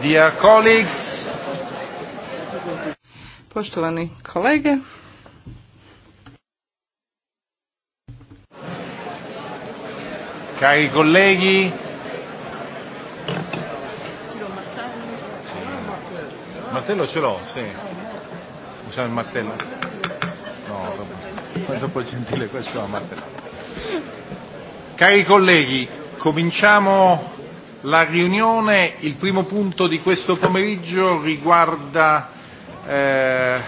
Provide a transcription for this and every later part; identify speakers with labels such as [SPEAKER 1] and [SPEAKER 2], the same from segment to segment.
[SPEAKER 1] Dear colleagues. Poštovani kolege.
[SPEAKER 2] Cari colleghi. Martello ce l'ho, sì. Usiamo il martello. No, dopo, troppo gentile questo è martello. Cari colleghi, cominciamo La riunione, il primo punto di questo pomeriggio riguarda, eh,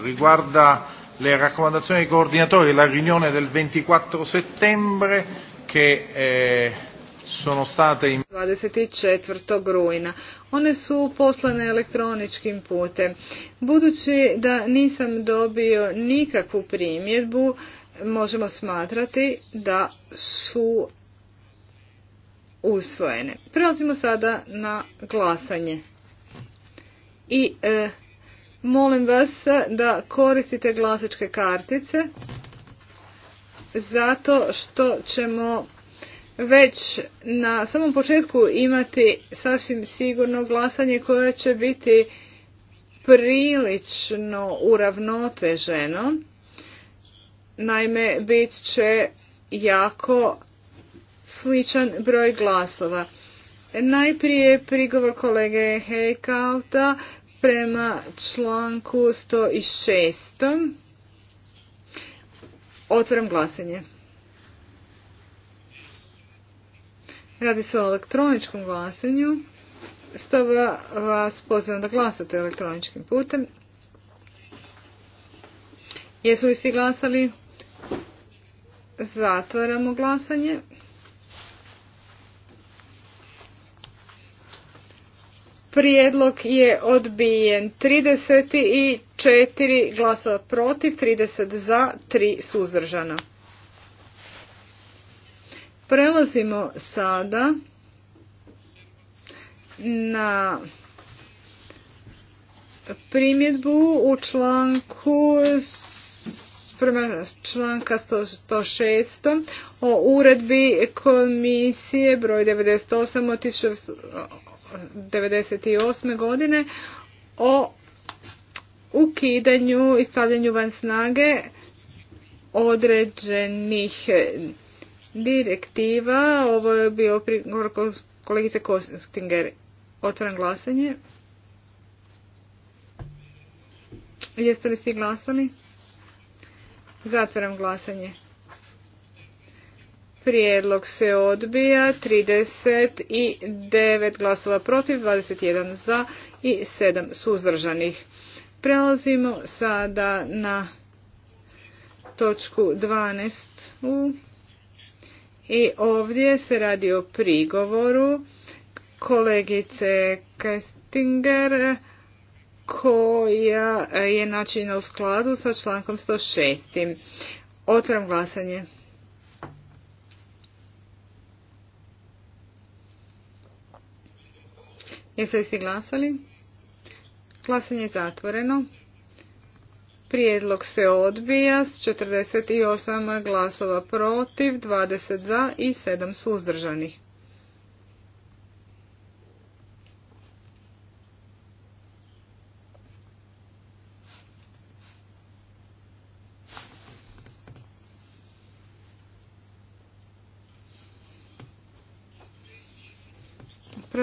[SPEAKER 2] riguarda le raccomandazioni dei coordinatori, la riunione del 24 settembre che eh, sono state in...
[SPEAKER 3] 24. rujna. One su poslane elektroničkim putem. Budući da nisam dobio nikakvu primjedbu, možemo smatrati da su usvojene. Prelazimo sada na glasanje. I e, molim vas da koristite glasačke kartice zato što ćemo već na samom početku imati sasvim sigurno glasanje koje će biti prilično uravnoteženo. Naime, bit će jako sličan broj glasova. Najprije prigovor kolege Hejkauta prema članku 106. Otvaram glasanje. Radi se o elektroničkom glasanju. Stoga vas pozivam da glasate elektroničkim putem. Jesu li svi glasali? Zatvaramo glasanje. Prijedlog je odbijen 34 glasa protiv, 30 za, 3 suzdržana. Prelazimo sada na primjedbu u članku prema članka 106 o uredbi komisije broj 98 od 1998. godine o ukidanju i stavljanju van snage određenih direktiva. Ovo je bio prigovor kolegice Kostinger. Otvaram glasanje. Jeste li svi glasali? Zatvaram glasanje. Prijedlog se odbija 39 glasova protiv, 21 za i 7 suzdržanih. Prelazimo sada na točku 12. U. I ovdje se radi o prigovoru kolegice Kestinger koja je načinjena u skladu sa člankom 106. Otvaram glasanje. Jeste li svi glasali? Glasanje je zatvoreno. Prijedlog se odbija s 48 glasova protiv, 20 za i 7 suzdržanih.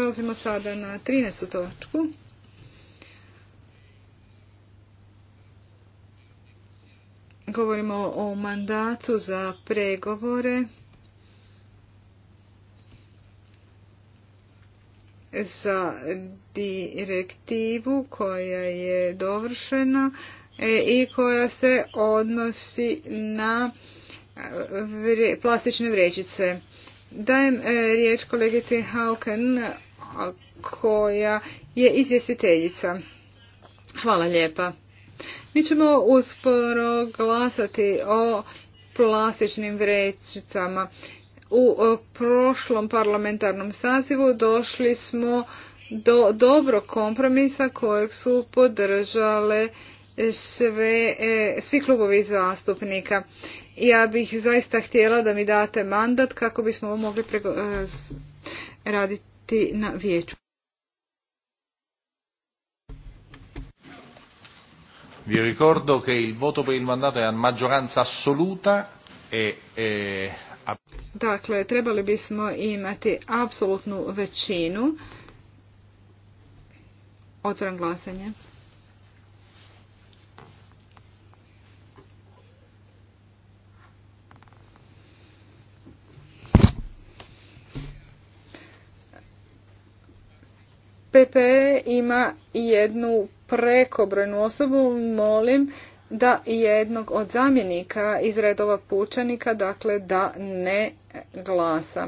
[SPEAKER 3] Prelazimo sada na 13. točku. Govorimo o mandatu za pregovore za direktivu koja je dovršena e, i koja se odnosi na e, plastične vrećice. Dajem e, riječ kolegici Hauken koja je izvjestiteljica. Hvala lijepa. Mi ćemo usporo glasati o plastičnim vrećicama. U e, prošlom parlamentarnom sazivu došli smo do dobrog kompromisa kojeg su podržale sve, e, svi klubovi zastupnika. Ja bih zaista htjela da mi date mandat kako bismo mogli e, raditi biti na vijeću.
[SPEAKER 2] Vi ricordo che il voto per il mandato è a maggioranza assoluta e, e...
[SPEAKER 3] Dakle, trebali bismo imati apsolutnu većinu. Otvoren glasanje. PPE ima jednu prekobrojnu osobu, molim da jednog od zamjenika iz redova pučanika, dakle da ne glasa.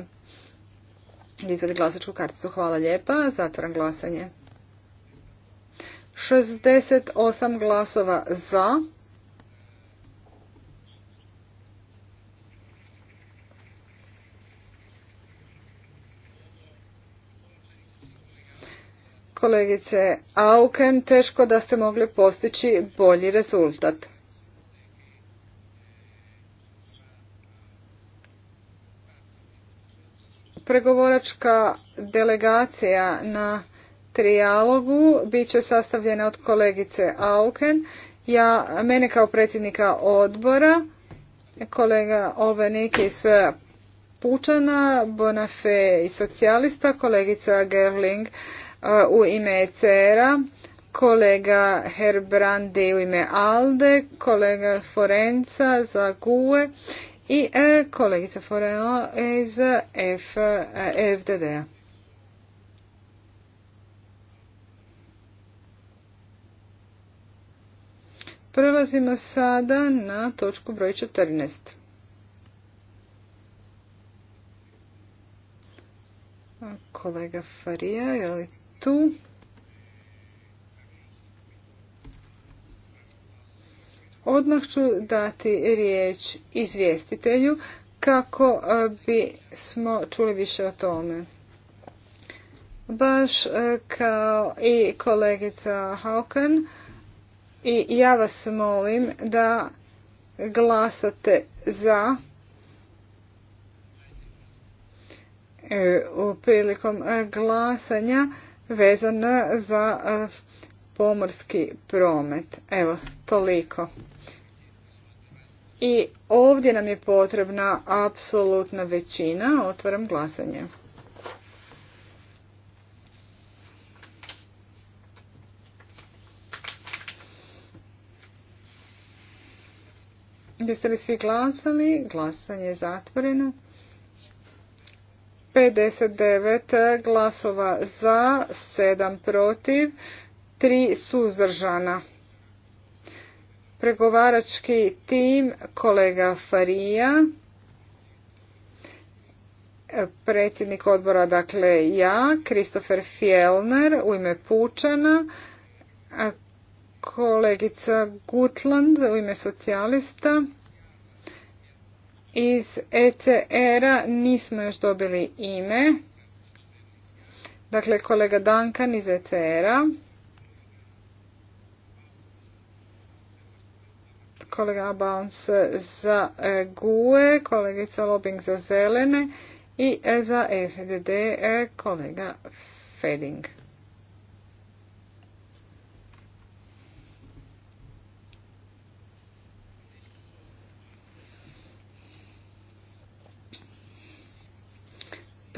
[SPEAKER 3] Izvedi glasačku karticu. Hvala lijepa. Zatvaram glasanje. 68 glasova za, Kolegice Auken, teško da ste mogli postići bolji rezultat. Pregovoračka delegacija na trijalogu bit će sastavljena od kolegice Auken, ja, mene kao predsjednika odbora, kolega Ovenik iz Pučana, Bonafe i socijalista, kolegica Gerling u ime ecr kolega Herbrandi u ime ALDE, kolega Forenca za GUE i e, kolegica Foreno iz FDD-a. E, Prelazimo sada na točku broj 14. Kolega Farija, je li tu. Odmah ću dati riječ izvjestitelju kako e, bi smo čuli više o tome. Baš e, kao i kolegica Haukan i ja vas molim da glasate za e, u prilikom glasanja vezana za pomorski promet. Evo, toliko. I ovdje nam je potrebna apsolutna većina. Otvaram glasanje. Jeste li svi glasali? Glasanje je zatvoreno. 59 glasova za, 7 protiv, 3 suzdržana. Pregovarački tim kolega Farija, predsjednik odbora, dakle ja, Kristofer Fjellner u ime Pučana, kolegica Gutland u ime socijalista, iz ECR-a nismo još dobili ime. Dakle, kolega Dankan iz ECR-a. Kolega Abans za GUE, e, kolegica Lobing za zelene i e, za FDD e, kolega Feding.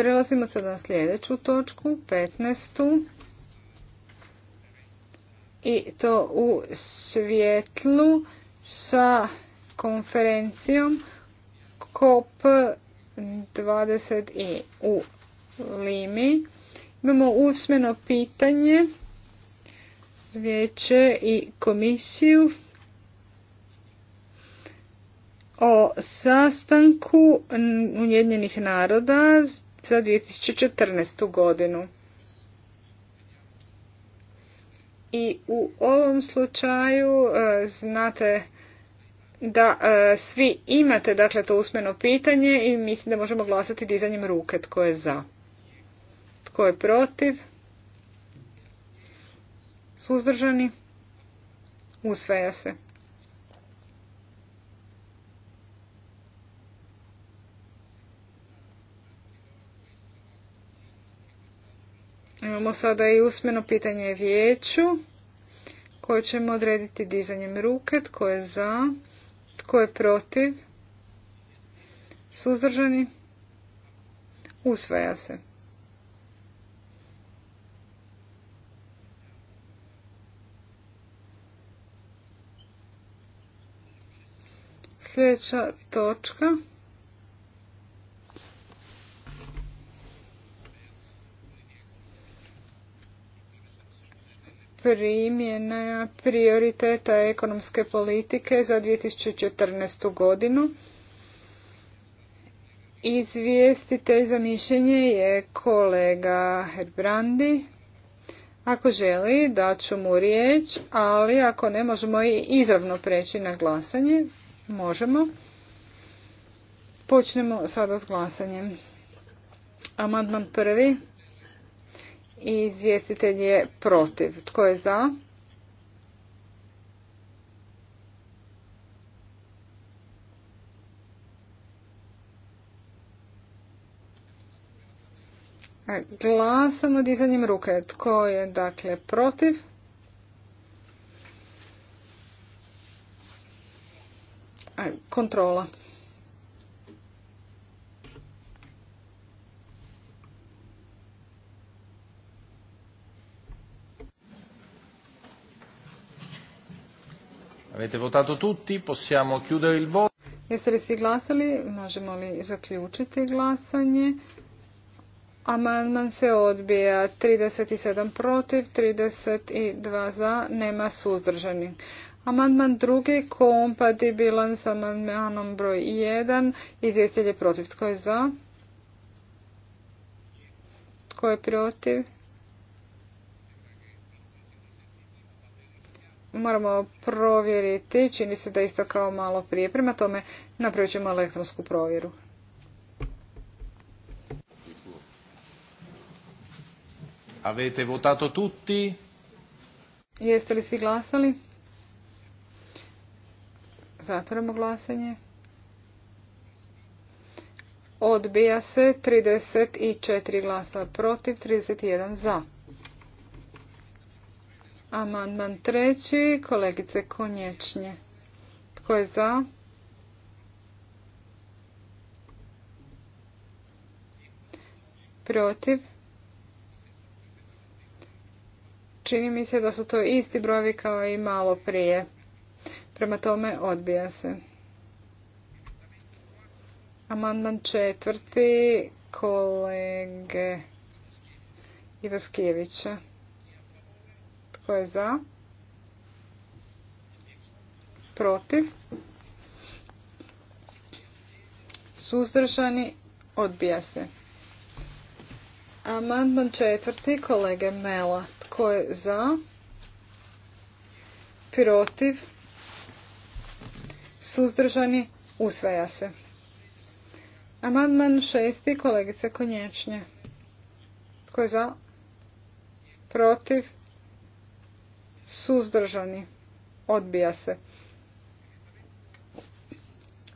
[SPEAKER 3] Prelazimo sada na sljedeću točku, 15. I to u svjetlu sa konferencijom COP20 i u Limi. Imamo usmeno pitanje vijeće i komisiju o sastanku Ujedinjenih naroda za 2014. godinu. I u ovom slučaju e, znate da e, svi imate dakle to usmeno pitanje i mislim da možemo glasati dizanjem ruke tko je za. Tko je protiv? Suzdržani? Usvaja se. Imamo sada i usmeno pitanje vijeću koje ćemo odrediti dizanjem ruke. Tko je za? Tko je protiv? Suzdržani? Usvaja se. Sljedeća točka. primjena prioriteta ekonomske politike za 2014. godinu. Izvjestitelj za mišljenje je kolega Herbrandi. Ako želi, daću mu riječ, ali ako ne, možemo i izravno preći na glasanje. Možemo. Počnemo sada s glasanjem. Amandman prvi i izvjestitelj je protiv. Tko je za? Glasamo dizanjem ruke. Tko je dakle protiv? Kontrola.
[SPEAKER 2] Avete votato tutti? Possiamo chiudere il voto.
[SPEAKER 3] Jeste li svi glasali? Možemo li zaključiti glasanje? Amandman se odbija 37 protiv, 32 za, nema suzdržanih. Amandman drugi kompatibilan sa amandmanom broj 1, izvjestitelj je protiv. Tko je za? Tko je protiv? moramo provjeriti, čini se da je isto kao malo prije. Prema tome napravit ćemo elektronsku provjeru.
[SPEAKER 2] Avete votato tutti?
[SPEAKER 3] Jeste li svi glasali? Zatvoramo glasanje. Odbija se 34 glasa protiv, 31 za. Amandman treći, kolegice Konječnje. Tko je za? Protiv? Čini mi se da su to isti brovi kao i malo prije. Prema tome odbija se. Amandman četvrti kolege Ivaskijevića. Tko je za? Protiv? Suzdržani? Odbija se. Amandman četvrti kolege Mela. Tko je za? Protiv? Suzdržani? Usvaja se. Amandman šesti kolegice Konječnje. Tko je za? Protiv? suzdržani, odbija se.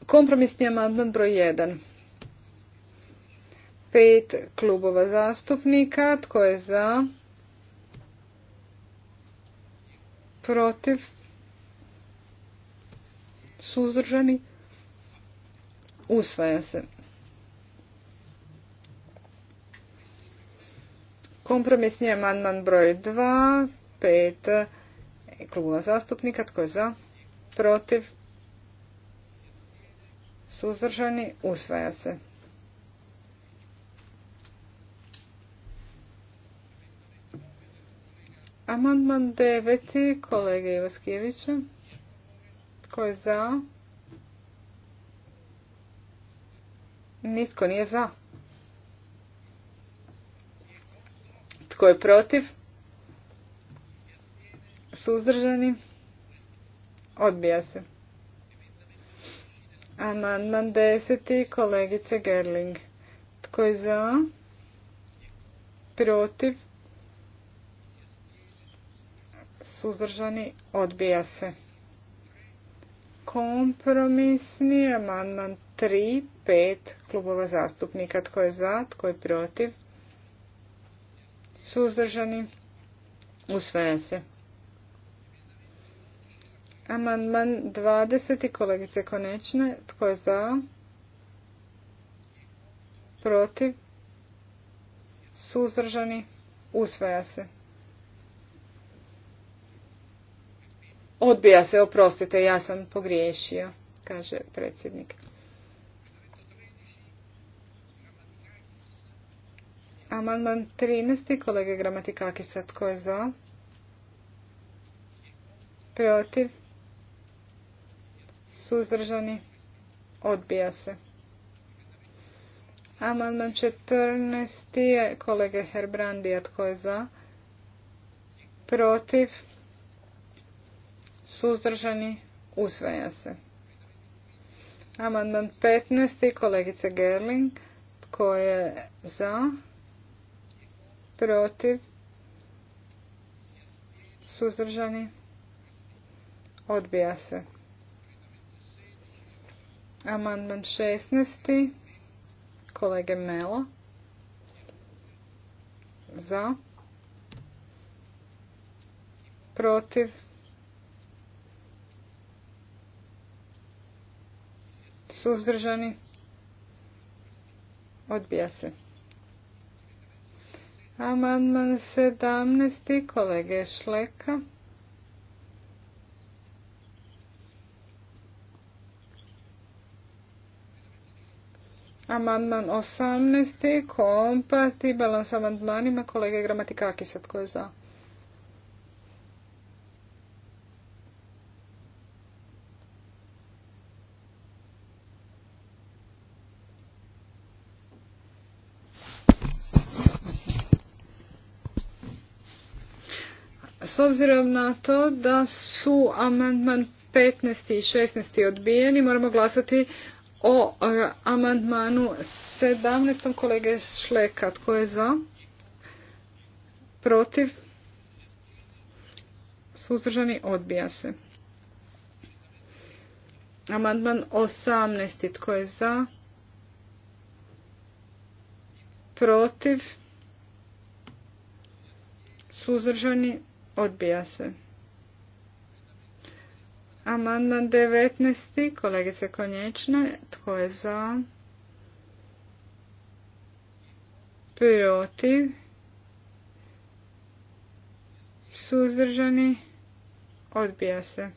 [SPEAKER 3] Kompromisni amandman broj 1. Pet klubova zastupnika. Tko je za? Protiv? Suzdržani? Usvaja se. Kompromisni amandman broj 2. Pet klubova zastupnika. Tko je za? Protiv? Suzdržani? Usvaja se. Amandman 9. kolege Ivaskijevića. Tko je za? Nitko nije za. Tko je protiv? Suzdržani? Odbija se. Amandman deseti, kolegice Gerling. Tko je za? Protiv? Suzdržani? Odbija se. Kompromisni amandman 3, pet klubova zastupnika. Tko je za? Tko je protiv? Suzdržani? Usvaja se. Amandman 20. kolegice Konečne. Tko je za? Protiv? Suzdržani? Usvaja se. Odbija se, oprostite, ja sam pogriješio, kaže predsjednik. Amandman 13. kolege Gramatikakisa. Tko je za? Protiv? suzdržani, odbija se. Amandman 14. je kolege Herbrandija tko je za, protiv, suzdržani, usvaja se. Amandman 15. kolegice Gerling tko je za, protiv, suzdržani, odbija se. Amandman 16. Kolege Melo. Za. Protiv. Suzdržani. Odbija se. Amandman 17. kolege Šleka. Amandman 18. kompatibilan sa amandmanima kolege Gramatikakisa. Tko je za? S obzirom na to da su amandman 15. i 16. odbijeni, moramo glasati o e, amandmanu 17. kolege Šleka. Tko je za? Protiv? Suzdržani odbija se. Amandman 18. Tko je za? Protiv? Suzdržani odbija se. Amandman 19. Kolegice Konječne. Tko je za? Protiv. Suzdržani. Odbija se.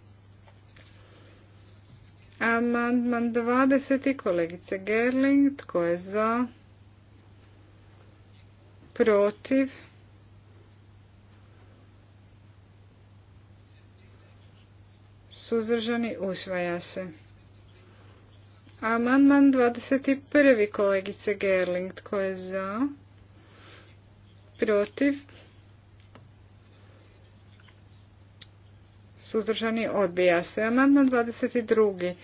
[SPEAKER 3] Amandman 20. Kolegice Gerling. Tko je za? Protiv. suzdržani, usvaja se. Amandman 21. kolegice Gerling, tko je za, protiv, suzdržani, odbija se. Amandman 22.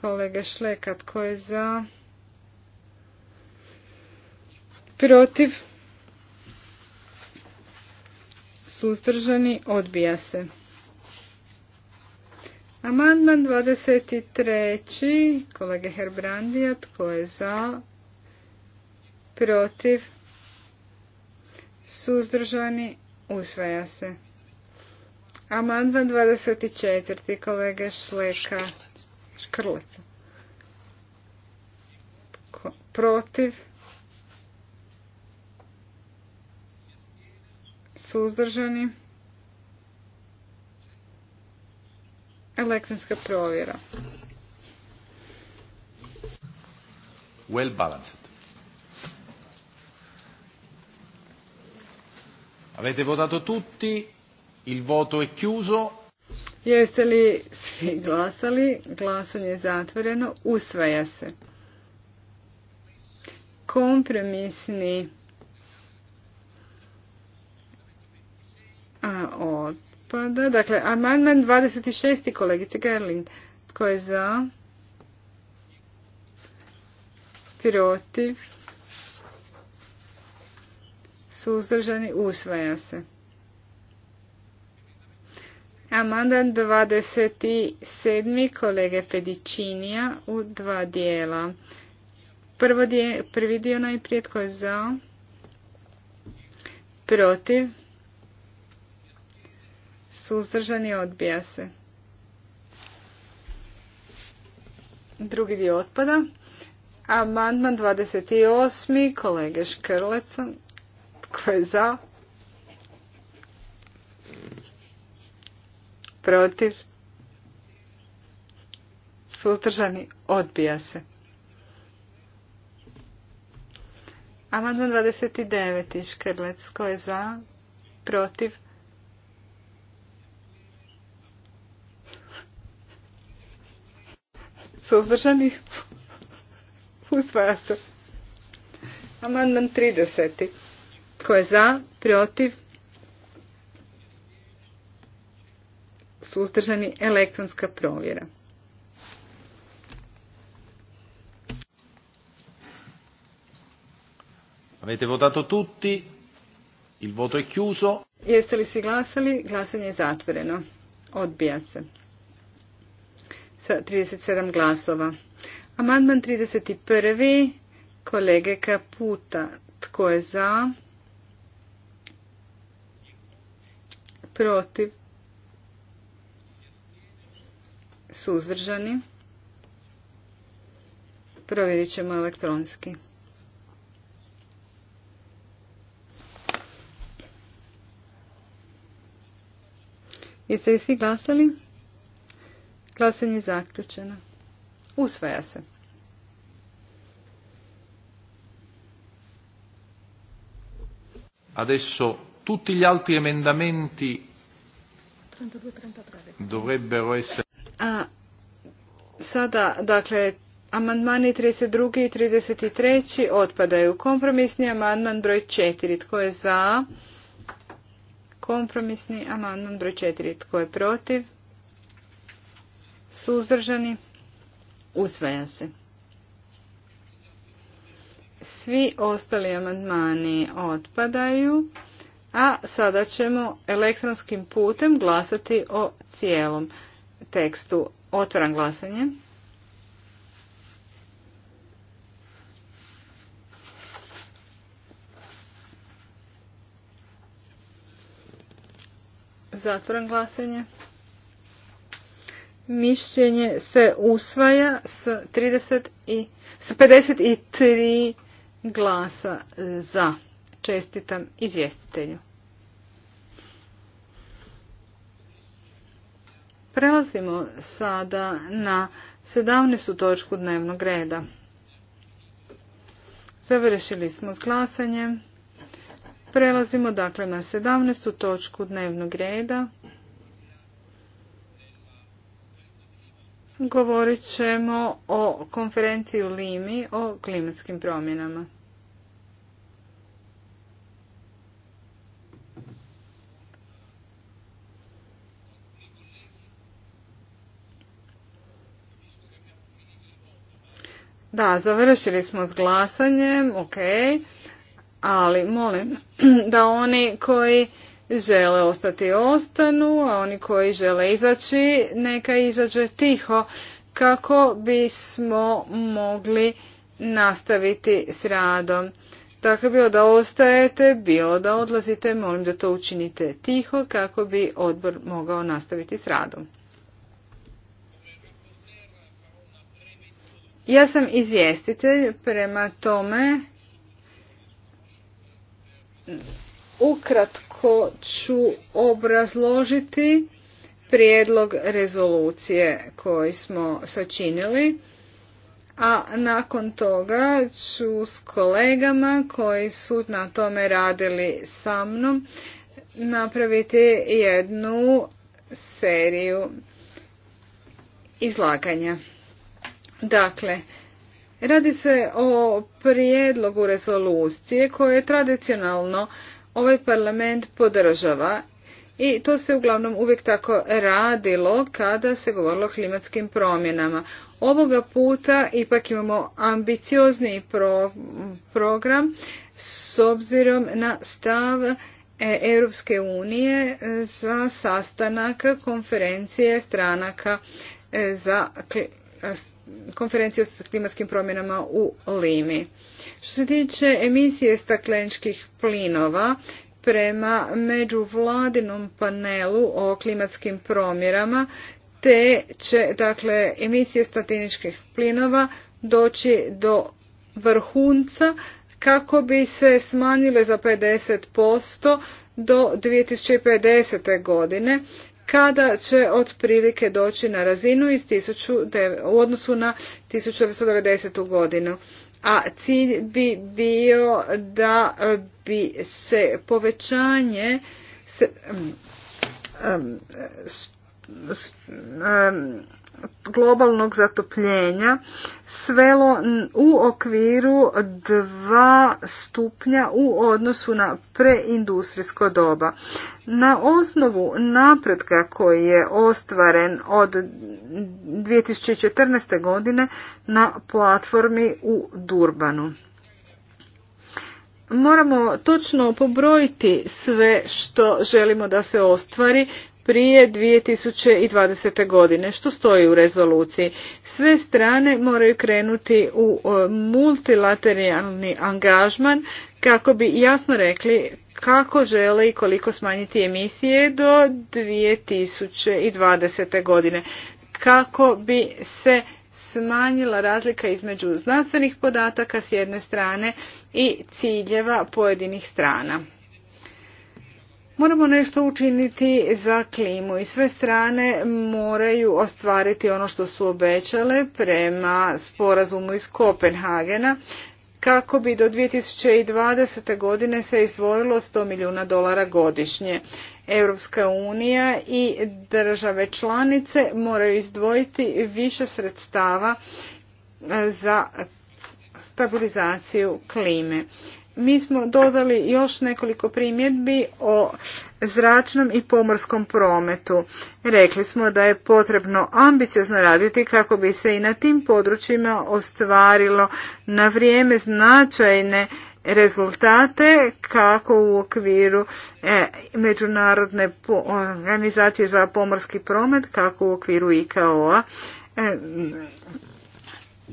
[SPEAKER 3] kolega Šleka, tko je za, protiv, suzdržani, odbija se. Amandman 23. Kolege Herbrandija, tko je za? Protiv? Suzdržani? Usvaja se. Amandman 24. Kolege Šleka Škrleca. Protiv? Suzdržani? elektronska provjera.
[SPEAKER 2] Well balanced. Avete votato tutti, il voto è chiuso.
[SPEAKER 3] Jeste li svi glasali? Glasanje je zatvoreno. Usvaja se. Kompromisni a, od da Dakle, amandman 26. kolegice Gerling. Tko je za? Protiv? Suzdržani? Usvaja se. Amandan 27. kolege Pedicinija u dva dijela. prvi dio najprije tko je za, protiv, suzdržani, odbija se. Drugi dio otpada. Amandman 28. kolege Škrleca. Tko je za? Protiv? Suzdržani odbija se. Amandman 29. Škrlec. Tko je za? Protiv? Suzdržani? Usvaja se. Amandman 30. Tko je za? Protiv? Suzdržani elektronska provjera.
[SPEAKER 2] Avete votato tutti? Il voto è chiuso.
[SPEAKER 3] Jeste li si glasali? Glasanje je zatvoreno. Odbija se sa 37 glasova. Amandman 31. kolege Kaputa. Tko je za? Protiv? Suzdržani? Provjerit ćemo elektronski. Jeste li svi glasali? Glasanje zaključeno. Usvaja se.
[SPEAKER 2] Adesso tutti gli altri emendamenti dovrebbero essere...
[SPEAKER 3] A, sada, dakle, amandmani 32. i 33. otpadaju. Kompromisni amandman broj 4. Tko je za? Kompromisni amandman broj 4. Tko je protiv? suzdržani, usvaja se. Svi ostali amandmani otpadaju, a sada ćemo elektronskim putem glasati o cijelom tekstu. Otvaram glasanje. Zatvoram glasanje. Mišljenje se usvaja s, 30 i, 53 glasa za. Čestitam izvjestitelju. Prelazimo sada na 17. točku dnevnog reda. Završili smo s glasanjem. Prelazimo dakle na 17. točku dnevnog reda. govorit ćemo o konferenciji u Limi o klimatskim promjenama. Da, završili smo s glasanjem, ok, ali molim da oni koji žele ostati ostanu, a oni koji žele izaći neka izađe tiho kako bismo mogli nastaviti s radom. Tako bilo da ostajete, bilo da odlazite, molim da to učinite tiho kako bi odbor mogao nastaviti s radom. Ja sam izvjestitelj, prema tome Ukratko ću obrazložiti prijedlog rezolucije koji smo sačinili, a nakon toga ću s kolegama koji su na tome radili sa mnom napraviti jednu seriju izlaganja. Dakle, radi se o prijedlogu rezolucije koje je tradicionalno ovaj parlament podržava i to se uglavnom uvijek tako radilo kada se govorilo o klimatskim promjenama. Ovoga puta ipak imamo ambiciozni program s obzirom na stav e, Europske unije e, za sastanak konferencije stranaka e, za konferenciju o klimatskim promjenama u Limi. Što se tiče emisije stakleničkih plinova, prema međuvladinom panelu o klimatskim promjerama, te će dakle, emisije stakleničkih plinova doći do vrhunca kako bi se smanjile za 50% do 2050. godine kada će otprilike doći na razinu iz u odnosu na 1990. godinu. A cilj bi bio da bi se povećanje mm, mm, s, mm, globalnog zatopljenja svelo u okviru dva stupnja u odnosu na preindustrijsko doba. Na osnovu napretka koji je ostvaren od 2014. godine na platformi u Durbanu. Moramo točno pobrojiti sve što želimo da se ostvari prije 2020. godine, što stoji u rezoluciji. Sve strane moraju krenuti u e, multilateralni angažman kako bi jasno rekli kako žele i koliko smanjiti emisije do 2020. godine, kako bi se smanjila razlika između znanstvenih podataka s jedne strane i ciljeva pojedinih strana. Moramo nešto učiniti za klimu i sve strane moraju ostvariti ono što su obećale prema sporazumu iz Kopenhagena kako bi do 2020. godine se izdvojilo 100 milijuna dolara godišnje. Europska unija i države članice moraju izdvojiti više sredstava za stabilizaciju klime mi smo dodali još nekoliko primjedbi o zračnom i pomorskom prometu. Rekli smo da je potrebno ambiciozno raditi kako bi se i na tim područjima ostvarilo na vrijeme značajne rezultate kako u okviru e, Međunarodne organizacije za pomorski promet, kako u okviru IKO-a e,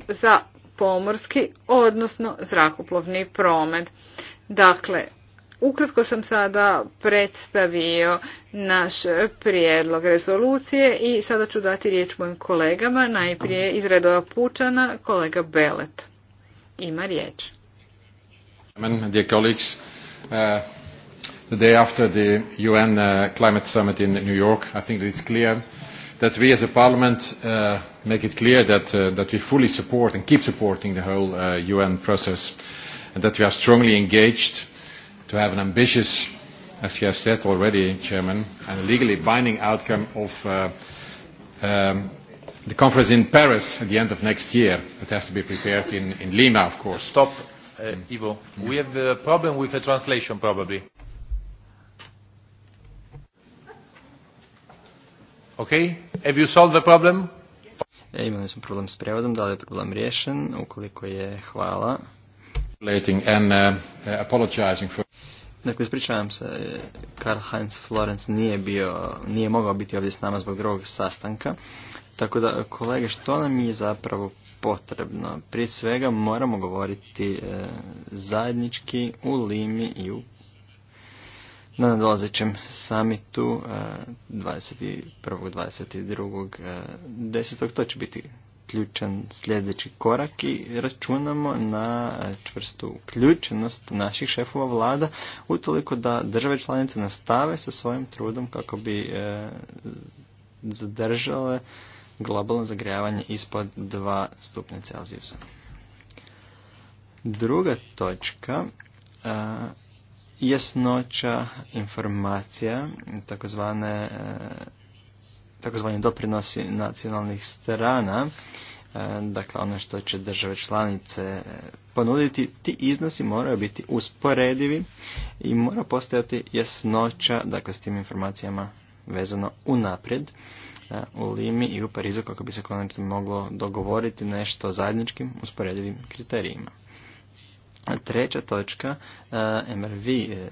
[SPEAKER 3] za pomorski, odnosno zrakoplovni promet. Dakle, ukratko sam sada predstavio naš prijedlog rezolucije i sada ću dati riječ mojim kolegama, najprije iz redova Pučana, kolega Belet. Ima riječ.
[SPEAKER 2] Dear colleagues, uh, the day after the UN uh, climate summit in New York, that we as a parliament uh, make it clear that, uh, that we fully support and keep supporting the whole uh, UN process and that we are strongly engaged to have an ambitious, as you have said already, Chairman, and a legally binding outcome of uh, um, the conference in Paris at the end of next year. It has to be prepared in, in Lima, of course. Stop, uh, Ivo. We have a problem with the translation, probably. Ok, have you solved the problem? E, imali smo problem s prevodom, da li
[SPEAKER 4] je problem riješen, ukoliko je, hvala. And, uh, uh, apologizing for... Dakle, ispričavam se, e, Karl Heinz Florence nije, bio, nije mogao biti ovdje s nama zbog drugog sastanka. Tako da, kolege, što nam je zapravo potrebno? Prije svega moramo govoriti e, zajednički u Limi i u na nadolazećem samitu 21. 22. 10. to će biti ključan sljedeći korak i računamo na e, čvrstu uključenost naših šefova vlada utoliko da države članice nastave sa svojim trudom kako bi e, zadržale globalno zagrijavanje ispod 2 stupnja Celzijusa. Druga točka e, jasnoća informacija, takozvane e, takozvani doprinosi nacionalnih strana, e, dakle ono što će države članice e, ponuditi, ti iznosi moraju biti usporedivi i mora postojati jasnoća, dakle s tim informacijama vezano unaprijed u Limi i u Parizu kako bi se konačno moglo dogovoriti nešto o zajedničkim usporedivim kriterijima. Treća točka, e, MRV, e,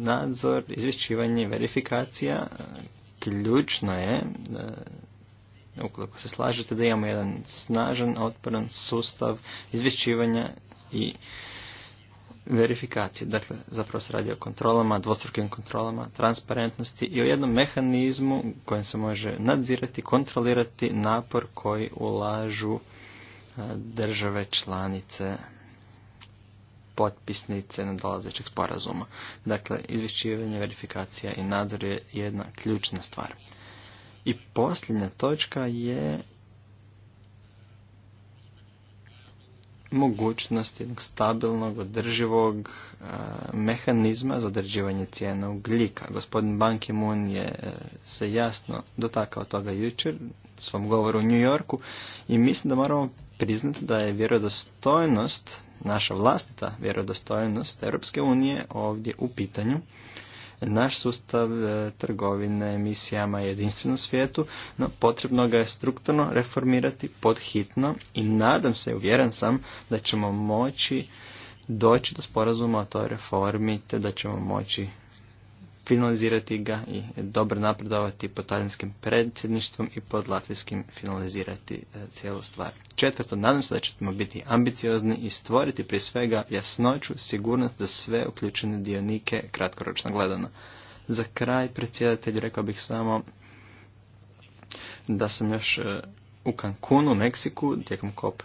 [SPEAKER 4] nadzor, izvješćivanje, verifikacija, ključno je, e, ukoliko se slažete, da imamo jedan snažan, otporan sustav izvješćivanja i verifikacije. Dakle, zapravo se radi o kontrolama, dvostrukim kontrolama, transparentnosti i o jednom mehanizmu kojem se može nadzirati, kontrolirati napor koji ulažu države članice potpisnice nadolazećeg sporazuma. Dakle, izvješćivanje, verifikacija i nadzor je jedna ključna stvar. I posljednja točka je mogućnost jednog stabilnog, održivog e, mehanizma za određivanje cijena ugljika. Gospodin Ban Ki-moon je e, se jasno dotakao toga jučer u svom govoru u New Yorku i mislim da moramo priznati da je vjerodostojnost, naša vlastita vjerodostojnost Europske unije ovdje u pitanju naš sustav e, trgovine emisijama jedinstvenom svijetu, no potrebno ga je strukturno reformirati podhitno i nadam se, uvjeren sam, da ćemo moći doći do sporazuma o toj reformi te da ćemo moći finalizirati ga i dobro napredovati pod talijanskim predsjedništvom i pod latvijskim finalizirati e, cijelu stvar. Četvrto, nadam se da ćemo biti ambiciozni i stvoriti prije svega jasnoću, sigurnost za sve uključene dionike kratkoročno gledano. Za kraj predsjedatelj rekao bih samo da sam još e, u Cancunu, Meksiku, tijekom COP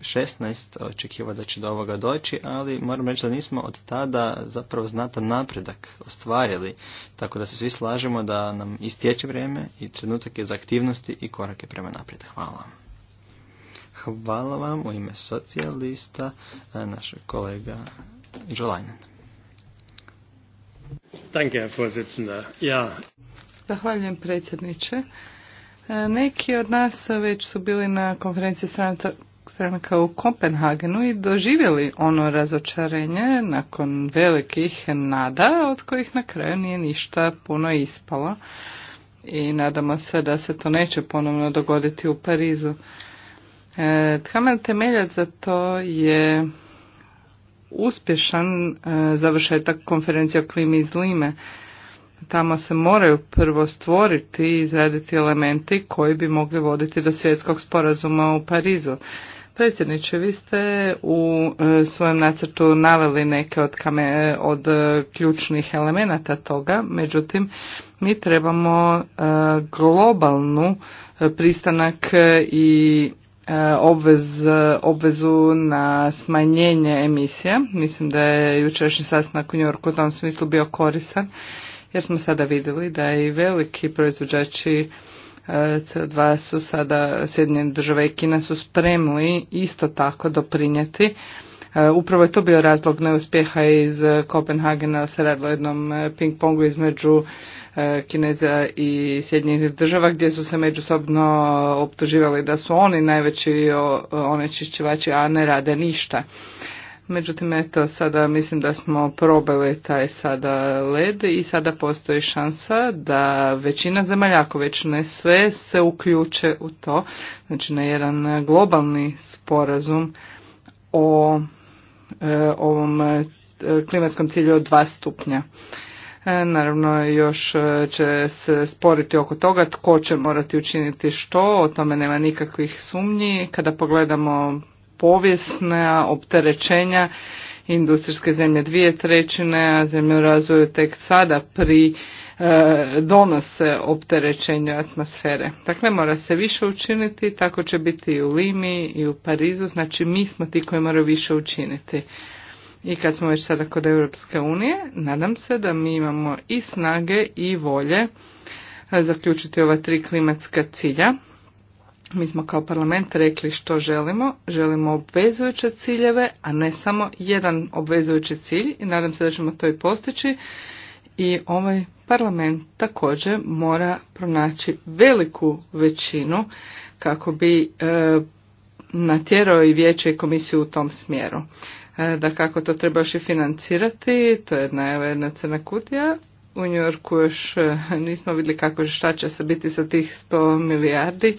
[SPEAKER 4] 16 očekivao da će do ovoga doći, ali moram reći da nismo od tada zapravo znatan napredak ostvarili, tako da se svi slažemo da nam istječe vrijeme i trenutak je za aktivnosti i korake prema naprijed. Hvala. Hvala vam u ime socijalista, e, našeg kolega Žolajnen. Ja.
[SPEAKER 1] Zahvaljujem predsjedniče. E, neki od nas već su bili na konferenciji stranka u Kopenhagenu i doživjeli ono razočarenje nakon velikih nada od kojih na kraju nije ništa puno ispalo i nadamo se da se to neće ponovno dogoditi u Parizu. E, kamen temeljac za to je uspješan e, završetak konferencije o klimi iz Lime. Tamo se moraju prvo stvoriti i izraditi elementi koji bi mogli voditi do svjetskog sporazuma u Parizu. Predsjedniče, vi ste u e, svojem nacrtu naveli neke od, od e, ključnih elemenata toga, međutim mi trebamo e, globalnu pristanak i obvez, obvezu na smanjenje emisija. Mislim da je jučerašnji sastanak u Njorku u tom smislu bio korisan, jer smo sada vidjeli da i veliki proizvođači CO2 su sada Sjedinje države i Kina su spremni isto tako doprinijeti. E, upravo je to bio razlog neuspjeha iz Kopenhagena, se radilo jednom e, ping-pongu između e, Kineza i Sjedinjenih država gdje su se međusobno optuživali da su oni najveći onečišćivači, a ne rade ništa. Međutim, eto, sada mislim da smo probali taj sada led i sada postoji šansa da većina zemalja, ako već ne sve, se uključe u to. Znači na jedan globalni sporazum o e, ovom e, klimatskom cilju od dva stupnja. E, naravno, još će se sporiti oko toga tko će morati učiniti što, o tome nema nikakvih sumnji. Kada pogledamo povijesna opterećenja industrijske zemlje dvije trećine, a zemlje u razvoju tek sada pri e, donose opterećenju atmosfere. Dakle, mora se više učiniti, tako će biti i u Limi i u Parizu, znači mi smo ti koji moraju više učiniti. I kad smo već sada kod Europske unije, nadam se da mi imamo i snage i volje e, zaključiti ova tri klimatska cilja mi smo kao parlament rekli što želimo. Želimo obvezujuće ciljeve, a ne samo jedan obvezujući cilj i nadam se da ćemo to i postići. I ovaj parlament također mora pronaći veliku većinu kako bi e, natjerao i vijeće i komisiju u tom smjeru. E, da kako to treba još i financirati, to je jedna, jedna crna kutija, u Njorku još e, nismo vidjeli kako šta će se biti sa tih 100 milijardi,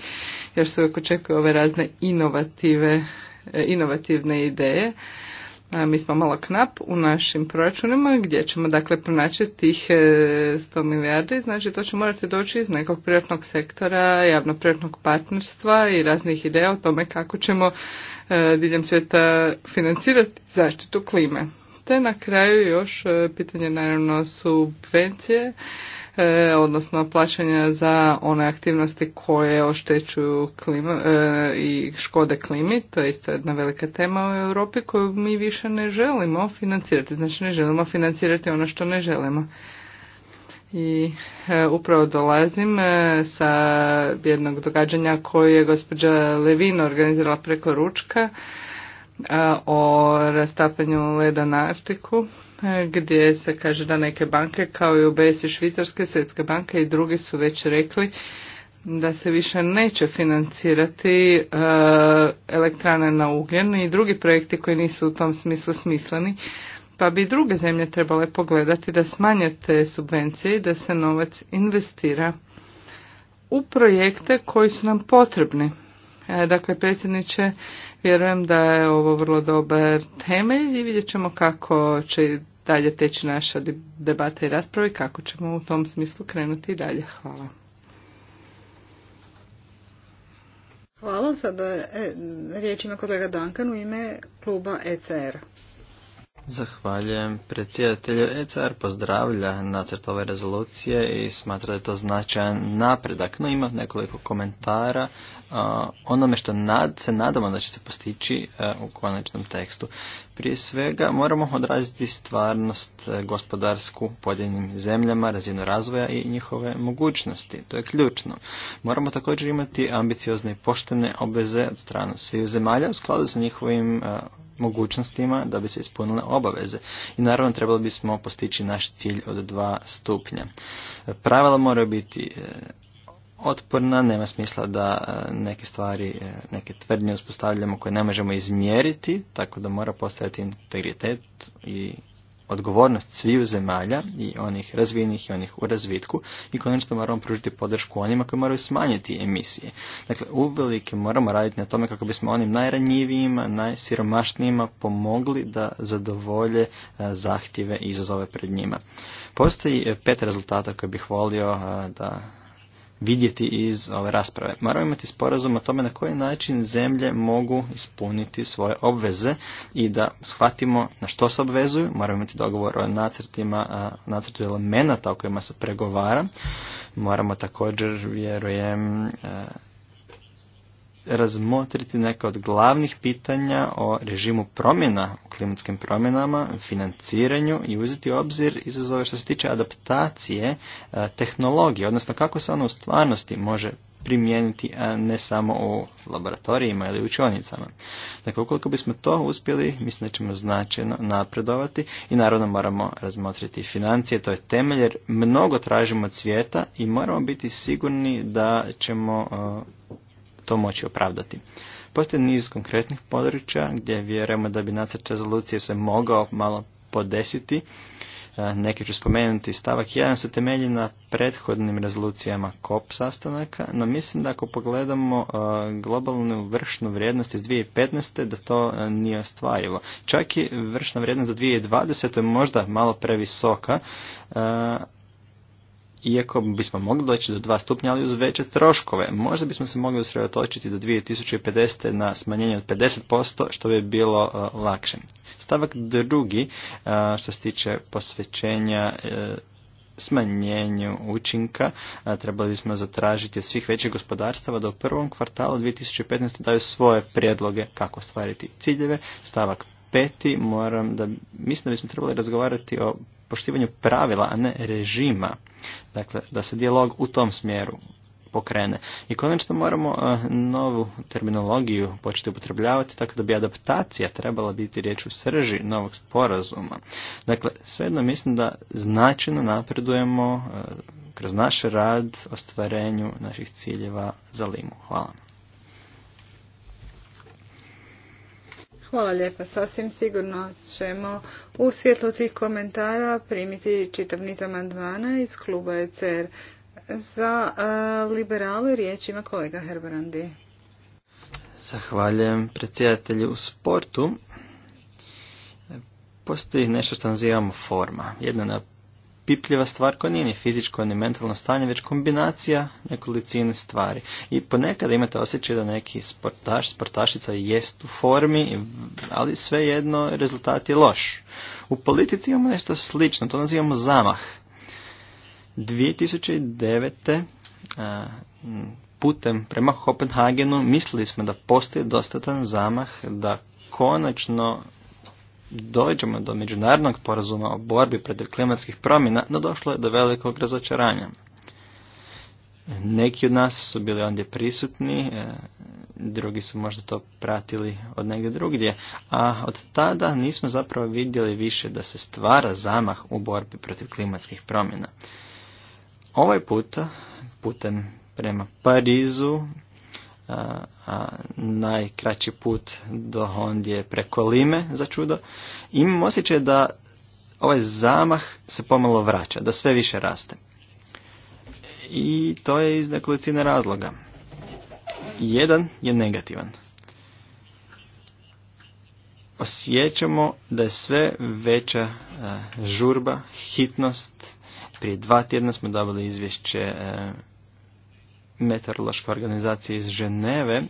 [SPEAKER 1] jer se uvijek očekuju ove razne inovative, e, inovativne ideje. Mi smo malo knap u našim proračunima gdje ćemo dakle pronaći tih 100 e, milijardi, znači to će morati doći iz nekog privatnog sektora, javno-privatnog partnerstva i raznih ideja o tome kako ćemo diljem svijeta financirati zaštitu klime. Te na kraju još e, pitanje naravno subvencije, e, odnosno plaćanja za one aktivnosti koje oštećuju klima, e, i škode klimi. To je isto jedna velika tema u Europi koju mi više ne želimo financirati. Znači ne želimo financirati ono što ne želimo. I upravo dolazim sa jednog događanja koje je gospođa Levin organizirala preko ručka o rastapanju leda na Artiku gdje se kaže da neke banke kao i UBS i Švicarske, Svjetske banke i drugi su već rekli da se više neće financirati elektrane na ugljen i drugi projekti koji nisu u tom smislu smisleni. Pa bi druge zemlje trebale pogledati da smanje te subvencije i da se novac investira u projekte koji su nam potrebni E, dakle, predsjedniče, vjerujem da je ovo vrlo dobar temelj i vidjet ćemo kako će dalje teći naša debata i rasprava i kako ćemo u tom smislu krenuti i dalje. Hvala.
[SPEAKER 3] Hvala. Sada e, riječ ima kolega Dankan u ime kluba ECR.
[SPEAKER 4] Zahvaljujem predsjedatelju. ECR pozdravlja nacrt ove rezolucije i smatra da je to značajan napredak. No ima nekoliko komentara onome što se nadamo da će se postići e, u konačnom tekstu. Prije svega moramo odraziti stvarnost e, gospodarsku pojedinim zemljama, razinu razvoja i njihove mogućnosti. To je ključno. Moramo također imati ambiciozne i poštene obveze od strane svih zemalja u skladu sa njihovim e, mogućnostima da bi se ispunile obaveze. I naravno trebali bismo postići naš cilj od dva stupnja. E, pravila moraju biti otporna, nema smisla da e, neke stvari, e, neke tvrdnje uspostavljamo koje ne možemo izmjeriti, tako da mora postojati integritet i odgovornost sviju zemalja i onih razvijenih i onih u razvitku i konačno moramo pružiti podršku onima koji moraju smanjiti emisije. Dakle, uvelike moramo raditi na tome kako bismo onim najranjivijima, najsiromašnijima pomogli da zadovolje e, zahtjeve i izazove pred njima. Postoji pet rezultata koje bih volio da vidjeti iz ove rasprave. Moramo imati sporazum o tome na koji način zemlje mogu ispuniti svoje obveze i da shvatimo na što se obvezuju. Moramo imati dogovor o nacrtima, nacrtu elemenata o kojima se pregovara. Moramo također, vjerujem, razmotriti neka od glavnih pitanja o režimu promjena u klimatskim promjenama, financiranju i uzeti obzir izazove što se tiče adaptacije e, tehnologije, odnosno kako se ona u stvarnosti može primijeniti, ne samo u laboratorijima ili učionicama. Dakle, ukoliko bismo to uspjeli, mislim da ćemo značajno napredovati i naravno moramo razmotriti financije, to je temelj jer mnogo tražimo od svijeta i moramo biti sigurni da ćemo e, to moći opravdati. Postoje niz konkretnih područja gdje vjerujemo da bi nacrt rezolucije se mogao malo podesiti. E, Neki ću spomenuti stavak 1 se temelji na prethodnim rezolucijama COP sastanaka, no mislim da ako pogledamo e, globalnu vršnu vrijednost iz 2015. da to e, nije ostvarivo. Čak i vršna vrijednost za 2020. je možda malo previsoka, iako bismo mogli doći do dva stupnja, ali uz veće troškove. Možda bismo se mogli usredotočiti do 2050. na smanjenje od 50%, što bi bilo e, lakše. Stavak drugi, e, što se tiče posvećenja e, smanjenju učinka, trebali bismo zatražiti od svih većih gospodarstava da u prvom kvartalu 2015. daju svoje prijedloge kako ostvariti ciljeve. Stavak peti, moram da, mislim da bismo trebali razgovarati o poštivanju pravila, a ne režima. Dakle, da se dijalog u tom smjeru pokrene. I konačno moramo e, novu terminologiju početi upotrebljavati, tako da bi adaptacija trebala biti riječ u srži novog sporazuma. Dakle, svejedno mislim da značajno napredujemo e, kroz naš rad ostvarenju naših ciljeva za Limu. Hvala.
[SPEAKER 3] Hvala lijepa. Sasvim sigurno ćemo u svjetlu tih komentara primiti čitav niz amandmana iz kluba ECR. Za liberale riječ ima kolega Herbrandi.
[SPEAKER 4] Zahvaljujem predsjedatelju u sportu. Postoji nešto što nazivamo forma. Jedna na opipljiva stvar koja nije ni fizičko ni mentalno stanje, već kombinacija nekolicine stvari. I ponekad imate osjećaj da neki sportaš, sportašica jest u formi, ali svejedno rezultat je loš. U politici imamo nešto slično, to nazivamo zamah. 2009. putem prema Kopenhagenu mislili smo da postoji dostatan zamah da konačno dođemo do međunarodnog porazuma o borbi protiv klimatskih promjena, no došlo je do velikog razočaranja. Neki od nas su bili ondje prisutni, e, drugi su možda to pratili od negdje drugdje, a od tada nismo zapravo vidjeli više da se stvara zamah u borbi protiv klimatskih promjena. Ovaj puta, putem prema Parizu, a najkraći put do Hondije preko Lime za čudo. Imam osjećaj da ovaj zamah se pomalo vraća, da sve više raste. I to je iz nekolicine razloga. Jedan je negativan. Osjećamo da je sve veća e, žurba, hitnost. Prije dva tjedna smo dobili izvješće e, meteorološka organizacija iz Ženeve e,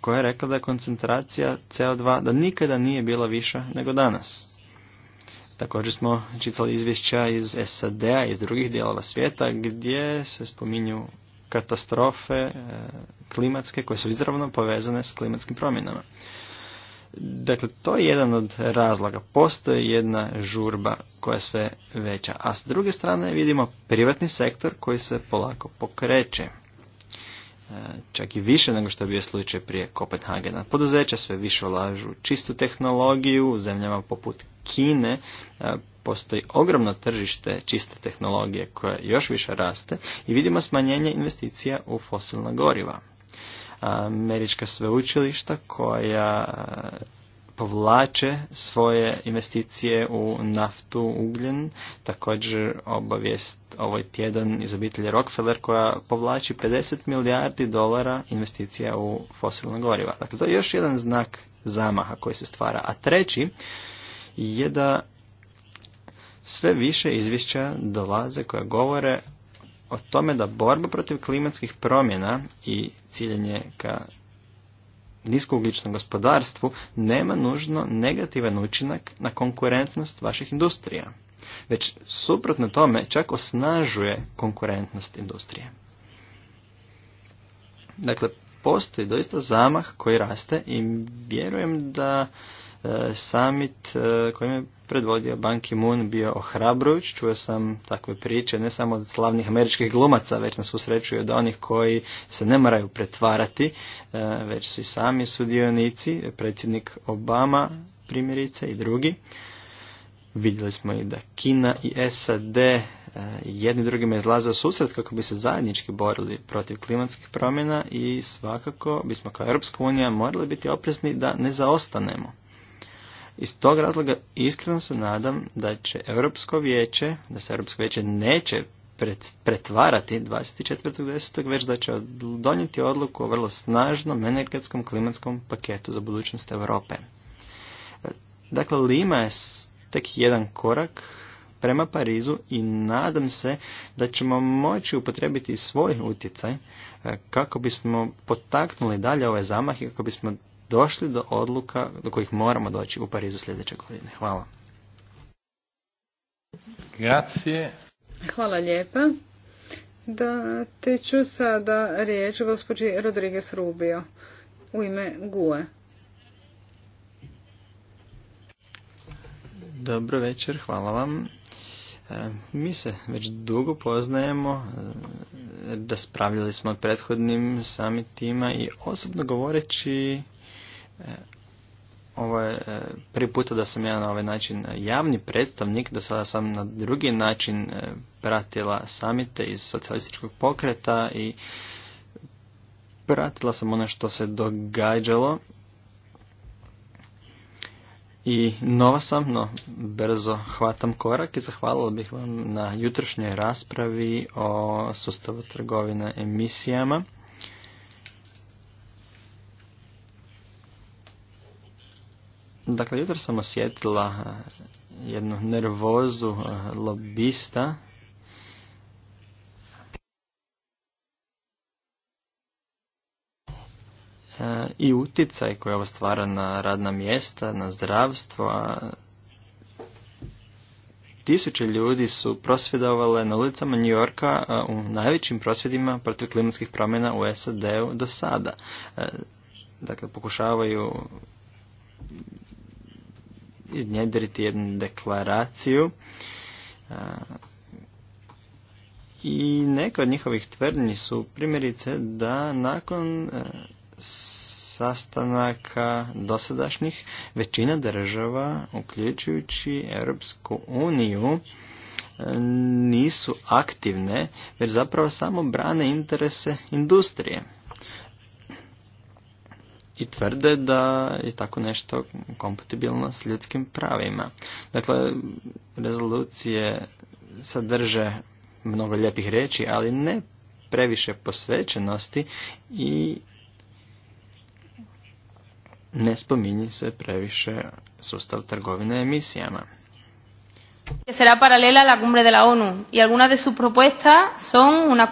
[SPEAKER 4] koja je rekla da je koncentracija CO2 da nikada nije bila viša nego danas. Također smo čitali izvješća iz SAD-a, iz drugih dijelova svijeta gdje se spominju katastrofe e, klimatske koje su izravno povezane s klimatskim promjenama. Dakle, to je jedan od razloga. Postoji jedna žurba koja je sve veća. A s druge strane vidimo privatni sektor koji se polako pokreće. E, čak i više nego što je bio slučaj prije Kopenhagena. Poduzeća sve više ulažu čistu tehnologiju u zemljama poput Kine. E, postoji ogromno tržište čiste tehnologije koje još više raste i vidimo smanjenje investicija u fosilna goriva američka sveučilišta koja e, povlače svoje investicije u naftu, ugljen. Također obavijest ovaj tjedan iz obitelji Rockefeller koja povlači 50 milijardi dolara investicija u fosilna goriva. Dakle, to je još jedan znak zamaha koji se stvara. A treći je da sve više izvješća dolaze koja govore o tome da borba protiv klimatskih promjena i ciljenje ka niskougličnom gospodarstvu nema nužno negativan učinak na konkurentnost vaših industrija, već suprotno tome čak osnažuje konkurentnost industrije. Dakle, postoji doista zamah koji raste i vjerujem da e, summit e, kojim je predvodio Ban Ki-moon bio ohrabrujuć. Čuo sam takve priče ne samo od slavnih američkih glumaca, već nas i od onih koji se ne moraju pretvarati, e, već su i sami sudionici, predsjednik Obama primjerice i drugi. Vidjeli smo i da Kina i SAD e, jedni drugima izlaze u susret kako bi se zajednički borili protiv klimatskih promjena i svakako bismo kao Europska unija morali biti oprezni da ne zaostanemo. Iz tog razloga iskreno se nadam da će Europsko vijeće, da se Europsko vijeće neće pretvarati 24.10. već da će donijeti odluku o vrlo snažnom energetskom klimatskom paketu za budućnost Europe. Dakle, Lima je tek jedan korak prema Parizu i nadam se da ćemo moći upotrebiti svoj utjecaj e, kako bismo potaknuli dalje ove ovaj zamah i kako bismo došli do odluka do kojih moramo doći u Parizu sljedeće godine.
[SPEAKER 2] Hvala. Grazie.
[SPEAKER 3] Hvala lijepa. Da te ću sada riječ gospođi Rodriguez Rubio u ime GUE.
[SPEAKER 4] Dobro večer, hvala vam. E, mi se već dugo poznajemo, da e, raspravljali smo o prethodnim samitima i osobno govoreći E, ovo je e, prvi puta da sam ja na ovaj način javni predstavnik, da sada sam na drugi način e, pratila samite iz socijalističkog pokreta i pratila sam ono što se događalo i nova sam, no brzo hvatam korak i zahvalila bih vam na jutrošnjoj raspravi o sustavu trgovine emisijama. Dakle, jutro sam osjetila eh, jednu nervozu eh, lobista eh, i uticaj koji ovo stvara na radna mjesta, na zdravstvo. tisuće ljudi su prosvjedovale na ulicama New Yorka u najvećim prosvjedima protiv klimatskih promjena u SAD-u do sada. Dakle, pokušavaju iznjedriti jednu deklaraciju e, i neke od njihovih tvrdnji su primjerice da nakon e, sastanaka dosadašnjih većina država, uključujući Europsku uniju, e, nisu aktivne, već zapravo samo brane interese industrije i tvrde da je tako nešto kompatibilno s ljudskim pravima. Dakle, rezolucije sadrže mnogo lijepih riječi, ali ne previše posvećenosti i ne spominji se previše sustav trgovine emisijama.
[SPEAKER 5] Será paralela a la cumbre de la ONU y algunas de sus propuestas son una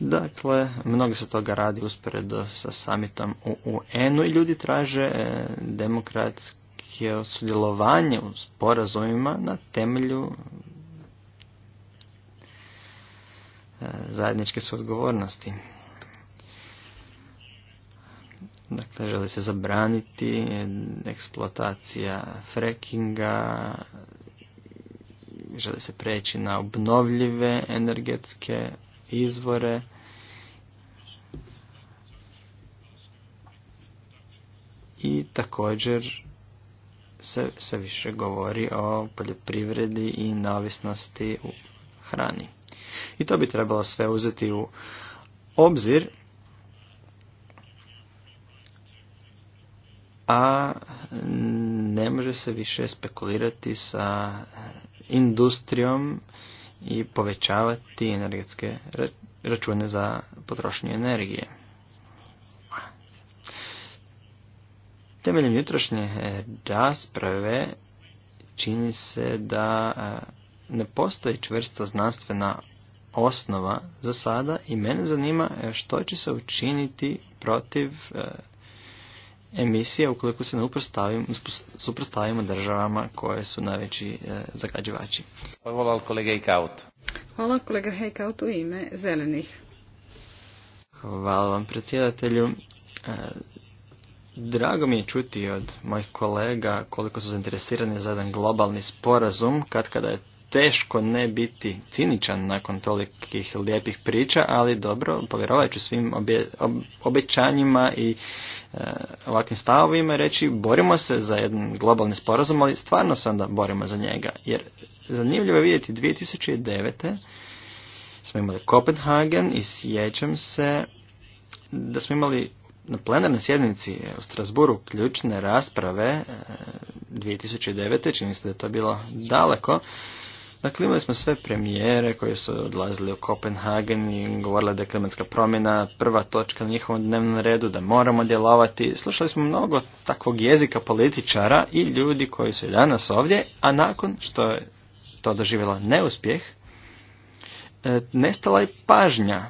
[SPEAKER 4] Dakle, mnogo se toga radi usporedo sa samitom u UN-u i ljudi traže e, demokratske sudjelovanje u sporazumima na temelju e, zajedničke suodgovornosti odgovornosti. Dakle, želi se zabraniti eksploatacija frekinga, želi se preći na obnovljive energetske izvore. I također se sve više govori o poljoprivredi i neovisnosti u hrani. I to bi trebalo sve uzeti u obzir, a ne može se više spekulirati sa industrijom i povećavati energetske račune za potrošnju energije. Temeljem jutrošnje e, rasprave čini se da e, ne postoji čvrsta znanstvena osnova za sada i mene zanima e, što će se učiniti protiv emisija ukoliko se ne suprostavimo državama koje su najveći e, zagađivači.
[SPEAKER 2] Hvala kolega
[SPEAKER 3] Hvala kolega Heikaut u ime zelenih.
[SPEAKER 4] Hvala vam predsjedatelju. E, drago mi je čuti od mojih kolega koliko su zainteresirani za jedan globalni sporazum kad kada je teško ne biti ciničan nakon tolikih lijepih priča, ali dobro, povjerovat ću svim obje, obećanjima i e, ovakvim stavovima reći borimo se za jedan globalni sporazum, ali stvarno se onda borimo za njega. Jer zanimljivo je vidjeti 2009. smo imali Kopenhagen i sjećam se da smo imali na plenarnoj sjednici u Strasburu ključne rasprave 2009. E, čini se da je to bilo daleko Dakle, imali smo sve premijere koji su odlazili u Kopenhagen i govorili da je klimatska promjena prva točka na njihovom dnevnom redu, da moramo djelovati. Slušali smo mnogo takvog jezika političara i ljudi koji su i danas ovdje, a nakon što je to doživjela neuspjeh, e, nestala je pažnja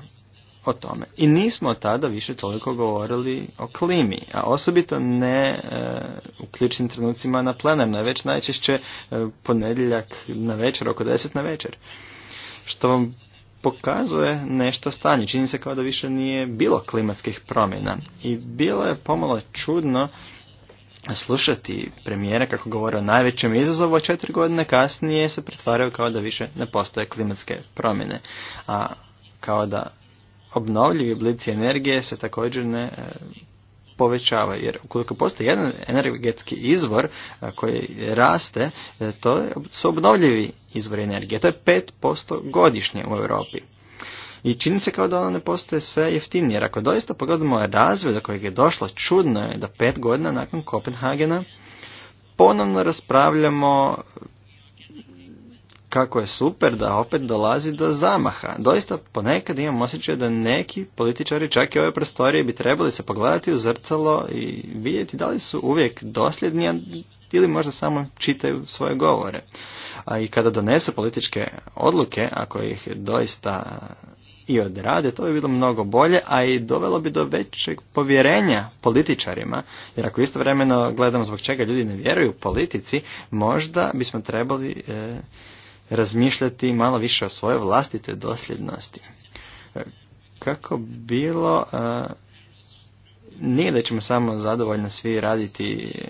[SPEAKER 4] o tome. I nismo tada više toliko govorili o klimi, a osobito ne e, u ključnim trenucima na plenarnoj, već najčešće e, ponedjeljak na večer, oko deset na večer. Što vam pokazuje nešto stanje. Čini se kao da više nije bilo klimatskih promjena. I bilo je pomalo čudno slušati premijera kako govore o najvećem izazovu, a četiri godine kasnije se pretvaraju kao da više ne postoje klimatske promjene. A kao da obnovljivi oblici energije se također ne e, povećava. Jer ukoliko postoji jedan energetski izvor e, koji raste, e, to su obnovljivi izvori energije. To je 5% godišnje u Europi. I čini se kao da ono ne postaje sve jeftinije. Jer ako doista pogledamo razvoj do kojeg je došlo, čudno je da pet godina nakon Kopenhagena ponovno raspravljamo kako je super da opet dolazi do zamaha. Doista ponekad imam osjećaj da neki političari čak i ove prostorije bi trebali se pogledati u zrcalo i vidjeti da li su uvijek dosljedni ili možda samo čitaju svoje govore. A i kada donesu političke odluke, ako ih doista i odrade, to bi bilo mnogo bolje, a i dovelo bi do većeg povjerenja političarima, jer ako istovremeno gledamo zbog čega ljudi ne vjeruju politici, možda bismo trebali e, razmišljati malo više o svojoj vlastite dosljednosti. E, kako bilo, e, nije da ćemo samo zadovoljno svi raditi e,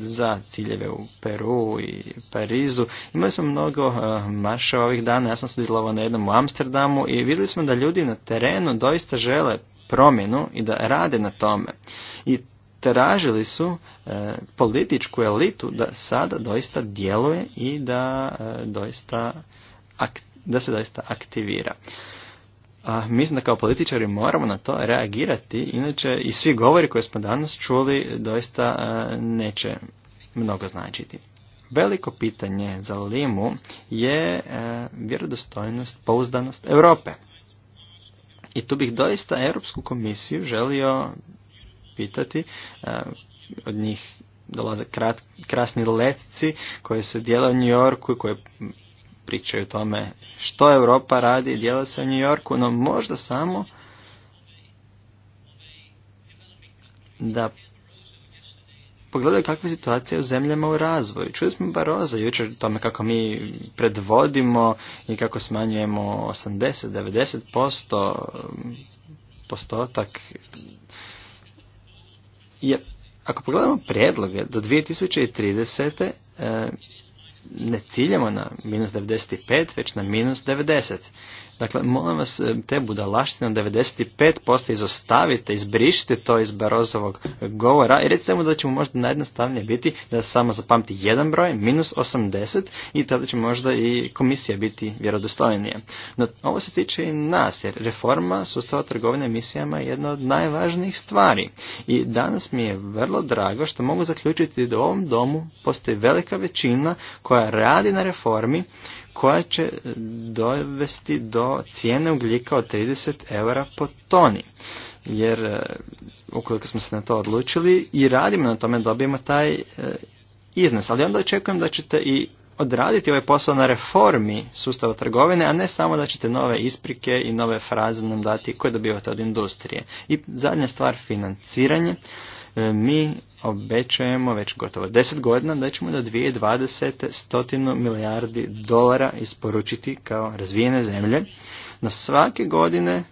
[SPEAKER 4] za ciljeve u Peru i Parizu. Imali smo mnogo maršava ovih dana, ja sam sudjelovao na jednom u Amsterdamu i vidjeli smo da ljudi na terenu doista žele promjenu i da rade na tome. I tražili su e, političku elitu da sada doista djeluje i da, e, doista da se doista aktivira. A, mislim da kao političari moramo na to reagirati, inače i svi govori koje smo danas čuli doista e, neće mnogo značiti. Veliko pitanje za Limu je vjerodostojnost, pouzdanost Europe. I tu bih doista Europsku komisiju želio pitati. E, od njih dolaze krat, krasni letci koji se dijela u New Yorku i koji pričaju o tome što Europa radi i dijela se u New Yorku, no možda samo da pogledaju kakva situacije situacija u zemljama u razvoju. Čuli smo Baroza jučer o tome kako mi predvodimo i kako smanjujemo 80-90% postotak jer ako pogledamo predloge, do 2030. E, ne ciljamo na minus 95, već na minus 90. Dakle, molim vas, e, te budalaštine 95% izostavite, izbrišite to iz Barozovog govora i recite mu da će mu možda najjednostavnije biti da samo zapamti jedan broj, minus 80 i tada će možda i komisija biti vjerodostojnije. No, ovo se tiče i nas, jer reforma sustava trgovine emisijama je jedna od najvažnijih stvari. I danas mi je vrlo drago što mogu zaključiti da u ovom domu postoji velika većina koja radi na reformi koja će dovesti do cijene ugljika od 30 eura po toni. Jer e, ukoliko smo se na to odlučili i radimo na tome dobijemo taj e, iznos. Ali onda očekujem da ćete i odraditi ovaj posao na reformi sustava trgovine, a ne samo da ćete nove isprike i nove fraze nam dati koje dobivate od industrije. I zadnja stvar, financiranje. E, mi Obećujemo već gotovo deset godina da ćemo do 2020. stotinu milijardi dolara isporučiti kao razvijene zemlje, no svake godine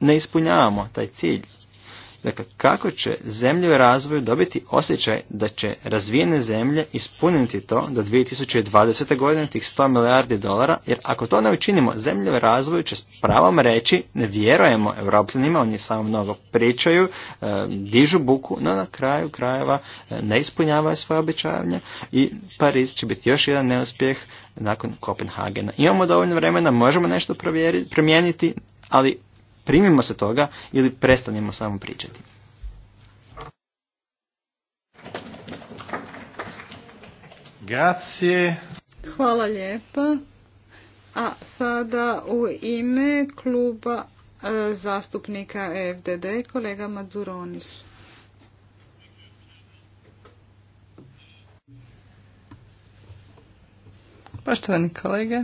[SPEAKER 4] ne ispunjavamo taj cilj. Dakle, kako će zemlje u razvoju dobiti osjećaj da će razvijene zemlje ispuniti to do 2020. godine tih 100 milijardi dolara, jer ako to ne učinimo, zemlje u razvoju će s pravom reći ne vjerujemo europljanima, oni samo mnogo pričaju, e, dižu buku, no na kraju krajeva e, ne ispunjavaju svoje obećanja i Pariz će biti još jedan neuspjeh nakon Kopenhagena. Imamo dovoljno vremena, možemo nešto promijeniti, ali primimo se toga ili prestanimo samo pričati.
[SPEAKER 2] Grazie.
[SPEAKER 3] Hvala lijepa. A sada u ime kluba e, zastupnika FDD kolega Mazuronis.
[SPEAKER 1] Poštovani kolege,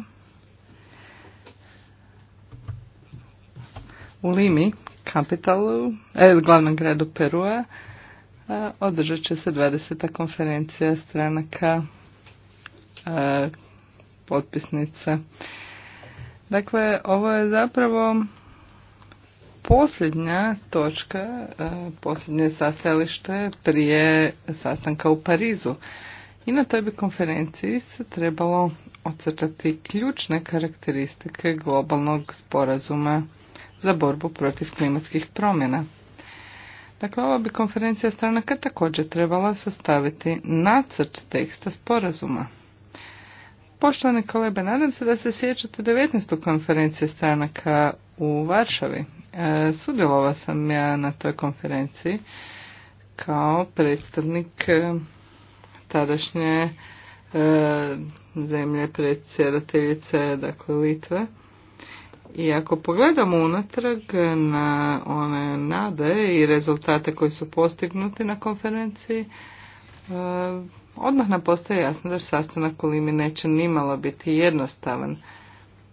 [SPEAKER 1] u Limi, kapitalu, e, glavnom gradu Perua, e, održat će se 20. konferencija stranaka e, potpisnica. Dakle, ovo je zapravo posljednja točka, posljednje sastajalište prije sastanka u Parizu. I na toj bi konferenciji se trebalo ocrtati ključne karakteristike globalnog sporazuma za borbu protiv klimatskih promjena. Dakle, ova bi konferencija stranaka također trebala sastaviti nacrt teksta sporazuma. Poštovani kolebe, nadam se da se sjećate 19. konferencije stranaka u Varšavi. E, sudjelovao sam ja na toj konferenciji kao predstavnik e, tadašnje e, zemlje predsjedateljice, dakle Litve. I ako pogledamo unatrag na one nade i rezultate koji su postignuti na konferenciji, e, odmah nam postaje jasno da sastanak u Limi neće nimalo biti jednostavan.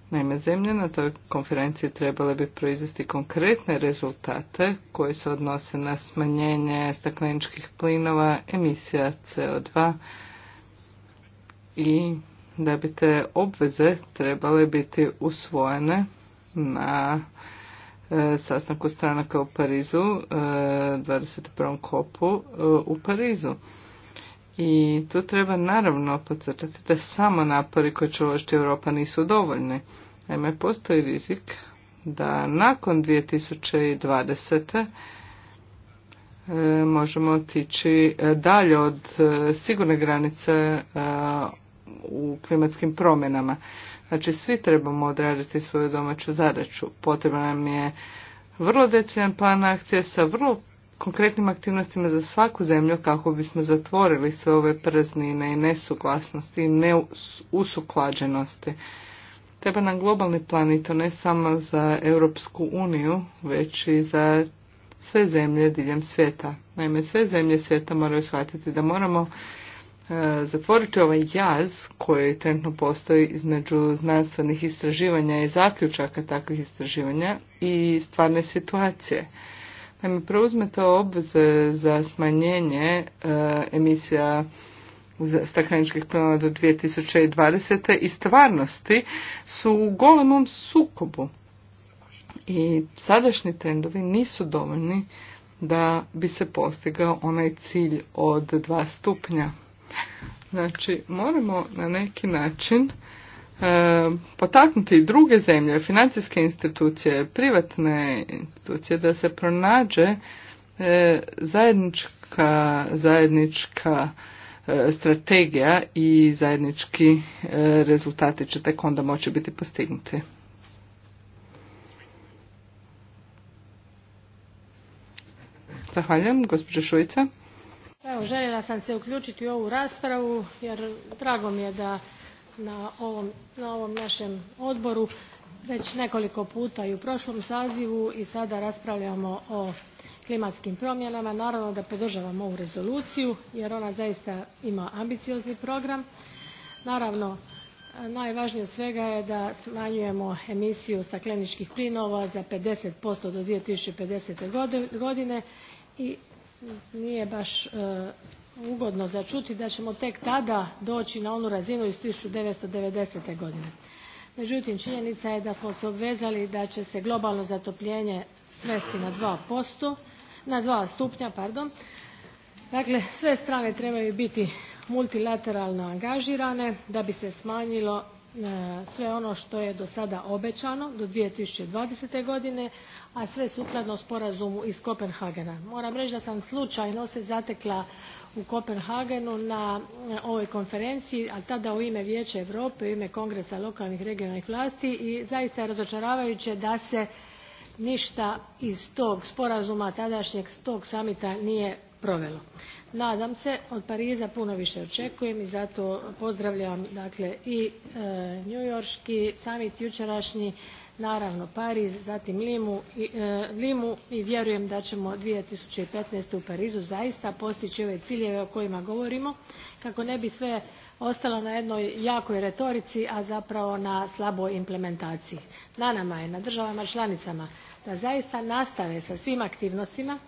[SPEAKER 1] Naime, zemlje na toj konferenciji trebale bi proizvesti konkretne rezultate koji se odnose na smanjenje stakleničkih plinova, emisija CO2 i da bi te obveze trebale biti usvojene na e, sastanku stranaka u Parizu, 21. E, kopu e, u Parizu. I tu treba naravno podcrtati da samo napori koje će uložiti Europa nisu dovoljni. Naime, postoji rizik da nakon 2020. možemo otići dalje od sigurne granice u klimatskim promjenama. Znači svi trebamo odraditi svoju domaću zadaću. Potreban nam je vrlo detaljan plan akcije sa vrlo konkretnim aktivnostima za svaku zemlju kako bismo zatvorili sve ove praznine i nesuglasnosti i neusuklađenosti. Treba nam globalni plan i to ne samo za Europsku uniju, već i za sve zemlje diljem svijeta. Naime, sve zemlje svijeta moraju shvatiti da moramo E, zatvoriti ovaj jaz koji trenutno postoji između znanstvenih istraživanja i zaključaka takvih istraživanja i stvarne situacije. Naime, preuzmete obveze za smanjenje e, emisija stakleničkih plinova do 2020. i stvarnosti su u golemom sukobu. I sadašnji trendovi nisu dovoljni da bi se postigao onaj cilj od dva stupnja Znači, moramo na neki način e, potaknuti i druge zemlje, financijske institucije, privatne institucije da se pronađe e, zajednička, zajednička e, strategija i zajednički rezultati će tek onda moći biti postignuti. Zahvaljujem, gospođa Šujica
[SPEAKER 5] evo željela sam se uključiti u ovu raspravu jer drago mi je da na ovom, našem odboru već nekoliko puta i u prošlom sazivu i sada raspravljamo o klimatskim promjenama. naravno da podržavam ovu rezoluciju jer ona zaista ima ambiciozni program. naravno najvažnije od svega je da smanjujemo emisiju stakleničkih plinova za fifty do. two thousand and fifty godine i nije baš e, ugodno za da ćemo tek tada doći na onu razinu iz 1990. godine. Međutim, činjenica je da smo se obvezali da će se globalno zatopljenje svesti na 2%, na dva stupnja, pardon. Dakle, sve strane trebaju biti multilateralno angažirane da bi se smanjilo sve ono što je do sada obećano do. 2020. godine a sve sukladno sporazumu iz kopenhagena. moram reći da sam slučajno se zatekla u kopenhagenu na ovoj konferenciji a tada u ime vijeća europe u ime kongresa lokalnih i regionalnih vlasti i zaista je razočaravajuće da se ništa iz tog sporazuma tadašnjeg tog summita nije provelo. nadam se od pariza puno više očekujem i zato pozdravljam dakle i e, new samit summit jučerašnji naravno pariz zatim limu i e, vjerujem da ćemo. 2015. u parizu zaista postići ove ciljeve o kojima govorimo kako ne bi sve ostalo na jednoj jakoj retorici a zapravo na slaboj implementaciji. na nama je na državama članicama da zaista nastave sa svim aktivnostima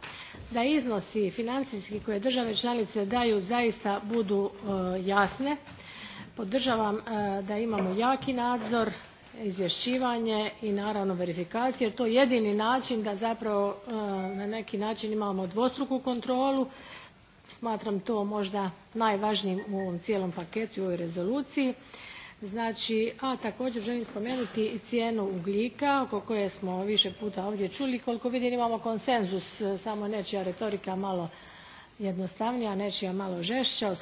[SPEAKER 5] da iznosi financijski koje države članice daju zaista budu e, jasne podržavam e, da imamo jaki nadzor izvješćivanje i naravno verifikaciju jer je to jedini način da zapravo e, na neki način imamo dvostruku kontrolu smatram to možda najvažnijim u ovom cijelom paketu i u ovoj rezoluciji. Znači, a također želim spomenuti i cijenu ugljika oko koje smo više puta ovdje čuli. Koliko vidim imamo konsenzus, e, samo nečija retorika malo jednostavnija, nečija malo žešća. U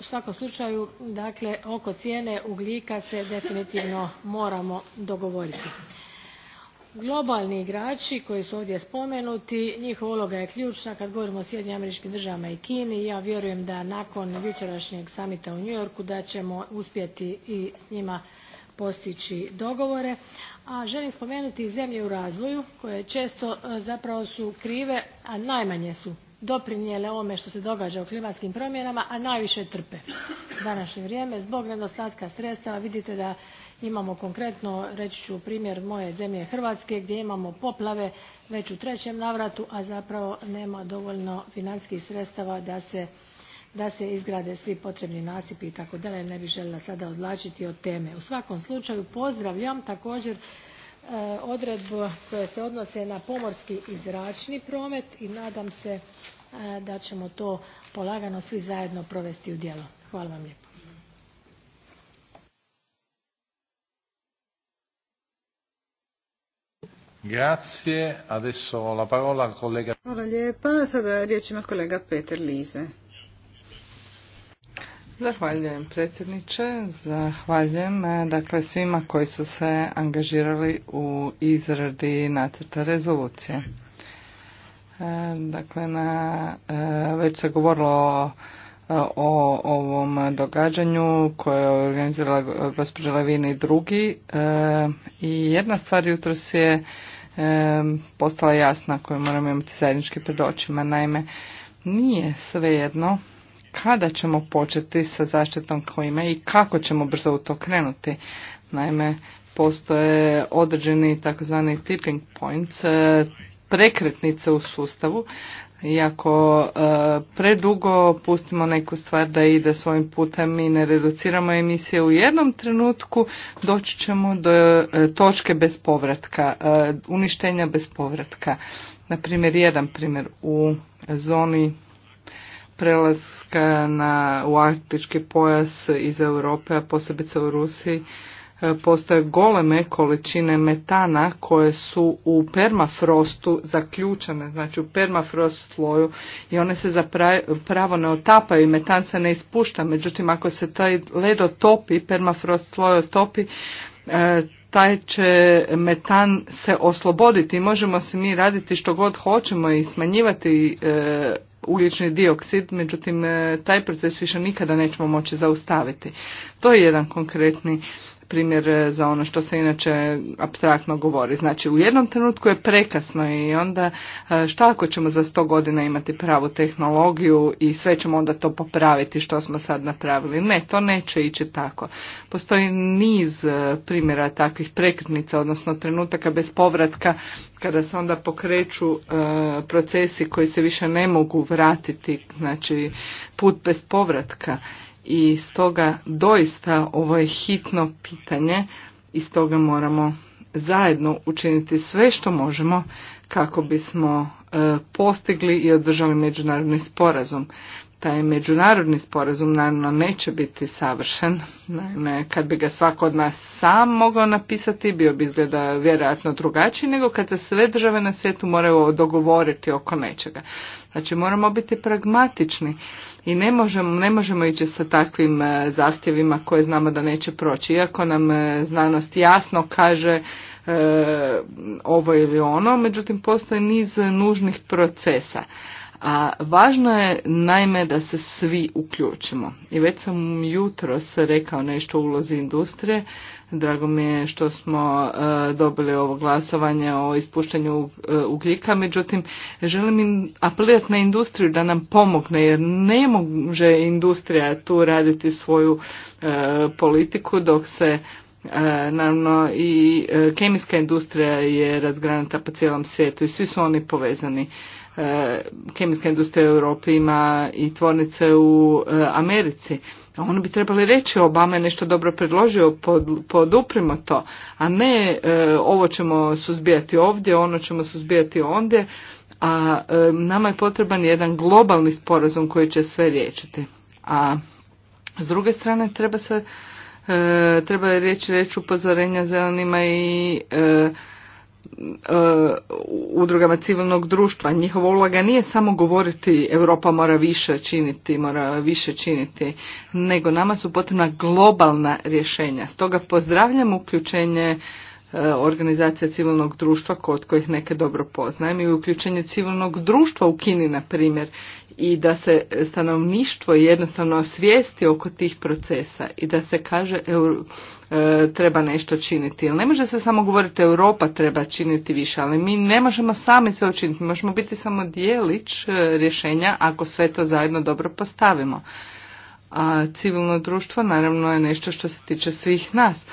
[SPEAKER 5] svakom slučaju dakle oko cijene ugljika se definitivno moramo dogovoriti globalni igrači koji su ovdje spomenuti njihova uloga je ključna kad govorimo o sjedinjenim američkim državama i kini i ja vjerujem da nakon jučerašnjeg samita u new yorku da ćemo uspjeti i s njima postići dogovore a želim spomenuti i zemlje u razvoju koje često e, zapravo su krive a najmanje su doprinijele ovome što se događa u klimatskim promjenama a najviše trpe u današnje vrijeme zbog nedostatka sredstava vidite da imamo konkretno reći ću primjer moje zemlje hrvatske gdje imamo poplave već u trećem navratu a zapravo nema dovoljno financijskih sredstava da se izgrade svi potrebni nasipi itd. ne bih željela sada odvlačiti od teme. u svakom slučaju pozdravljam također e, odredbe koje se odnose na pomorski i zračni promet i nadam se e, da ćemo to polagano svi zajedno provesti u djelo. hvala vam
[SPEAKER 2] Grazie. Adesso la parola collega...
[SPEAKER 3] lijepa. Sada riječ ima kolega Peter Lize.
[SPEAKER 1] Zahvaljujem predsjedniče, zahvaljujem eh, dakle svima koji su se angažirali u izradi nacrta rezolucije. Eh, dakle, na, eh, već se govorilo o ovom događanju koje je organizirala gospođa i drugi. I jedna stvar jutros je postala jasna koju moramo imati zajednički pred očima. Naime, nije svejedno kada ćemo početi sa zaštitom klime i kako ćemo brzo u to krenuti. Naime, postoje određeni takozvani tipping points, eh, prekretnice u sustavu iako e, predugo pustimo neku stvar da ide svojim putem i ne reduciramo emisije u jednom trenutku, doći ćemo do e, točke bez povratka, e, uništenja bez povratka. Na jedan primjer u zoni prelaska na, u arktički pojas iz Europe, a posebice u Rusiji, E, postoje goleme količine metana koje su u permafrostu zaključene, znači u permafrost sloju i one se zapravo ne otapaju i metan se ne ispušta. Međutim, ako se taj led otopi, permafrost sloj otopi, e, taj će metan se osloboditi i možemo se mi raditi što god hoćemo i smanjivati e, ugljični dioksid, međutim taj proces više nikada nećemo moći zaustaviti. To je jedan konkretni primjer e, za ono što se inače abstraktno govori. Znači u jednom trenutku je prekasno i onda e, šta ako ćemo za sto godina imati pravu tehnologiju i sve ćemo onda to popraviti što smo sad napravili. Ne, to neće ići tako. Postoji niz e, primjera takvih prekretnica, odnosno trenutaka bez povratka kada se onda pokreću procesi koji se više ne mogu vratiti, znači put bez povratka i stoga doista ovo je hitno pitanje i stoga moramo zajedno učiniti sve što možemo kako bismo e, postigli i održali međunarodni sporazum. Taj međunarodni sporazum naravno neće biti savršen. Naime, kad bi ga svako od nas sam mogao napisati, bio bi izgleda vjerojatno drugačiji nego kad se sve države na svijetu moraju dogovoriti oko nečega. Znači moramo biti pragmatični i ne možemo, ne možemo ići sa takvim e, zahtjevima koje znamo da neće proći. Iako nam e, znanost jasno kaže e, ovo ili ono, međutim postoji niz nužnih procesa. A važno je naime da se svi uključimo. I već sam jutros rekao nešto u ulozi industrije, Drago mi je što smo e, dobili ovo glasovanje o ispuštanju e, ugljika, međutim želim apelirati na industriju da nam pomogne jer ne može industrija tu raditi svoju e, politiku dok se naravno i kemijska industrija je razgranata po cijelom svijetu i svi su oni povezani. Kemijska industrija u Europi ima i tvornice u Americi oni bi trebali reći Obama je nešto dobro predložio, pod, poduprimo to, a ne e, ovo ćemo suzbijati ovdje, ono ćemo suzbijati ondje, a e, nama je potreban jedan globalni sporazum koji će sve riječiti. A s druge strane treba se e, treba reći reći upozorenja zelenima i E, udrugama civilnog društva. Njihova uloga nije samo govoriti Europa mora više činiti, mora više činiti, nego nama su potrebna globalna rješenja. Stoga pozdravljam uključenje E, organizacija civilnog društva kod kojih neke dobro poznajem i uključenje civilnog društva u Kini na primjer i da se stanovništvo jednostavno osvijesti oko tih procesa i da se kaže e, treba nešto činiti. ne može se samo govoriti Europa treba činiti više, ali mi ne možemo sami sve učiniti. možemo biti samo dijelić e, rješenja ako sve to zajedno dobro postavimo. A civilno društvo naravno je nešto što se tiče svih nas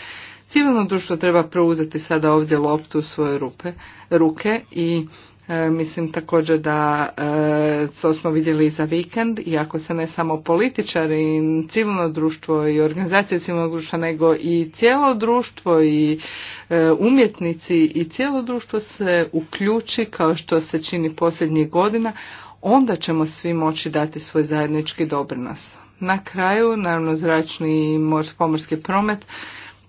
[SPEAKER 1] Civilno društvo treba preuzeti sada ovdje loptu u svoje rupe, ruke i e, mislim također da e, to smo vidjeli za vikend i ako se ne samo političari, civilno društvo i organizacije civilnog društva nego i cijelo društvo i e, umjetnici i cijelo društvo se uključi kao što se čini posljednjih godina onda ćemo svi moći dati svoj zajednički doprinos. Na kraju, naravno, zračni i pomorski promet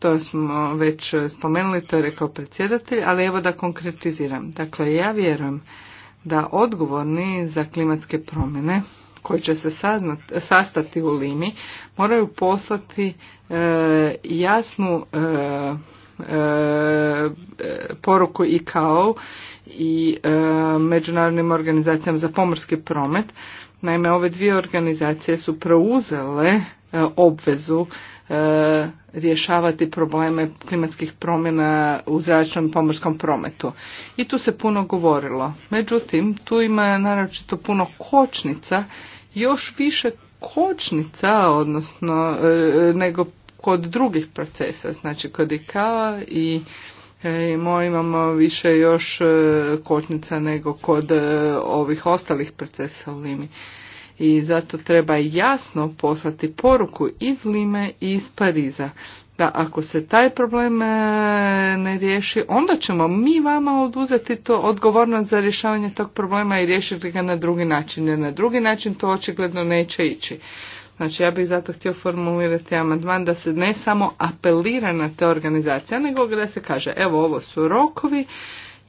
[SPEAKER 1] to smo već spomenuli, to je rekao predsjedatelj, ali evo da konkretiziram. Dakle, ja vjerujem da odgovorni za klimatske promjene koji će se sastati u Limi moraju poslati e, jasnu e, e, poruku ICAO i e, međunarodnim organizacijama za pomorski promet. Naime, ove dvije organizacije su preuzele e, obvezu E, rješavati probleme klimatskih promjena u zračnom i pomorskom prometu. I tu se puno govorilo. Međutim, tu ima naročito puno kočnica, još više kočnica, odnosno, e, nego kod drugih procesa, znači kod IKAVA i e, mo imamo više još kočnica nego kod ovih ostalih procesa u Limi i zato treba jasno poslati poruku iz Lime i iz Pariza da ako se taj problem e, ne riješi, onda ćemo mi vama oduzeti to odgovornost za rješavanje tog problema i riješiti ga na drugi način, jer na drugi način to očigledno neće ići. Znači ja bih zato htio formulirati amandman da se ne samo apelira na te organizacije, nego da se kaže evo ovo su rokovi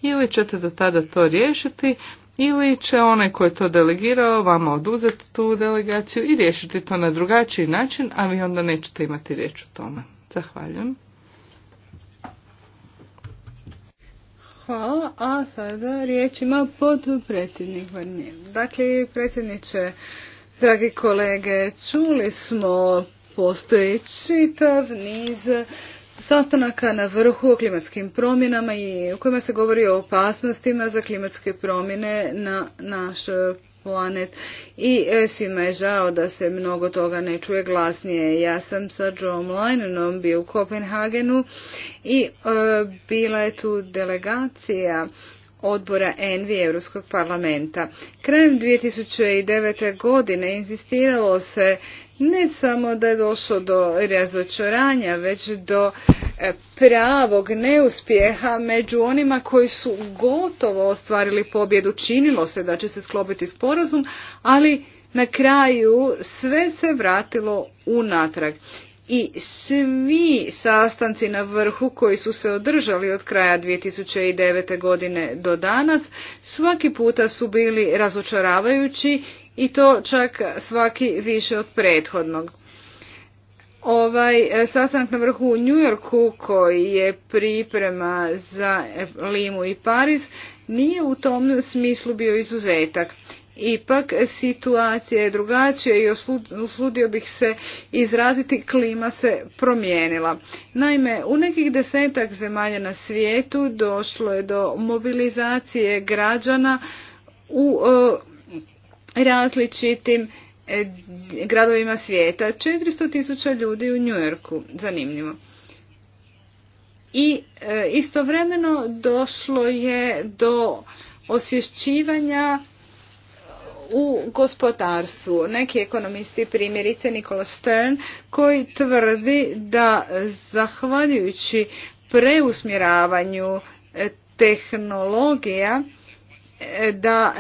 [SPEAKER 1] ili ćete do tada to riješiti ili će onaj koji je to delegirao vama oduzeti tu delegaciju i riješiti to na drugačiji način, a vi onda nećete imati riječ o tome. Zahvaljujem.
[SPEAKER 3] Hvala, a sada riječ ima podpredsjednik Dakle, predsjedniče, dragi kolege, čuli smo postoji čitav niz sastanaka na vrhu o klimatskim promjenama i u kojima se govori o opasnostima za klimatske promjene na naš e, planet i e, svima je žao da se mnogo toga ne čuje glasnije. Ja sam sa Joom Linenom bio u Kopenhagenu i e, bila je tu delegacija odbora Envi Europskog parlamenta. Krajem 2009. godine inzistiralo se ne samo da je došlo do razočaranja, već do e, pravog neuspjeha među onima koji su gotovo ostvarili pobjedu. Činilo se da će se sklopiti sporazum, ali na kraju sve se vratilo unatrag. I svi sastanci na vrhu koji su se održali od kraja 2009. godine do danas svaki puta su bili razočaravajući i to čak svaki više od prethodnog. Ovaj e, sastanak na vrhu u Njujorku koji je priprema za Limu i Pariz nije u tom smislu bio izuzetak. Ipak situacija je drugačija i usudio bih se izraziti klima se promijenila. Naime, u nekih desetak zemalja na svijetu došlo je do mobilizacije građana u e, različitim e, gradovima svijeta. 400 tisuća ljudi u Njujorku, zanimljivo. I e, istovremeno došlo je do osvješćivanja u gospodarstvu. Neki ekonomisti, primjerice Nikola Stern, koji tvrdi da zahvaljujući preusmjeravanju e, tehnologija da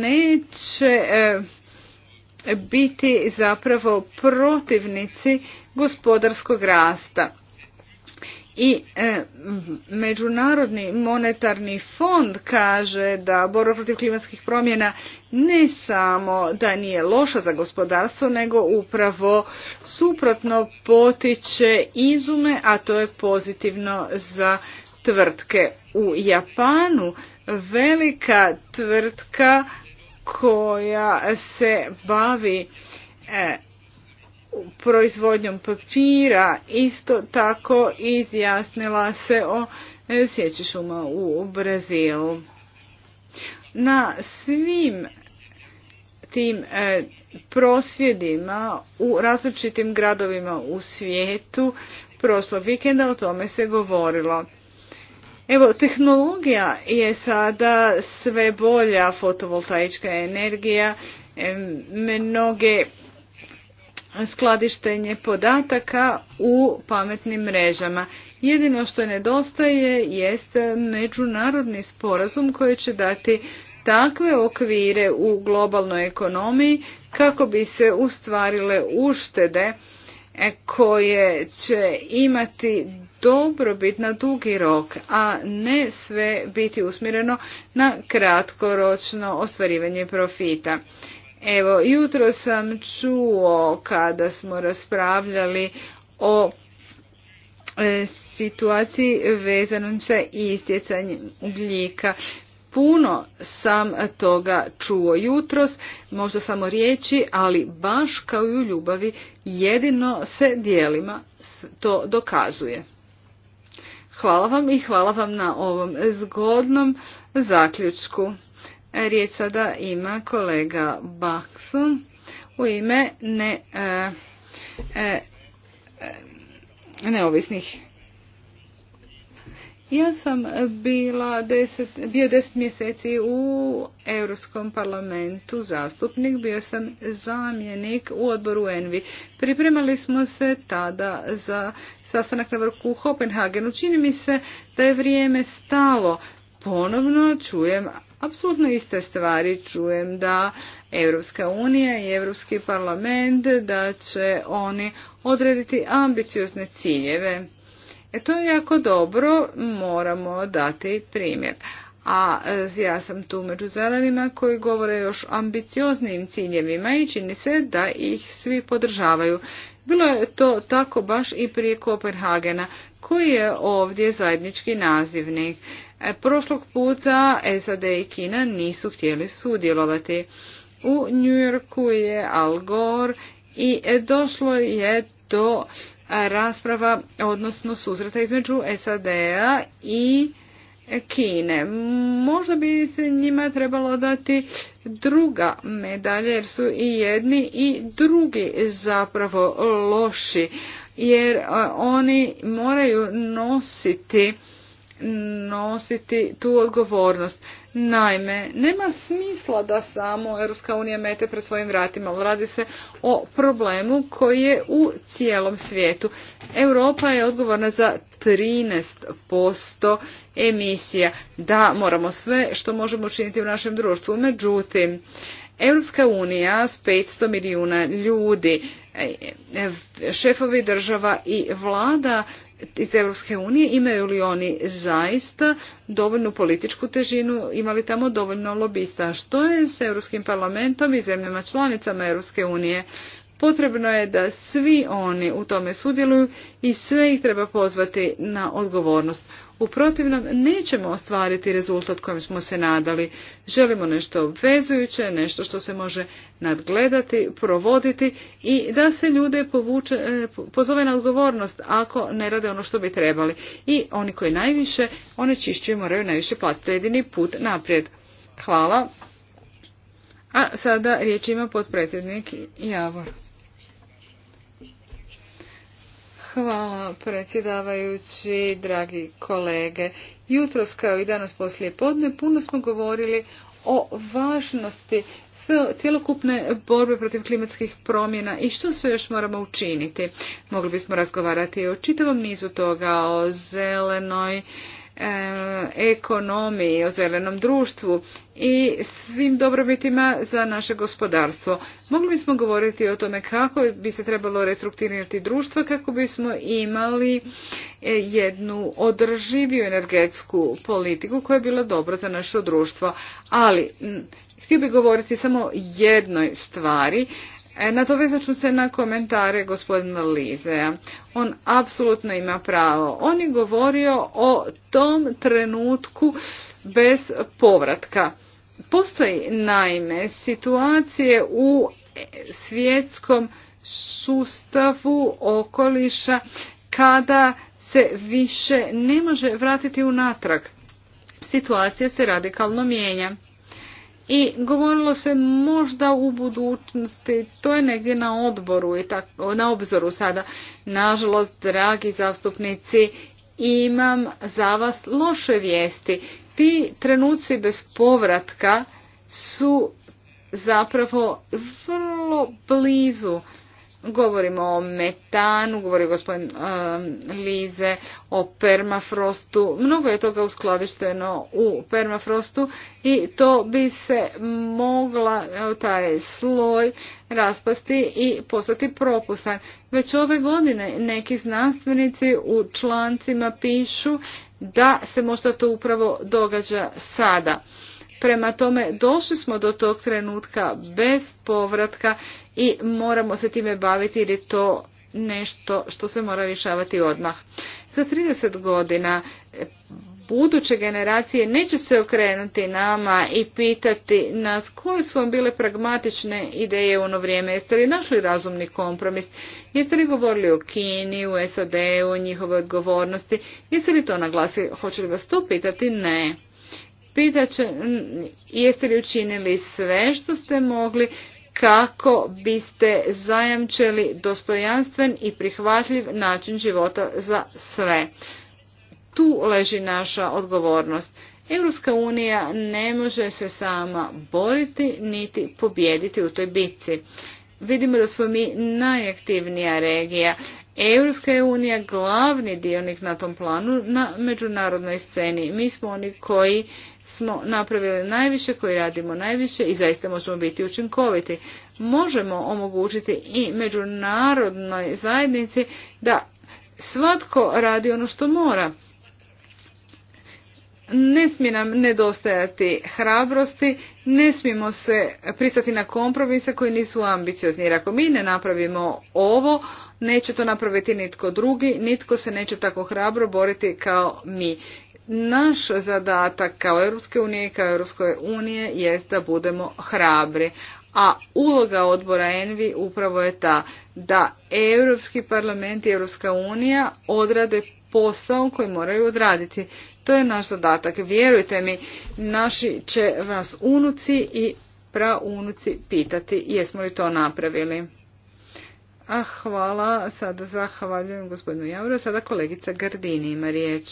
[SPEAKER 3] neće e, biti zapravo protivnici gospodarskog rasta. I e, Međunarodni monetarni fond kaže da borba protiv klimatskih promjena ne samo da nije loša za gospodarstvo, nego upravo suprotno potiče izume, a to je pozitivno za tvrtke. U Japanu velika tvrtka koja se bavi e, proizvodnjom papira isto tako izjasnila se o e, sjeći šuma u Brazilu. Na svim tim e, prosvjedima u različitim gradovima u svijetu prošlog vikenda o tome se govorilo. Evo, tehnologija je sada sve bolja, fotovoltaička energija, mnoge skladištenje podataka u pametnim mrežama. Jedino što nedostaje jest međunarodni sporazum koji će dati takve okvire u globalnoj ekonomiji kako bi se ustvarile uštede e, koje će imati dobrobit na dugi rok, a ne sve biti usmjereno na kratkoročno ostvarivanje profita. Evo, jutro sam čuo kada smo raspravljali o e, situaciji vezanom sa istjecanjem ugljika. Puno sam toga čuo jutros, možda samo riječi, ali baš kao i u ljubavi jedino se dijelima to dokazuje. Hvala vam i hvala vam na ovom zgodnom zaključku. E, riječ sada ima kolega Bakson u ime ne, e, e, neovisnih ja sam bila deset, bio deset mjeseci u Europskom parlamentu zastupnik, bio sam zamjenik u odboru Envi. Pripremali smo se tada za sastanak na vrhu u Čini mi se da je vrijeme stalo. Ponovno čujem apsolutno iste stvari. Čujem da Europska unija i Europski parlament da će oni odrediti ambiciozne ciljeve E, to je jako dobro, moramo dati primjer. A e, ja sam tu među zelenima koji govore još ambicioznijim ciljevima i čini se da ih svi podržavaju. Bilo je to tako baš i prije Kopenhagena, koji je ovdje zajednički nazivnik. E, prošlog puta SAD i Kina nisu htjeli sudjelovati. U Njujorku je Al Gore i došlo je do rasprava, odnosno susreta između SAD-a i Kine. Možda bi se njima trebalo dati druga medalja jer su i jedni i drugi zapravo loši jer oni moraju nositi nositi tu odgovornost. Naime, nema smisla da samo Europska unija mete pred svojim vratima. Radi se o problemu koji je u cijelom svijetu. Europa je odgovorna za 13% emisija. Da, moramo sve što možemo učiniti u našem društvu. Međutim, Europska unija s 500 milijuna ljudi, e, e, šefovi država i vlada iz Europske unije, imaju li oni zaista dovoljnu političku težinu, imali tamo dovoljno lobista. Što je s Europskim parlamentom i zemljama članicama Europske unije? Potrebno je da svi oni u tome sudjeluju i sve ih treba pozvati na odgovornost. U protivnom nećemo ostvariti rezultat kojem smo se nadali. Želimo nešto obvezujuće, nešto što se može nadgledati, provoditi i da se ljude povuče, e, pozove na odgovornost ako ne rade ono što bi trebali. I oni koji najviše, one čišćuju moraju najviše platiti. jedini put naprijed. Hvala. A sada riječ ima potpredsjednik Javor. Hvala predsjedavajući, dragi kolege. Jutros kao i danas poslije podne puno smo govorili o važnosti cjelokupne borbe protiv klimatskih promjena i što sve još moramo učiniti. Mogli bismo razgovarati o čitavom nizu toga, o zelenoj E, ekonomiji, o zelenom društvu i svim dobrobitima za naše gospodarstvo. Mogli bismo govoriti o tome kako bi se trebalo restrukturirati društva kako bismo imali e, jednu održiviju energetsku politiku koja je bila dobra za naše društvo. Ali htio bih govoriti samo jednoj stvari E, nadovezat ću se na komentare gospodina Lizea. On apsolutno ima pravo. On je govorio o tom trenutku bez povratka. Postoji naime situacije u svjetskom sustavu okoliša kada se više ne može vratiti unatrag. Situacija se radikalno mijenja i govorilo se možda u budućnosti, to je negdje na odboru i tako, na obzoru sada. Nažalost, dragi zastupnici, imam za vas loše vijesti. Ti trenuci bez povratka su zapravo vrlo blizu Govorimo o metanu, govori gospodin eh, Lize, o permafrostu. Mnogo je toga uskladišteno u permafrostu i to bi se mogla taj sloj raspasti i postati propusan. Već ove godine neki znanstvenici u člancima pišu da se možda to upravo događa sada. Prema tome, došli smo do tog trenutka bez povratka i moramo se time baviti jer je to nešto što se mora rješavati odmah. Za 30 godina e, buduće generacije neće se okrenuti nama i pitati nas koje su vam bile pragmatične ideje u ono vrijeme, jeste li našli razumni kompromis, jeste li govorili o Kini, u sad o njihovoj odgovornosti, jeste li to naglasili, hoće li vas to pitati? Ne. Pitat će, jeste li učinili sve što ste mogli kako biste zajamčili dostojanstven i prihvatljiv način života za sve. Tu leži naša odgovornost. Europska unija ne može se sama boriti niti pobijediti u toj bitci. Vidimo da smo mi najaktivnija regija. Europska je unija glavni dionik na tom planu na međunarodnoj sceni. Mi smo oni koji smo napravili najviše, koji radimo najviše i zaista možemo biti učinkoviti. Možemo omogućiti i međunarodnoj zajednici da svatko radi ono što mora. Ne smije nam nedostajati hrabrosti, ne smijemo se pristati na kompromise koji nisu ambiciozni. Jer ako mi ne napravimo ovo, neće to napraviti nitko drugi, nitko se neće tako hrabro boriti kao mi. Naš zadatak kao Europske unije i kao Europske unije jest da budemo hrabri, a uloga odbora Envi upravo je ta da Europski parlament i Europska unija odrade posao koji moraju odraditi. To je naš zadatak. Vjerujte mi, naši će vas unuci i praunuci pitati jesmo li to napravili. A hvala, sada zahvaljujem gospodinu Javru, sada kolegica Gardini ima riječ.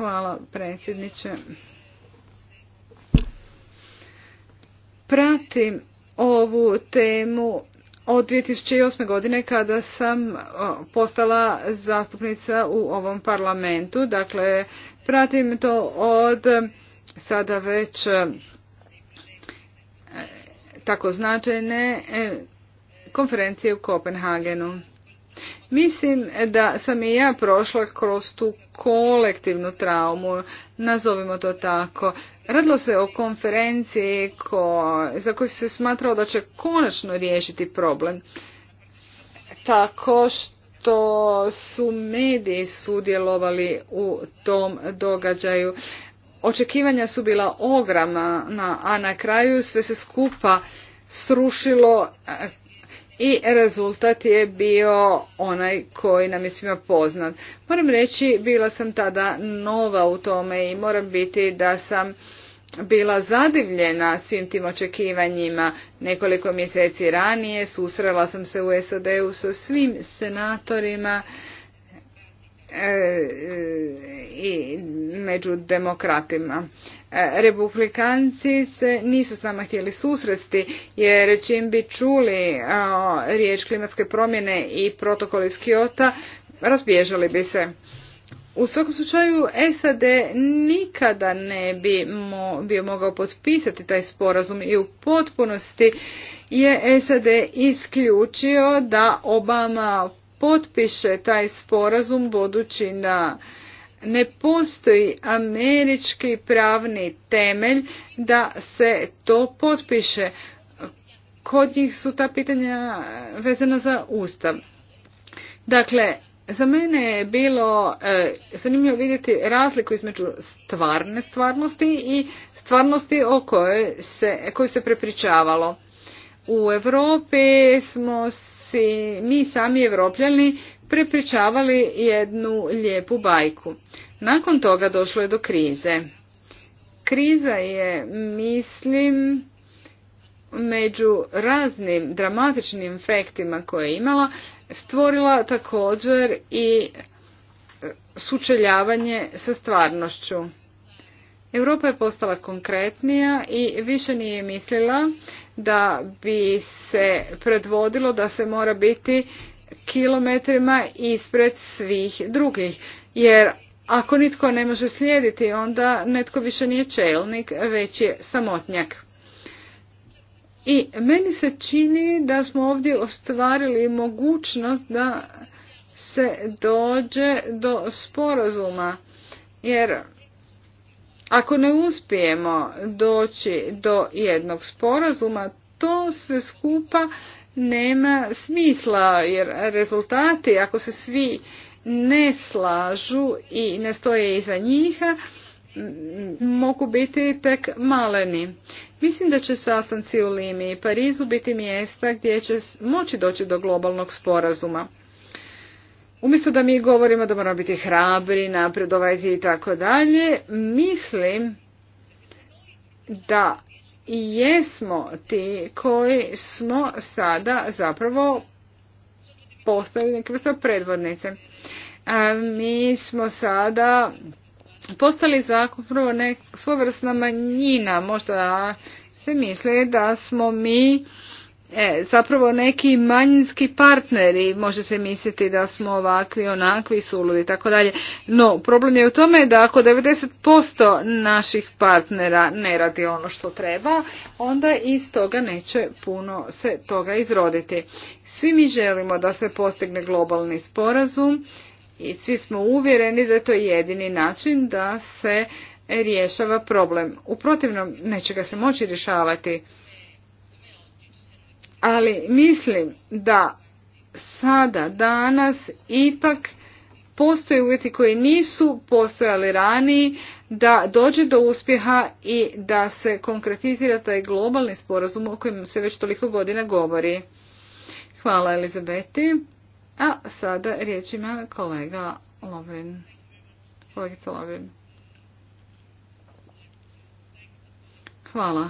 [SPEAKER 3] Hvala predsjedniče. Pratim ovu temu od 2008. godine kada sam postala zastupnica u ovom parlamentu. Dakle, pratim to od sada već e, tako značajne e, konferencije u Kopenhagenu. Mislim da sam i ja prošla kroz tu kolektivnu traumu, nazovimo to tako. Radilo se o konferenciji ko, za koju se smatrao da će konačno riješiti problem. Tako što su mediji sudjelovali u tom događaju. Očekivanja su bila ogromna, a na kraju sve se skupa srušilo i rezultat je bio onaj koji nam je svima poznat. Moram reći, bila sam tada nova u tome i moram biti da sam bila zadivljena svim tim očekivanjima. Nekoliko mjeseci ranije susrela sam se u SAD-u sa svim senatorima e, e, i među demokratima. E, republikanci se nisu s nama htjeli susresti jer čim bi čuli riječ klimatske promjene i protokol iz Kiota razbježali bi se. U svakom slučaju SAD nikada ne bi bio mogao potpisati taj sporazum i u potpunosti je SAD isključio da Obama potpiše taj sporazum budući da na ne postoji američki pravni temelj da se to potpiše. Kod njih su ta pitanja vezana za ustav. Dakle, za mene je bilo e, zanimljivo vidjeti razliku između stvarne stvarnosti i stvarnosti o kojoj se, koju se prepričavalo. U Europi smo si mi sami evropljani prepričavali jednu lijepu bajku. Nakon toga došlo je do krize. Kriza je, mislim, među raznim dramatičnim efektima koje je imala, stvorila također i e, sučeljavanje sa stvarnošću. Europa je postala konkretnija i više nije mislila da bi se predvodilo da se mora biti kilometrima ispred svih drugih. Jer ako nitko ne može slijediti, onda netko više nije čelnik, već je samotnjak. I meni se čini da smo ovdje ostvarili mogućnost da se dođe do sporazuma. Jer ako ne uspijemo doći do jednog sporazuma, to sve skupa nema smisla jer rezultati ako se svi ne slažu i ne stoje iza njih mogu biti tek maleni. Mislim da će sastanci u Limi i Parizu biti mjesta gdje će moći doći do globalnog sporazuma. Umjesto da mi govorimo da moramo biti hrabri, napredovati i tako dalje, mislim da jesmo ti koji smo sada zapravo postali neke vrsta predvodnice. A mi smo sada postali zapravo svojevrsna manjina. Možda se misli da smo mi E, zapravo neki manjinski partneri, može se misliti da smo ovakvi, onakvi, suludi i tako dalje. No, problem je u tome da ako 90% naših partnera ne radi ono što treba, onda iz toga neće puno se toga izroditi. Svi mi želimo da se postigne globalni sporazum i svi smo uvjereni da je to jedini način da se rješava problem. U protivnom neće ga se moći rješavati ali mislim da sada, danas, ipak postoje uvjeti koji nisu postojali raniji da dođe do uspjeha i da se konkretizira taj globalni sporazum o kojem se već toliko godina govori. Hvala Elizabeti. A sada riječ ima kolega Lovrin. Kolegica Lovrin. Hvala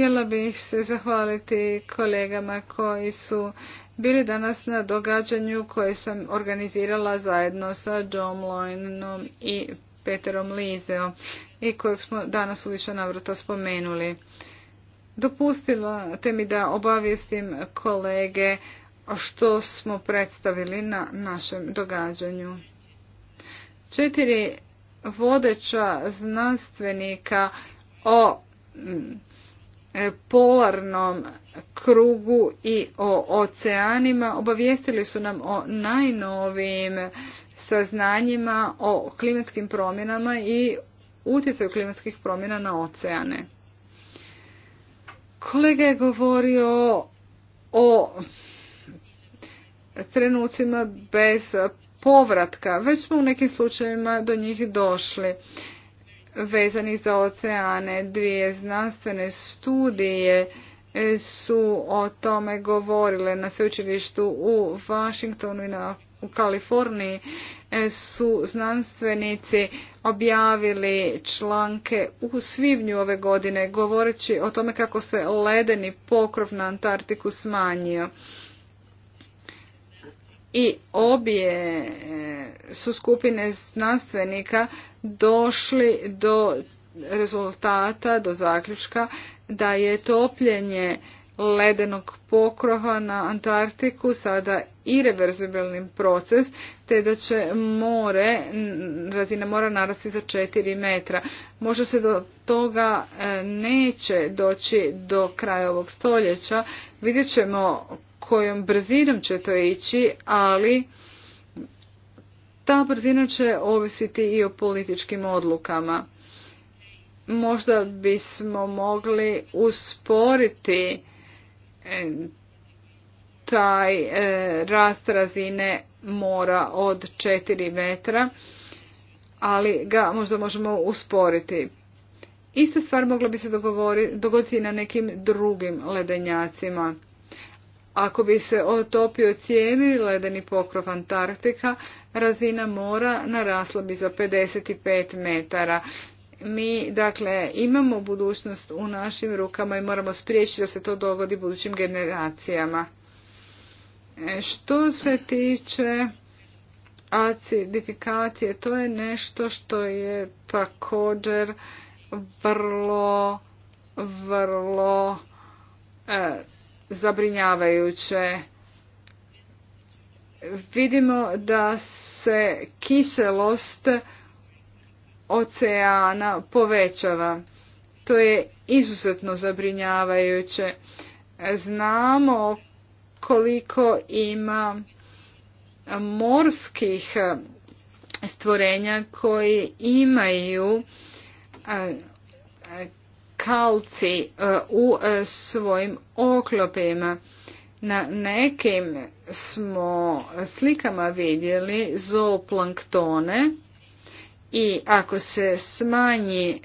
[SPEAKER 3] Htjela bih se zahvaliti kolegama koji su bili danas na događanju koje sam organizirala zajedno sa John Loynom i Peterom Lizeo i kojeg smo danas u više navrata spomenuli. Dopustila te mi da obavijestim kolege što smo predstavili na našem događanju. Četiri vodeća znanstvenika o E, polarnom krugu i o oceanima obavijestili su nam o najnovijim saznanjima o klimatskim promjenama i utjecaju klimatskih promjena na oceane. Kolega je govorio o trenucima bez povratka. Već smo u nekim slučajevima do njih došli vezanih za oceane. Dvije znanstvene studije su o tome govorile na sveučilištu u Washingtonu i na, u Kaliforniji e, su znanstvenici objavili članke u svibnju ove godine govoreći o tome kako se ledeni pokrov na Antarktiku smanjio. I obje su skupine znanstvenika došli do rezultata, do zaključka da je topljenje ledenog pokrova na Antarktiku sada irreverzibilni proces, te da će more, razina mora narasti za 4 metra. Možda se do toga e, neće doći do kraja ovog stoljeća. Vidjet ćemo kojom brzinom će to ići, ali ta brzina će ovisiti i o političkim odlukama. Možda bismo mogli usporiti e, taj e, rast razine mora od 4 metra, ali ga možda možemo usporiti. Ista stvar mogla bi se dogoditi na nekim drugim ledenjacima. Ako bi se otopio cijeli ledeni pokrov Antarktika, razina mora narasla bi za 55 metara. Mi, dakle, imamo budućnost u našim rukama i moramo spriječiti da se to dogodi budućim generacijama. E, što se tiče acidifikacije, to je nešto što je također vrlo, vrlo e, zabrinjavajuće. Vidimo da se kiselost oceana povećava. To je izuzetno zabrinjavajuće. Znamo koliko ima morskih stvorenja koji imaju kalci e, u e, svojim oklopima. Na nekim smo slikama vidjeli zooplanktone i ako se smanji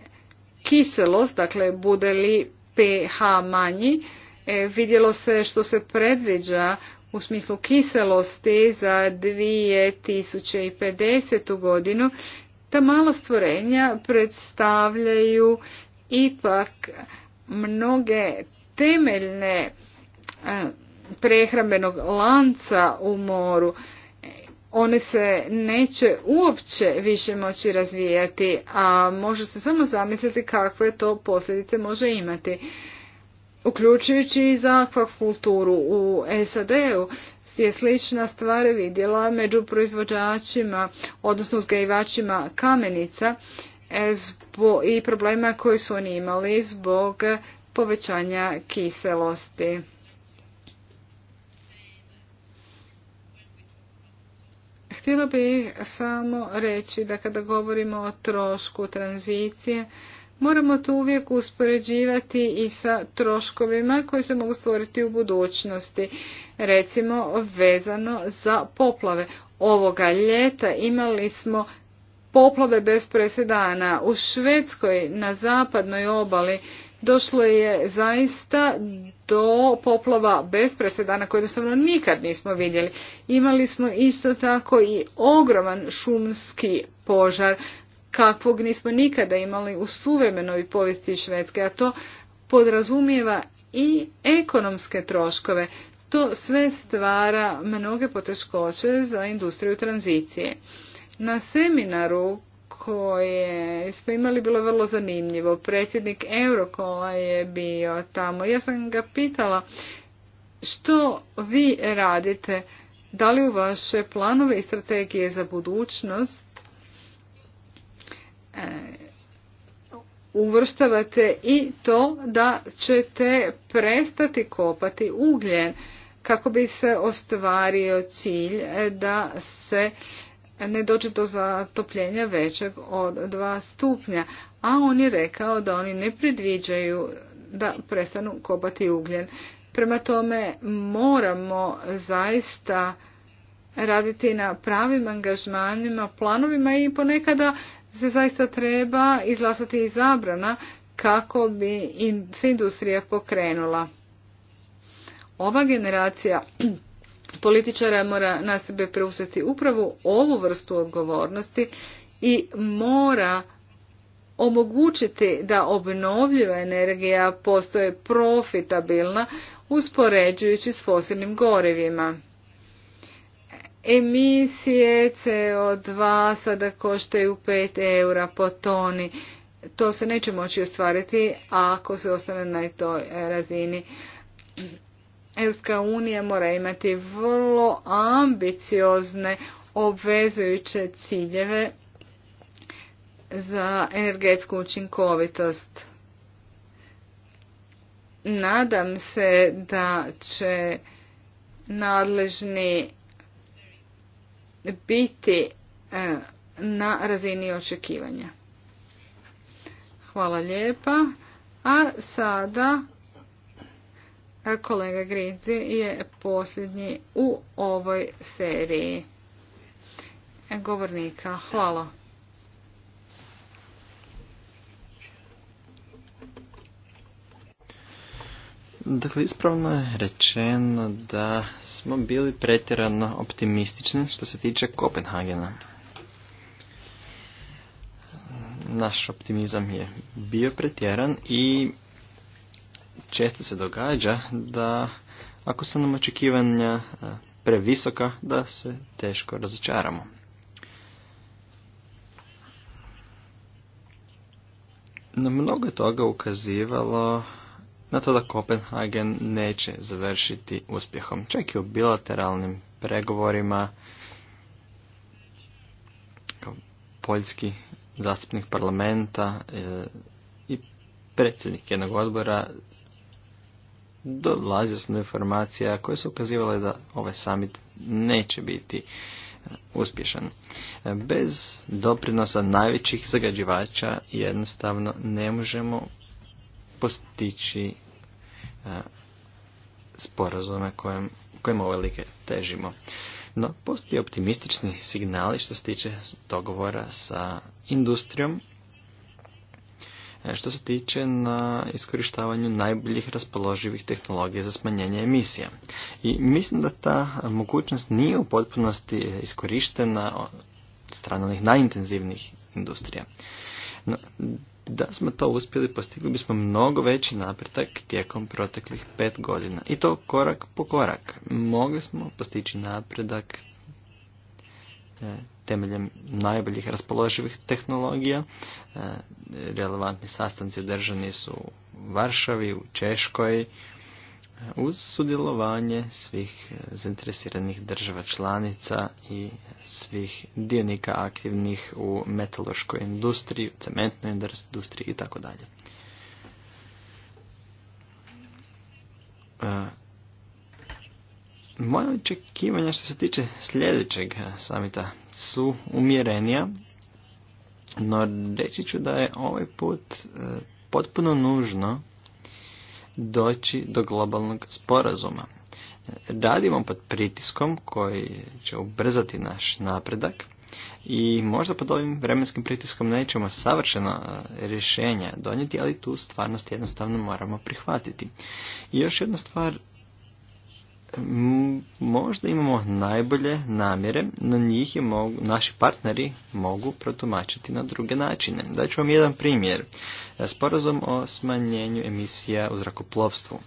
[SPEAKER 3] kiselost, dakle bude li pH manji, e, vidjelo se što se predviđa u smislu kiselosti za 2050. godinu. Ta mala stvorenja predstavljaju ipak mnoge temeljne e, prehrambenog lanca u moru one se neće uopće više moći razvijati, a može se samo zamisliti kakve to posljedice može imati. Uključujući i za akvakulturu u SAD-u je slična stvar vidjela među proizvođačima, odnosno uzgajivačima kamenica, e, i problema koji su oni imali zbog povećanja kiselosti. Htjela bih samo reći da kada govorimo o trošku tranzicije, moramo to uvijek uspoređivati i sa troškovima koji se mogu stvoriti u budućnosti. Recimo vezano za poplave. Ovoga ljeta imali smo poplave bez presedana. U Švedskoj na zapadnoj obali došlo je zaista do poplava bez presedana koje jednostavno nikad nismo vidjeli. Imali smo isto tako i ogroman šumski požar kakvog nismo nikada imali u suvremenoj povijesti Švedske, a to podrazumijeva i ekonomske troškove. To sve stvara mnoge poteškoće za industriju tranzicije na seminaru koje smo imali bilo vrlo zanimljivo. Predsjednik Eurokola je bio tamo. Ja sam ga pitala što vi radite, da li u vaše planove i strategije za budućnost e, uvrštavate i to da ćete prestati kopati ugljen kako bi se ostvario cilj e, da se ne dođe do zatopljenja većeg od dva stupnja, a on je rekao da oni ne predviđaju da prestanu kopati ugljen. Prema tome moramo zaista raditi na pravim angažmanima, planovima i ponekada se zaista treba izlasati i zabrana kako bi se industrija pokrenula. Ova generacija političara mora na sebe preuzeti upravo ovu vrstu odgovornosti i mora omogućiti da obnovljiva energija postoje profitabilna uspoređujući s fosilnim gorivima. Emisije CO2 sada koštaju 5 eura po toni. To se neće moći ostvariti ako se ostane na toj eh, razini. Europska unija mora imati vrlo ambiciozne obvezujuće ciljeve za energetsku učinkovitost. Nadam se da će nadležni biti e, na razini očekivanja. Hvala lijepa. A sada Kolega Grizi je posljednji u ovoj seriji govornika. Hvala.
[SPEAKER 4] Dakle, ispravno je rečeno da smo bili pretjerano optimistični što se tiče Kopenhagena. Naš optimizam je bio pretjeran i često se događa da ako su nam očekivanja e, previsoka, da se teško razočaramo. Na mnogo toga ukazivalo na to da Kopenhagen neće završiti uspjehom. Čak i u bilateralnim pregovorima poljski zastupnik parlamenta e, i predsjednik jednog odbora dolazio sam do informacija koje su ukazivale da ovaj summit neće biti e, uspješan. E, bez doprinosa najvećih zagađivača jednostavno ne možemo postići e, sporazume kojem, kojem težimo. No, postoji optimistični signali što se tiče dogovora sa industrijom E, što se tiče na iskorištavanju najboljih raspoloživih tehnologija za smanjenje emisija. I mislim da ta mogućnost nije u potpunosti iskorištena od strane onih najintenzivnijih industrija. No, da smo to uspjeli, postigli bismo mnogo veći napretak tijekom proteklih pet godina. I to korak po korak. Mogli smo postići napredak E, temeljem najboljih raspoloživih tehnologija. E, relevantni sastanci održani su u Varšavi, u Češkoj, e, uz sudjelovanje svih zainteresiranih država članica i svih dionika aktivnih u metaloškoj industriji, cementnoj industriji i tako dalje. Moje očekivanja što se tiče sljedećeg samita su umjerenija, no reći ću da je ovaj put e, potpuno nužno doći do globalnog sporazuma. Radimo pod pritiskom koji će ubrzati naš napredak i možda pod ovim vremenskim pritiskom nećemo savršeno e, rješenja donijeti, ali tu stvarnost jednostavno moramo prihvatiti. I još jedna stvar možda imamo najbolje namjere, no njih je mogu, naši partneri mogu protumačiti na druge načine. Daću vam jedan primjer. E, sporazum o smanjenju emisija u zrakoplovstvu.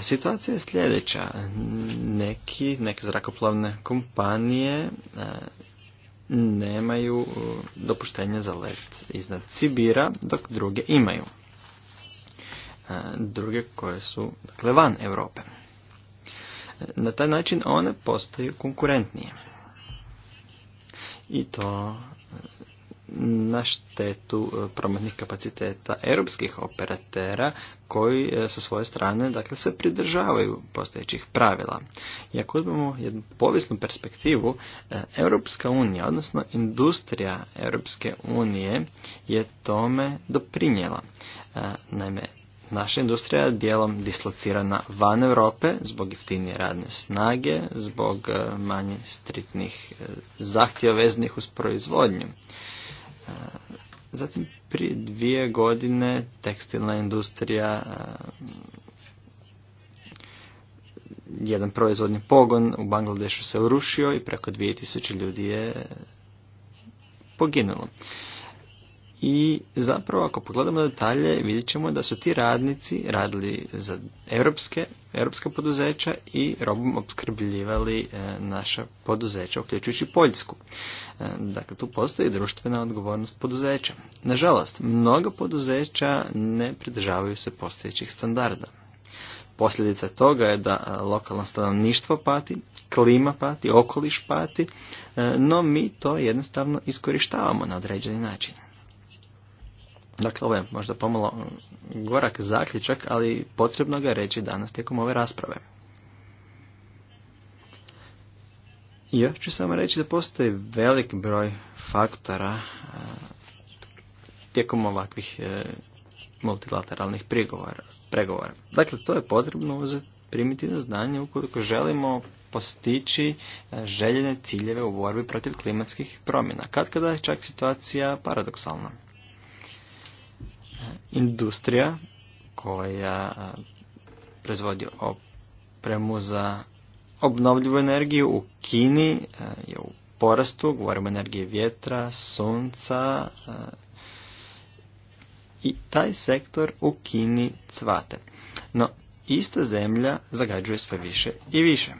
[SPEAKER 4] Situacija je sljedeća. Neki, neke zrakoplovne kompanije e, nemaju e, dopuštenja za let iznad Sibira, dok druge imaju druge koje su dakle, van Europe. E, na taj način one postaju konkurentnije. I to e, na štetu e, prometnih kapaciteta europskih operatera koji sa svoje strane dakle, se pridržavaju postojećih pravila. I ako uzmemo jednu povijesnu perspektivu, Europska unija, odnosno industrija Europske unije je tome doprinjela. Naime, naša industrija dijelom dislocirana van Europe zbog jeftinije radne snage, zbog e, manje stritnih e, zahtjeva veznih uz proizvodnju. E, zatim prije dvije godine tekstilna industrija jedan proizvodni pogon u Bangladešu se urušio i preko 2000 ljudi je poginulo. I zapravo ako pogledamo detalje vidjet ćemo da su ti radnici radili za europske, europska poduzeća i robom opskrbljivali e, naša poduzeća, uključujući Poljsku. E, dakle, tu postoji društvena odgovornost poduzeća. Nažalost, mnoga poduzeća ne pridržavaju se postojećih standarda. Posljedica toga je da e, lokalno stanovništvo pati, klima pati, okoliš pati, no mi to jednostavno iskorištavamo na određeni način. Dakle, ovo je možda pomalo gorak zaključak, ali potrebno ga reći danas tijekom ove rasprave. I još ću samo reći da postoji velik broj faktora e, tijekom ovakvih e, multilateralnih pregovora. Dakle, to je potrebno uzeti primiti na znanje ukoliko želimo postići e, željene ciljeve u borbi protiv klimatskih promjena. Kad kada je čak situacija paradoksalna industrija koja proizvodi opremu za obnovljivu energiju u Kini je u porastu, govorimo energije vjetra, sunca i taj sektor u Kini cvate. No, ista zemlja zagađuje sve više i više.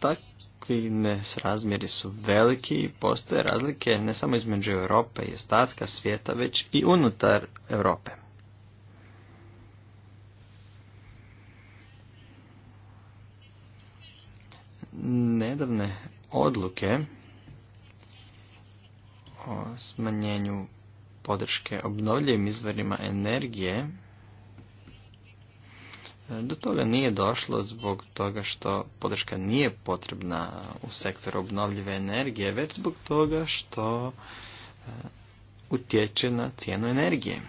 [SPEAKER 4] Tako takvi nesrazmjeri su veliki i postoje razlike ne samo između Europe i ostatka svijeta, već i unutar Europe. Nedavne odluke o smanjenju podrške obnovljivim izvorima energije do toga nije došlo zbog toga što podrška nije potrebna u sektoru obnovljive energije, već zbog toga što e, utječe na cijenu energije.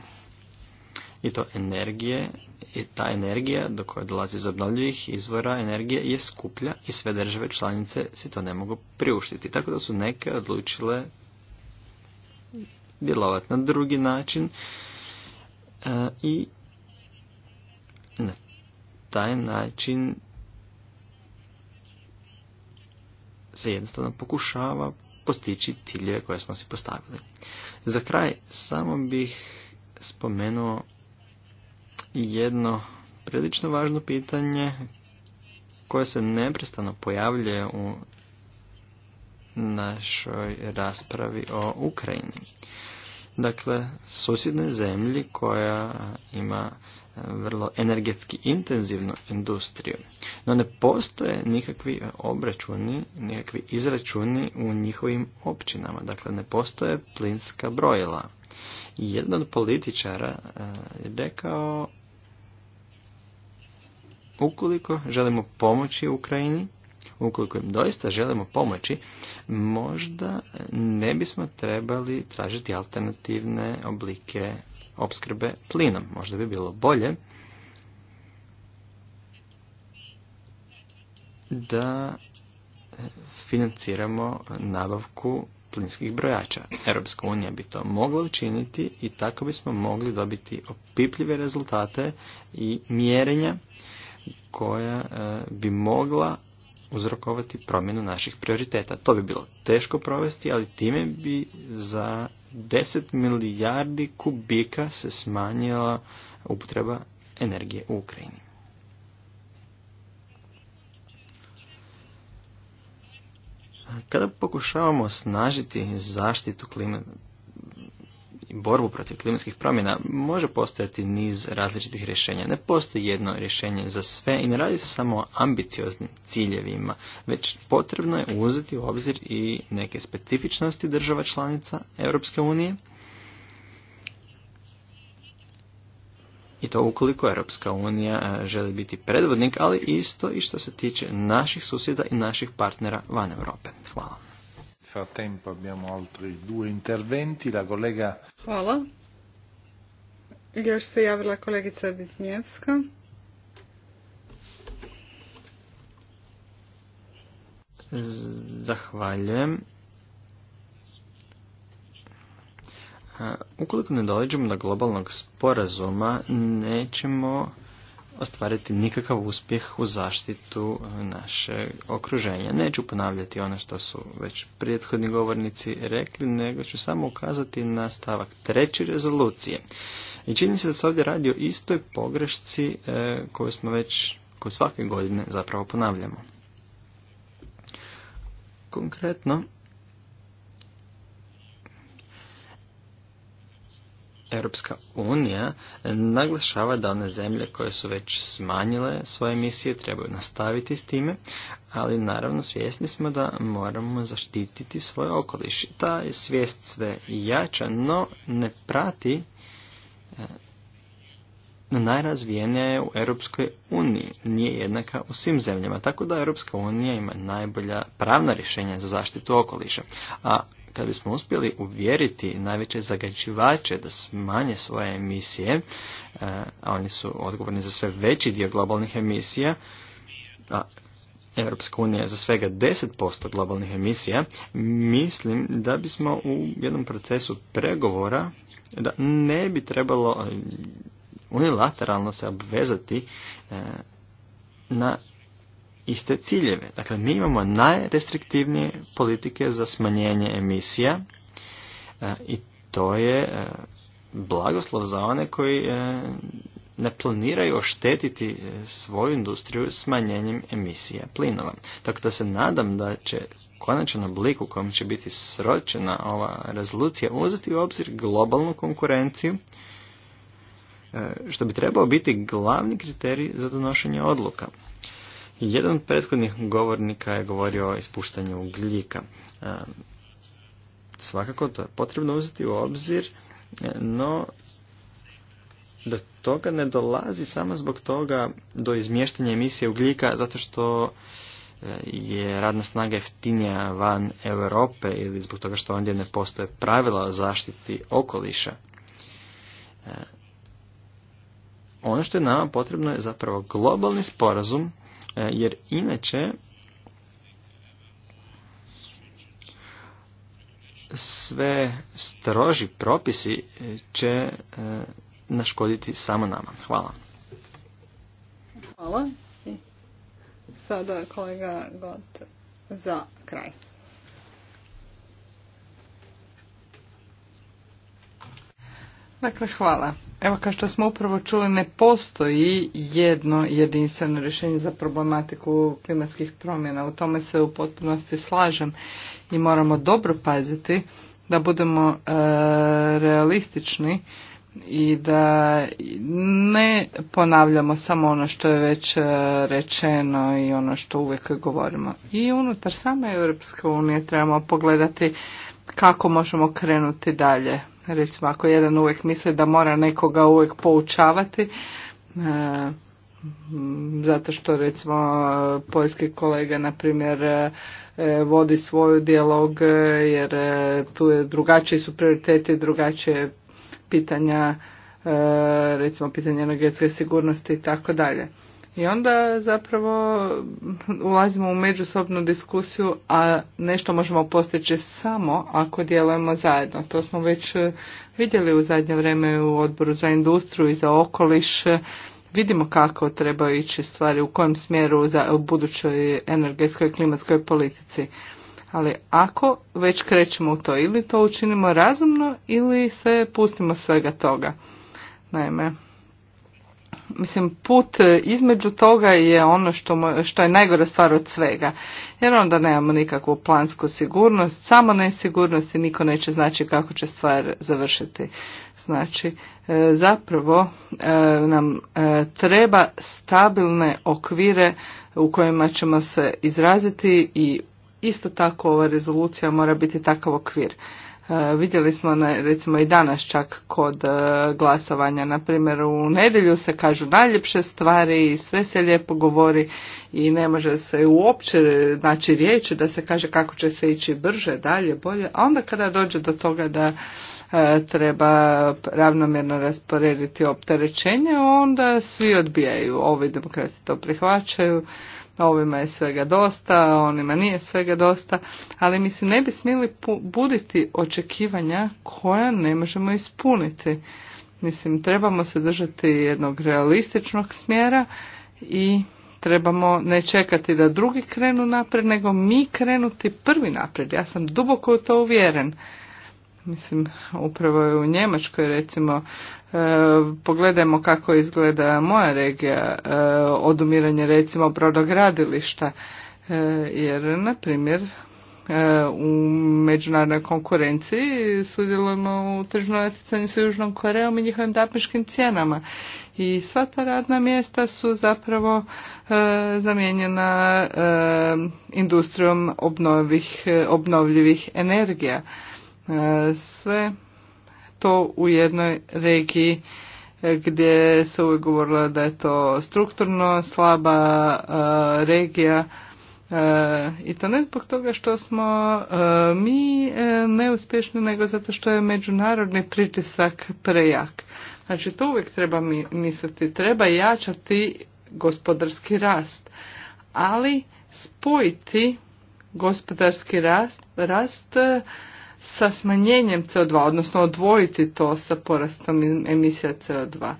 [SPEAKER 4] I to energije, i ta energija do koje dolazi iz obnovljivih izvora energije je skuplja i sve države članice si to ne mogu priuštiti. Tako da su neke odlučile djelovati na drugi način e, i na taj način se jednostavno pokušava postići ciljeve koje smo si postavili. Za kraj samo bih spomenuo jedno prilično važno pitanje koje se neprestano pojavljuje u našoj raspravi o Ukrajini. Dakle, susjedne zemlji koja ima vrlo energetski intenzivnu industriju. No ne postoje nikakvi obračuni, nikakvi izračuni u njihovim općinama. Dakle, ne postoje plinska brojila. Jedan od političara e, je rekao ukoliko želimo pomoći Ukrajini, ukoliko im doista želimo pomoći, možda ne bismo trebali tražiti alternativne oblike opskrbe plinom. Možda bi bilo bolje da financiramo nabavku plinskih brojača. Europska unija bi to mogla učiniti i tako bismo mogli dobiti opipljive rezultate i mjerenja koja eh, bi mogla uzrokovati promjenu naših prioriteta. To bi bilo teško provesti, ali time bi za 10 milijardi kubika se smanjila upotreba energije u Ukrajini. Kada pokušavamo snažiti zaštitu klimata, borbu protiv klimatskih promjena može postojati niz različitih rješenja. Ne postoji jedno rješenje za sve i ne radi se samo o ambicioznim ciljevima, već potrebno je uzeti u obzir i neke specifičnosti država članica Europske unije. I to ukoliko Europska unija e, želi biti predvodnik, ali isto i što se tiče naših susjeda i
[SPEAKER 2] naših partnera van Europe. Hvala frattempo abbiamo altri due interventi, la collega...
[SPEAKER 3] Hvala. Još se javila kolegica Biznjevska.
[SPEAKER 4] Zahvaljujem. Ukoliko ne dođemo do globalnog sporazuma, nećemo ostvariti nikakav uspjeh u zaštitu e, naše okruženja. Neću ponavljati ono što su već prethodni govornici rekli, nego ću samo ukazati na stavak treći rezolucije. I čini se da se ovdje radi o istoj pogrešci e, koju smo već koju svake godine zapravo ponavljamo. Konkretno, Europska unija naglašava da one zemlje koje su već smanjile svoje emisije trebaju nastaviti s time, ali naravno svjesni smo da moramo zaštititi svoj okoliš. Ta je svijest sve jača, no ne prati e, najrazvijenija je u Europskoj uniji, nije jednaka u svim zemljama, tako da Europska unija ima najbolja pravna rješenja za zaštitu okoliša. A kad bismo uspjeli uvjeriti najveće zagađivače da smanje svoje emisije, e, a oni su odgovorni za sve veći dio globalnih emisija, a Europska unija za svega 10% globalnih emisija, mislim da bismo u jednom procesu pregovora da ne bi trebalo unilateralno se obvezati e, na iste ciljeve. Dakle, mi imamo najrestriktivnije politike za smanjenje emisija e, i to je e, blagoslov za one koji e, ne planiraju oštetiti svoju industriju smanjenjem emisija plinova. Tako da se nadam da će konačan oblik u kojem će biti sročena ova rezolucija uzeti u obzir globalnu konkurenciju, što bi trebao biti glavni kriterij za donošenje odluka. Jedan od prethodnih govornika je govorio o ispuštanju ugljika. E, svakako to je potrebno uzeti u obzir, e, no do toga ne dolazi samo zbog toga do izmještanja emisije ugljika zato što e, je radna snaga jeftinija van Europe ili zbog toga što ondje ne postoje pravila o zaštiti okoliša. Ono što je nama potrebno je zapravo globalni sporazum E, jer inače sve stroži propisi e, će e, naškoditi samo nama. Hvala.
[SPEAKER 3] Hvala. I sada kolega God za kraj.
[SPEAKER 1] Dakle, hvala. Evo kao što smo upravo čuli ne postoji jedno jedinstveno rješenje za problematiku klimatskih promjena. U tome se u potpunosti slažem i moramo dobro paziti da budemo e, realistični i da ne ponavljamo samo ono što je već e, rečeno i ono što uvijek govorimo. I unutar same Europske unije trebamo pogledati kako možemo krenuti dalje recimo ako jedan uvijek misli da mora nekoga uvijek poučavati e, zato što recimo poljski kolega na primjer e, vodi svoj dijalog e, jer tu je drugačiji su prioriteti, drugačije pitanja recimo pitanje energetske sigurnosti i tako dalje. I onda zapravo ulazimo u međusobnu diskusiju, a nešto možemo postići samo ako djelujemo zajedno. To smo već vidjeli u zadnje vrijeme u odboru za industriju i za okoliš. Vidimo kako trebaju ići stvari, u kojem smjeru za, u budućoj energetskoj i klimatskoj politici. Ali ako već krećemo u to, ili to učinimo razumno ili se pustimo svega toga. Naime, mislim put između toga je ono što, što je najgora stvar od svega. Jer onda nemamo nikakvu plansku sigurnost, samo nesigurnost i niko neće znači kako će stvar završiti. Znači e, zapravo e, nam e, treba stabilne okvire u kojima ćemo se izraziti i isto tako ova rezolucija mora biti takav okvir. E, vidjeli smo recimo i danas čak kod e, glasovanja, na primjer u nedjelju se kažu najljepše stvari i sve se lijepo govori i ne može se uopće znači riječi da se kaže kako će se ići brže, dalje, bolje, a onda kada dođe do toga da e, treba ravnomjerno rasporediti opterećenje, onda svi odbijaju, ovi demokrati to prihvaćaju, ovima je svega dosta, onima nije svega dosta, ali mi se ne bi smjeli buditi očekivanja koja ne možemo ispuniti. Mislim, trebamo se držati jednog realističnog smjera i trebamo ne čekati da drugi krenu naprijed, nego mi krenuti prvi naprijed. Ja sam duboko u to uvjeren. Mislim, upravo je u Njemačkoj recimo E, pogledajmo kako izgleda moja regija, e, odumiranje recimo brodogradilišta, e, jer na primjer u međunarodnoj konkurenciji sudjelujemo u tržnoj natjecanju sa Južnom Korejom i njihovim dapiškim cijenama. I sva ta radna mjesta su zapravo zamijenjena industrijom obnovljivih energija. sve to u jednoj regiji e, gdje se uvijek govorilo da je to strukturno slaba e, regija e, i to ne zbog toga što smo mi neuspješni nego zato što je međunarodni pritisak prejak. Znači to uvijek treba mi, misliti, treba jačati gospodarski rast, ali spojiti gospodarski rast, rast sa smanjenjem CO2, odnosno odvojiti to sa porastom emisija CO2.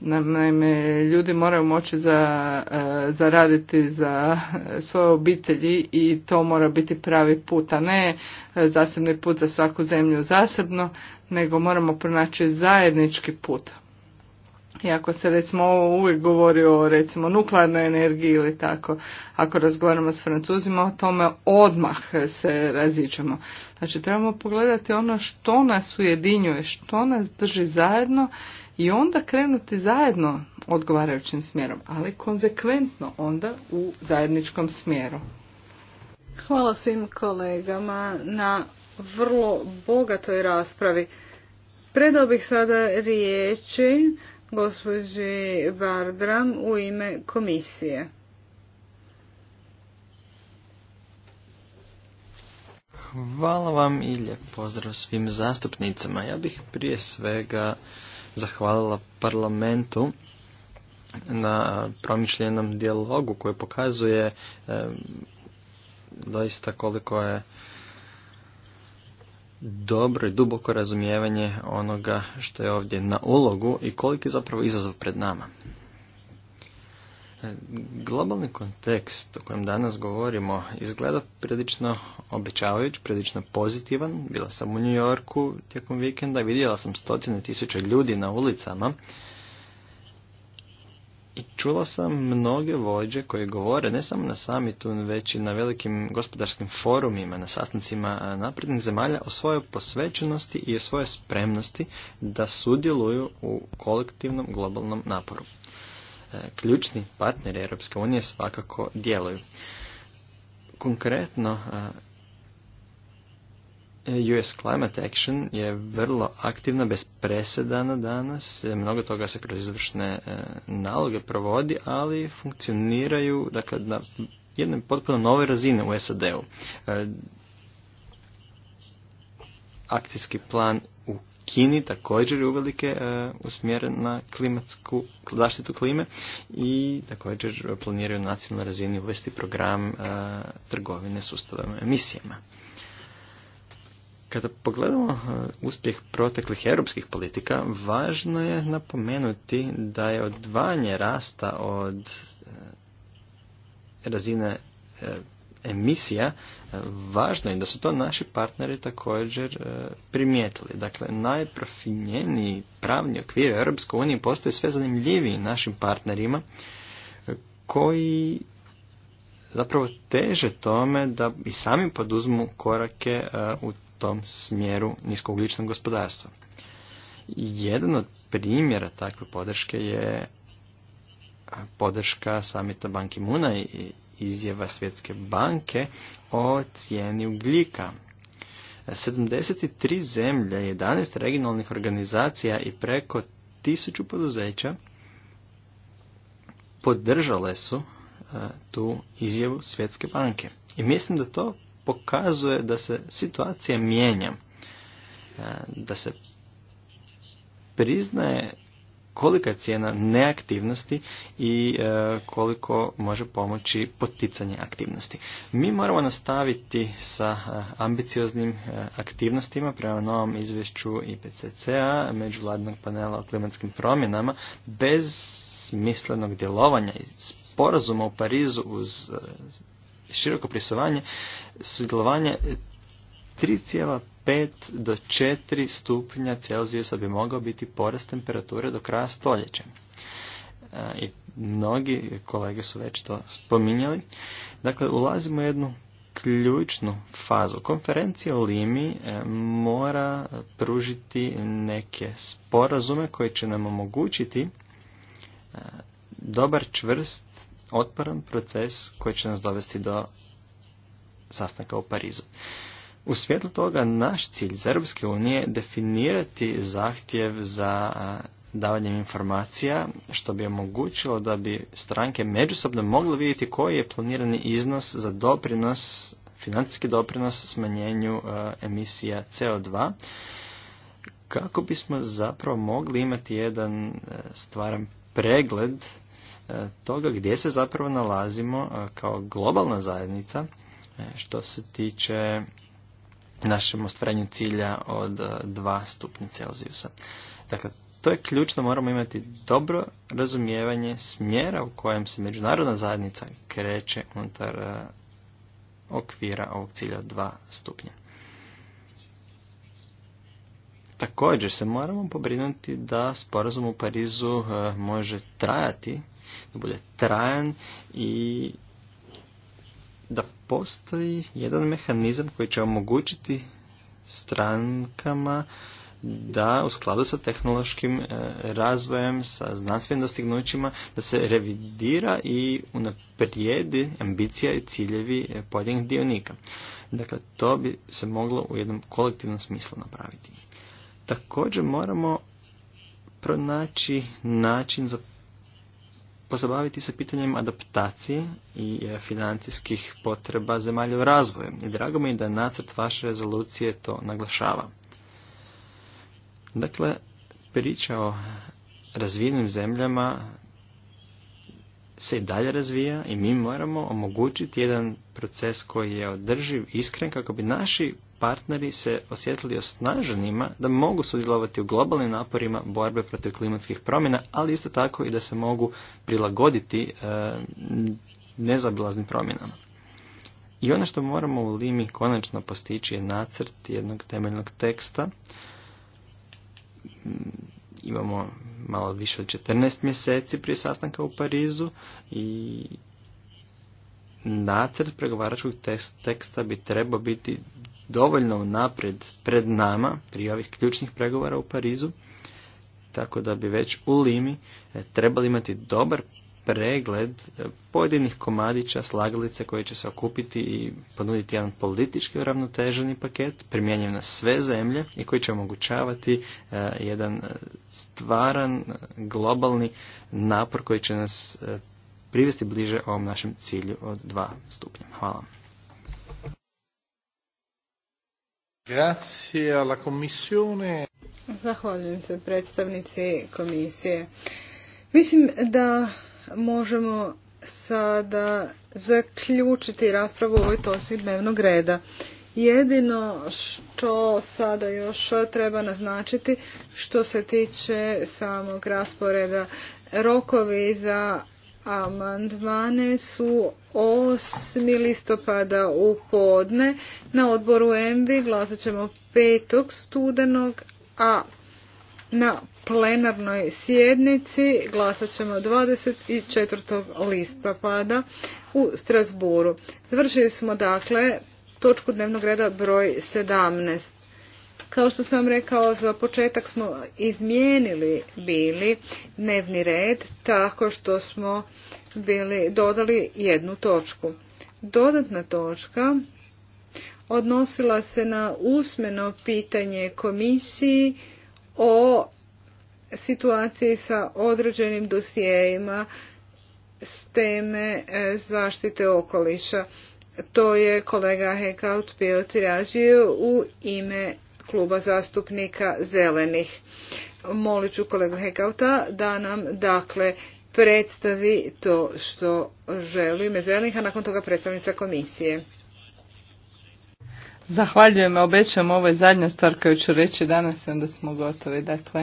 [SPEAKER 1] Naime, ljudi moraju moći za, e, zaraditi za e, svoje obitelji i to mora biti pravi put, a ne e, zasebni put za svaku zemlju zasebno, nego moramo pronaći zajednički put. Iako se recimo ovo uvijek govori o recimo nuklearnoj energiji ili tako, ako razgovaramo s francuzima o tome odmah se razičemo. Znači trebamo pogledati ono što nas ujedinjuje, što nas drži zajedno i onda krenuti zajedno odgovarajućim smjerom, ali konzekventno onda u zajedničkom smjeru.
[SPEAKER 3] Hvala svim kolegama na vrlo bogatoj raspravi. Predao bih sada riječi gospođi Vardram u ime komisije.
[SPEAKER 4] Hvala vam i lijep pozdrav svim zastupnicama. Ja bih prije svega zahvalila parlamentu na promišljenom dijalogu koji pokazuje doista koliko je dobro i duboko razumijevanje onoga što je ovdje na ulogu i koliki je zapravo izazov pred nama. E, globalni kontekst o kojem danas govorimo izgleda prilično obećavajući, prilično pozitivan. Bila sam u New Yorku tijekom vikenda, vidjela sam stotine tisuća ljudi na ulicama čula sam mnoge vođe koji govore ne samo na samitu, već i na velikim gospodarskim forumima, na sastancima naprednih zemalja o svojoj posvećenosti i o svojoj spremnosti da sudjeluju u kolektivnom globalnom naporu. E, ključni partneri Europske unije svakako djeluju. Konkretno, E, US Climate Action je vrlo aktivna, bez presedana danas. E, mnogo toga se kroz izvršne e, naloge provodi, ali funkcioniraju dakle, na jednoj potpuno nove razine u SAD-u. Akcijski plan u Kini također je uvelike usmjeren na klimatsku, zaštitu klime i također planiraju nacionalnoj razini uvesti program trgovine sustavama emisijama. Kada pogledamo e, uspjeh proteklih europskih politika, važno je napomenuti da je odvajanje rasta od e, razine e, emisija, važno je da su to naši partneri također primijetili. Dakle, najprofinjeniji pravni okvir Europske unije postoje sve zanimljiviji našim partnerima koji zapravo teže tome da i sami poduzmu korake u tom smjeru niskougličnog gospodarstva. Jedan od primjera takve podrške je podrška samita Banki Muna i izjava Svjetske banke o cijeni ugljika. 73 zemlje, 11 regionalnih organizacija i preko 1000 poduzeća podržale su e, tu izjavu Svjetske banke. I mislim da to pokazuje da se situacija mijenja, e, da se priznaje kolika je cijena neaktivnosti i e, koliko može pomoći poticanje aktivnosti. Mi moramo nastaviti sa e, ambicioznim aktivnostima prema novom izvješću IPCC-a, međuvladnog panela o klimatskim promjenama, bez smislenog djelovanja i sporazuma u Parizu uz široko prisovanje, sudjelovanje 3,5 e, do 4 stupnja Celzijusa bi mogao biti porast temperature do kraja stoljeća. E, I mnogi kolege su već to spominjali. Dakle, ulazimo u jednu ključnu fazu. Konferencija Limi e, mora pružiti neke sporazume koje će nam omogućiti dobar čvrst otporan proces koji će nas dovesti do sastanka u Parizu. U svjetlu toga naš cilj za Europske unije definirati zahtjev za davanjem informacija što bi omogućilo da bi stranke međusobno mogle vidjeti koji je planirani iznos za doprinos, financijski doprinos smanjenju emisija CO2 kako bismo zapravo mogli imati jedan stvaran pregled E, toga gdje se zapravo nalazimo e, kao globalna zajednica e, što se tiče našem ostvarenju cilja od 2 stupnja Celzijusa. Dakle, to je ključno, moramo imati dobro razumijevanje smjera u kojem se međunarodna zajednica kreće unutar okvira ovog cilja od 2 stupnja. Također se moramo pobrinuti da sporazum u Parizu može trajati da bude trajan i da postoji jedan mehanizam koji će omogućiti strankama da u skladu sa tehnološkim e, razvojem, sa znanstvenim dostignućima, da se revidira i unaprijedi ambicija i ciljevi e, pojedinih dionika. Dakle, to bi se moglo u jednom kolektivnom smislu napraviti. Također moramo pronaći način za pozabaviti se pitanjem adaptacije i e, financijskih potreba zemalja u razvoju. I drago mi je da nacrt vaše rezolucije to naglašava. Dakle, priča o razvijenim zemljama se i dalje razvija i mi moramo omogućiti jedan proces koji je održiv, iskren, kako bi naši partneri se osjetili osnaženima da mogu sudjelovati u globalnim naporima borbe protiv klimatskih promjena, ali isto tako i da se mogu prilagoditi e, nezabilaznim promjenama. I ono što moramo u Limi konačno postići je nacrt jednog temeljnog teksta. Mm, imamo malo više od 14 mjeseci prije sastanka u Parizu i nacrt pregovaračkog teksta bi trebao biti dovoljno napred pred nama prije ovih ključnih pregovora u Parizu, tako da bi već u Limi e, trebali imati dobar pregled e, pojedinih komadića slagalice koje će se okupiti i ponuditi jedan politički uravnoteženi paket primjenjiv na sve zemlje i koji će omogućavati e, jedan stvaran globalni napor koji će nas privesti bliže ovom našem cilju od dva stupnja. Hvala.
[SPEAKER 2] Grazie alla Commissione.
[SPEAKER 3] Zahvaljujem se predstavnici komisije. Mislim da možemo sada zaključiti raspravu o ovoj točki dnevnog reda. Jedino što sada još treba naznačiti što se tiče samog rasporeda rokovi za Amandmane su 8. listopada u podne. Na odboru MV glasat ćemo 5. studenog, a na plenarnoj sjednici glasat ćemo 24. listopada u Strasburu. Završili smo dakle točku dnevnog reda broj 17. Kao što sam rekao, za početak smo izmijenili bili dnevni red tako što smo bili dodali jednu točku. Dodatna točka odnosila se na usmeno pitanje komisiji o situaciji sa određenim dosijejima s teme e, zaštite okoliša. To je kolega Hekaut bio u ime kluba zastupnika zelenih. Molit ću kolegu Hekauta da nam dakle predstavi to što želi ime zelenih, a nakon toga predstavnica komisije.
[SPEAKER 1] Zahvaljujem, obećam, ovo je zadnja stvar koju ću reći danas, onda smo gotovi. Dakle,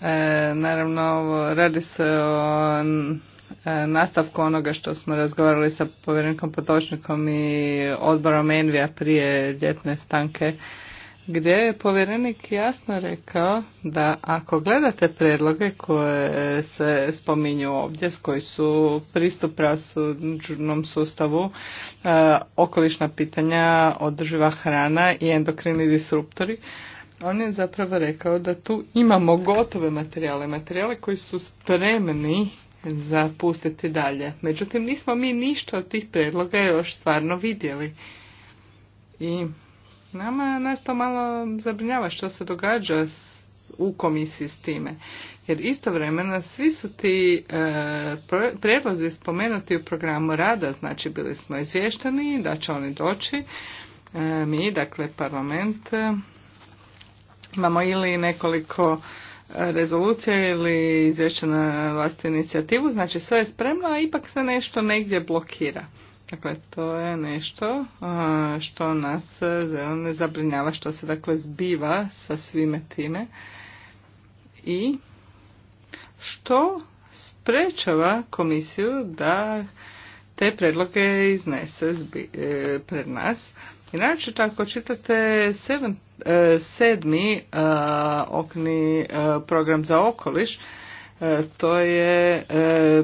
[SPEAKER 1] e, naravno, ovo, radi se o e, nastavku onoga što smo razgovarali sa povjerenikom Potočnikom i odborom Envija prije ljetne stanke gdje je povjerenik jasno rekao da ako gledate predloge koje se spominju ovdje, koji su pristup pravosudnom sustavu, e, okolišna pitanja, održiva hrana i endokrini disruptori, on je zapravo rekao da tu imamo gotove materijale, materijale koji su spremni zapustiti dalje. Međutim, nismo mi ništa od tih predloga još stvarno vidjeli. I Nama nas to malo zabrinjava što se događa u komisiji s time. Jer istovremeno svi su ti e, prijedlozi spomenuti u programu rada, znači bili smo izvješteni da će oni doći. E, mi, dakle parlament, e, imamo ili nekoliko rezolucija ili izvješća na inicijativu, znači sve je spremno, a ipak se nešto negdje blokira. Dakle, to je nešto što nas e, ne zabrinjava, što se dakle zbiva sa svime time i što sprečava komisiju da te predloge iznese e, pred nas. Inače, ako čitate e, sedmi okni program za okoliš, E, to je e,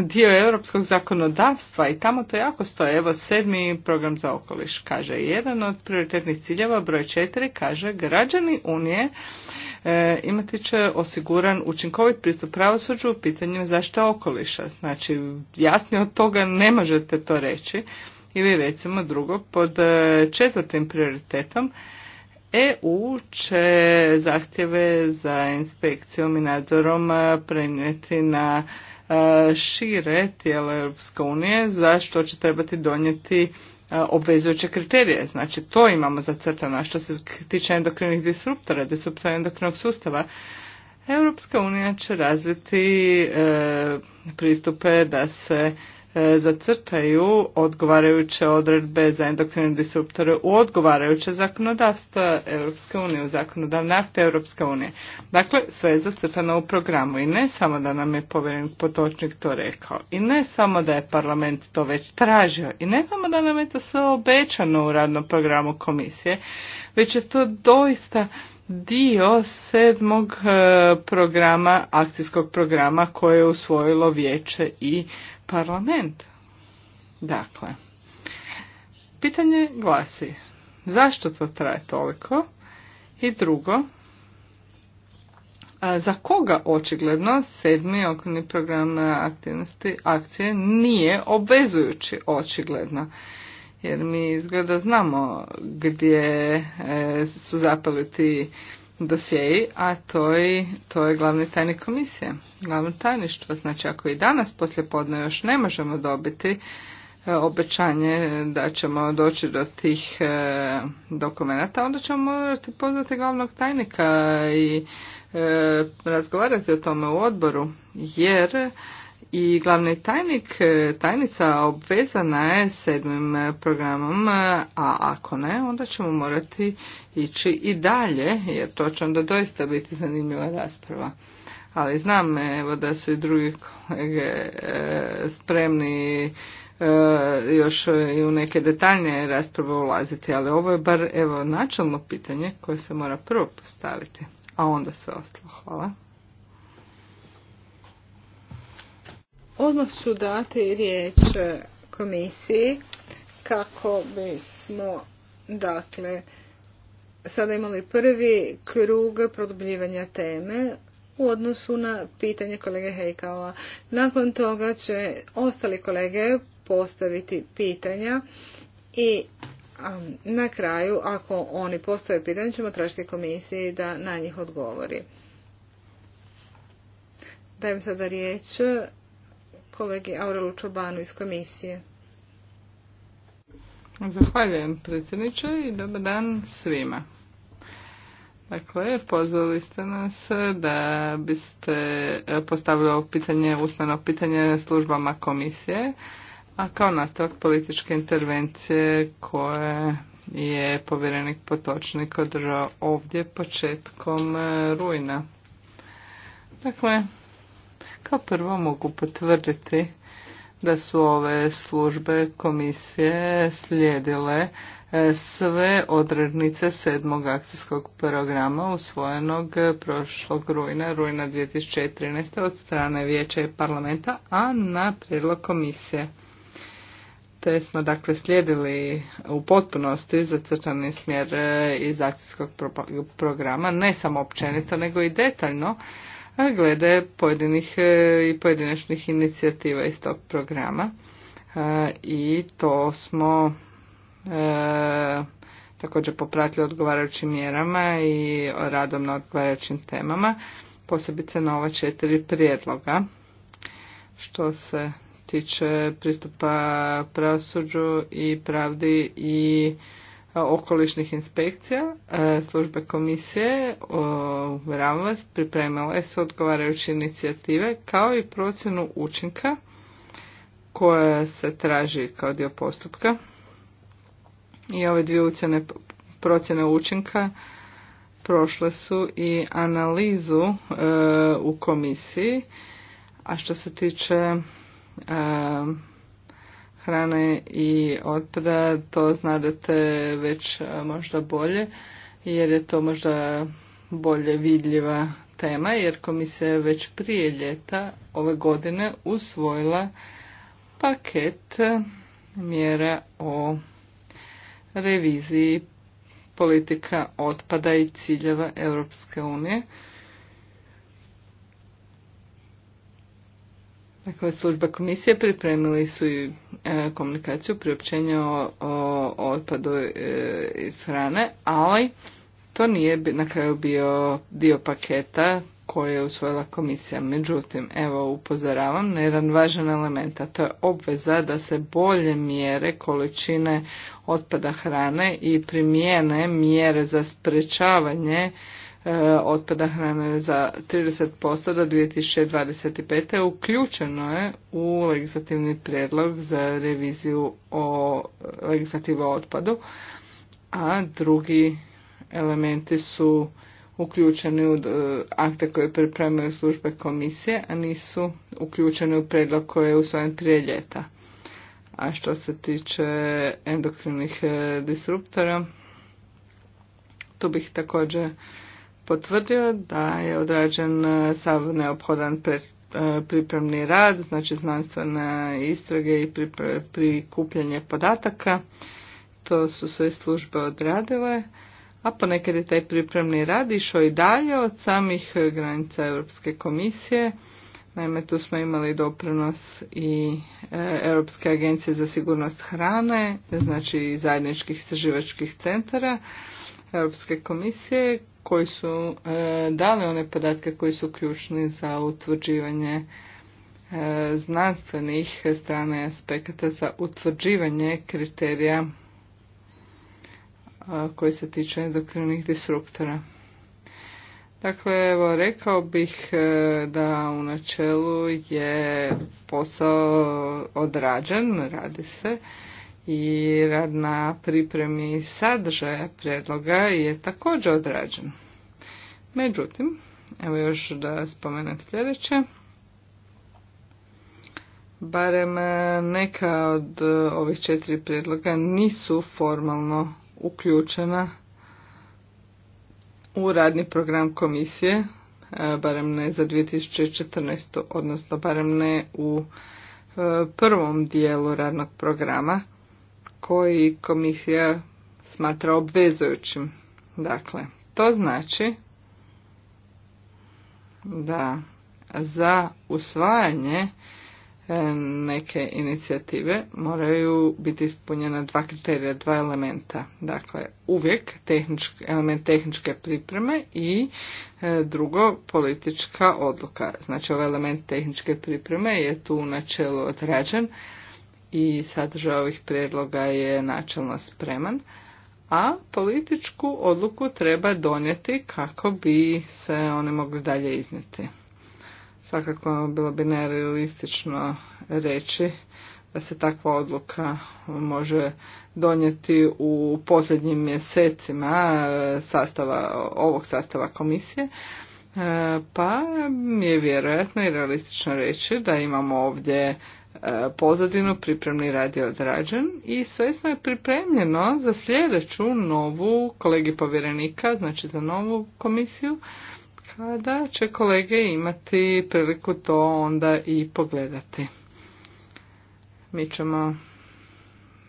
[SPEAKER 1] dio europskog zakonodavstva i tamo to jako stoje. Evo sedmi program za okoliš kaže jedan od prioritetnih ciljeva broj četiri kaže građani Unije e, imati će osiguran učinkovit pristup pravosuđu u pitanju zaštite okoliša. Znači jasnije od toga ne možete to reći. Ili recimo drugo pod četvrtim prioritetom EU će zahtjeve za inspekcijom i nadzorom prenijeti na šire tijela Europske unije za što će trebati donijeti obvezujuće kriterije. Znači to imamo zacrtano. Što se tiče endokrinih disruptora, disruptora endokrinog sustava, Europska unija će razviti e, pristupe da se E, zacrtaju odgovarajuće odredbe za endokrinne disruptore u odgovarajuće zakonodavstva Europske unije, u zakonodavne akte Europske unije. Dakle, sve je zacrtano u programu i ne samo da nam je povjerenik Potočnik to rekao i ne samo da je parlament to već tražio i ne samo da nam je to sve obećano u radnom programu komisije, već je to doista dio sedmog e, programa, akcijskog programa koje je usvojilo vijeće i parlament. Dakle, pitanje glasi zašto to traje toliko i drugo, za koga očigledno sedmi okvirni program aktivnosti akcije nije obvezujući očigledno. Jer mi izgleda znamo gdje e, su zapali ti dosjeji, a to je, to je glavni tajnik komisije, glavno tajništvo. Znači ako i danas poslje podne još ne možemo dobiti e, obećanje da ćemo doći do tih e, onda ćemo morati poznati glavnog tajnika i e, razgovarati o tome u odboru, jer i glavni tajnik, e, tajnica obvezana je sedmim e, programom, e, a ako ne, onda ćemo morati ići i dalje, jer to će onda doista biti zanimljiva rasprava. Ali znam evo, da su i drugi kolege spremni još i u neke detaljnije rasprave ulaziti, ali ovo je bar evo, načelno pitanje koje se mora prvo postaviti, a onda sve ostalo. Hvala.
[SPEAKER 3] Odmah ću dati riječ e, komisiji kako bismo dakle sada imali prvi krug produbljivanja teme u odnosu na pitanje kolege Heikaova. Nakon toga će ostali kolege postaviti pitanja i na kraju, ako oni postave pitanje, ćemo tražiti komisiji da na njih odgovori. Dajem sada riječ kolegi Aurelu Čobanu iz komisije.
[SPEAKER 1] Zahvaljujem predsjedniče i dobar dan svima. Dakle, pozvali ste nas da biste postavili pitanje, usmeno pitanje službama komisije, a kao nastavak političke intervencije koje je povjerenik Potočnik održao ovdje početkom eh, rujna. Dakle, pa prvo mogu potvrditi da su ove službe komisije slijedile e, sve odrednice sedmog akcijskog programa usvojenog prošlog rujna, rujna 2013. od strane Vijeća i parlamenta, a na prijedlog komisije. Te smo dakle slijedili u potpunosti zacrčani smjer e, iz akcijskog programa, ne samo općenito, nego i detaljno, glede pojedinih e, i pojedinačnih inicijativa iz tog programa. E, I to smo e, također popratili odgovarajućim mjerama i radom na odgovarajućim temama, posebice na ova četiri prijedloga što se tiče pristupa pravosuđu i pravdi i okolišnih inspekcija e, službe komisije u vas pripremile su odgovarajuće inicijative kao i procjenu učinka koja se traži kao dio postupka i ove dvije ucjene procjene učinka prošle su i analizu e, u komisiji a što se tiče e, hrane i otpada, to znadete već e, možda bolje, jer je to možda bolje vidljiva tema, jer komisija je već prije ljeta ove godine usvojila paket mjera o reviziji politika otpada i ciljeva Europske unije Dakle, služba komisije pripremili su i e, komunikaciju priopćenja o, otpadu e, iz hrane, ali to nije na kraju bio dio paketa koje je usvojila komisija. Međutim, evo upozoravam na jedan važan element, a to je obveza da se bolje mjere količine otpada hrane i primijene mjere za sprečavanje E, otpada hrane za 30% do 2025. uključeno je u legislativni prijedlog za reviziju o legislativu otpadu, a drugi elementi su uključeni u e, akte koje pripremaju službe komisije, a nisu uključeni u predlog koji je usvojen prije ljeta. A što se tiče endokrinih e, disruptora, tu bih također potvrdio da je odrađen e, sav neophodan e, pripremni rad, znači znanstvene istrage i prikupljanje podataka. To su sve službe odradile, a ponekad je taj pripremni rad išao i dalje od samih granica Europske komisije. Naime, tu smo imali doprinos i e, Europske agencije za sigurnost hrane, znači zajedničkih istraživačkih centara, Europske komisije koji su e, dali one podatke koji su ključni za utvrđivanje e, znanstvenih strana aspekata za utvrđivanje kriterija e, koji se tiče endokrinih disruptora. Dakle, evo, rekao bih da u načelu je posao odrađen, radi se, i rad na pripremi sadržaja predloga je također odrađen. Međutim, evo još da spomenem sljedeće. Barem e, neka od e, ovih četiri prijedloga nisu formalno uključena u radni program komisije, e, barem ne za 2014. odnosno barem ne u prvom dijelu radnog programa koji komisija smatra obvezujućim. Dakle, to znači da za usvajanje e, neke inicijative moraju biti ispunjena dva kriterija, dva elementa. Dakle, uvijek element tehničke pripreme i e, drugo politička odluka. Znači, ovaj element tehničke pripreme je tu u načelu odrađen, i sadržaj ovih prijedloga je načelno spreman, a političku odluku treba donijeti kako bi se one mogli dalje iznijeti. Svakako bilo bi nerealistično reći da se takva odluka može donijeti u posljednjim mjesecima sastava, ovog sastava komisije, pa je vjerojatno i realistično reći da imamo ovdje E, pozadinu, pripremni rad je odrađen i sve smo je pripremljeno za sljedeću novu kolegi povjerenika, znači za novu komisiju, kada će kolege imati priliku to onda i pogledati. Mi ćemo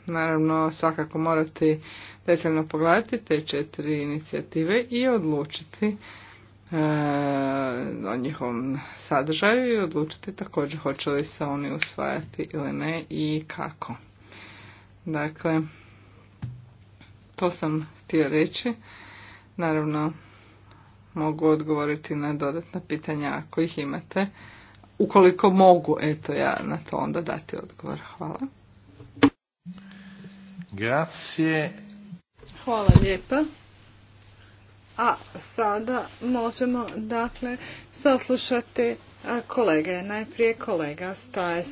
[SPEAKER 1] naravno svakako morati detaljno pogledati te četiri inicijative i odlučiti E, o njihovom sadržaju i odlučiti također hoće li se oni usvajati ili ne i kako. Dakle, to sam htio reći. Naravno, mogu odgovoriti na dodatna pitanja ako ih imate. Ukoliko mogu, eto ja na to onda dati odgovor. Hvala.
[SPEAKER 2] Grazie.
[SPEAKER 3] Hvala lijepa. A sada možemo dakle saslušati e, kolege. Najprije kolega Stajs.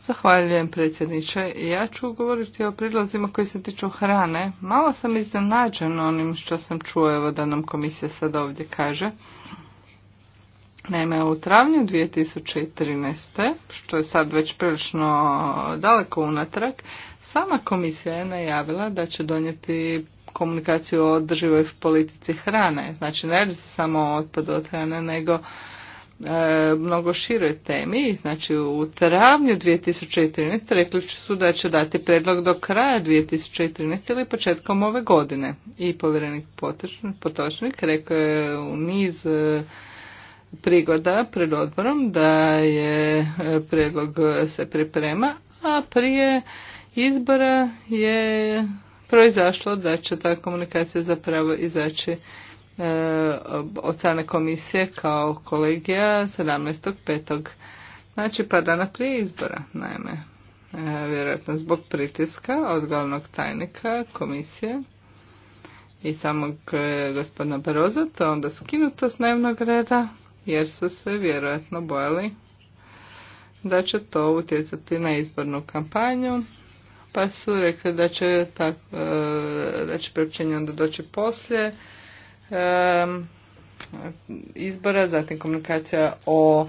[SPEAKER 1] Zahvaljujem predsjedniče. Ja ću govoriti o prilazima koji se tiču hrane. Malo sam iznenađena onim što sam čuo, evo da nam komisija sad ovdje kaže. Naime, u travnju 2013. što je sad već prilično daleko unatrag, sama komisija je najavila da će donijeti komunikaciju o održivoj politici hrane. Znači, ne radi se samo o otpadu od hrane, nego e, mnogo široj temi. Znači, u travnju 2013. rekli su da će dati predlog do kraja 2013. ili početkom ove godine. I povjerenik Potočnik rekao je u niz... E, prigoda pred odborom da je e, predlog se priprema, a prije izbora je proizašlo da će ta komunikacija zapravo izaći e, od strane komisije kao kolegija 17.5. Znači par dana prije izbora, naime. E, vjerojatno zbog pritiska od glavnog tajnika komisije i samog gospodina Baroza, to onda skinuto s dnevnog reda jer su se vjerojatno bojali da će to utjecati na izbornu kampanju, pa su rekli da će, tak, e, da će onda doći poslije e, izbora, zatim komunikacija o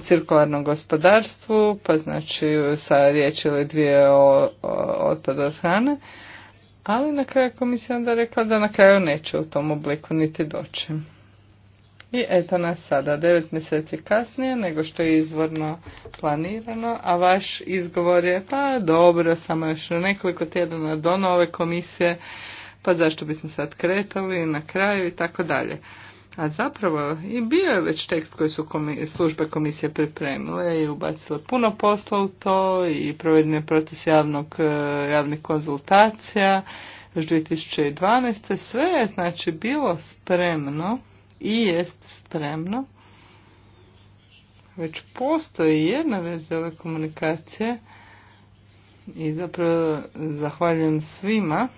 [SPEAKER 1] cirkularnom gospodarstvu, pa znači sa riječi ili dvije o, o od hrane, ali na kraju komisija onda rekla da na kraju neće u tom obliku niti doći. I eto nas sada, devet mjeseci kasnije nego što je izvorno planirano, a vaš izgovor je pa dobro, samo još nekoliko tjedana do nove komisije, pa zašto bismo sad kretali na kraju i tako dalje. A zapravo i bio je već tekst koji su službe komisije pripremile i ubacile puno posla u to i proveden je proces javnog, e, javnih konzultacija još 2012. Sve je znači bilo spremno i jest spremno. Već postoji jedna veza ove komunikacije i zapravo zahvaljujem svima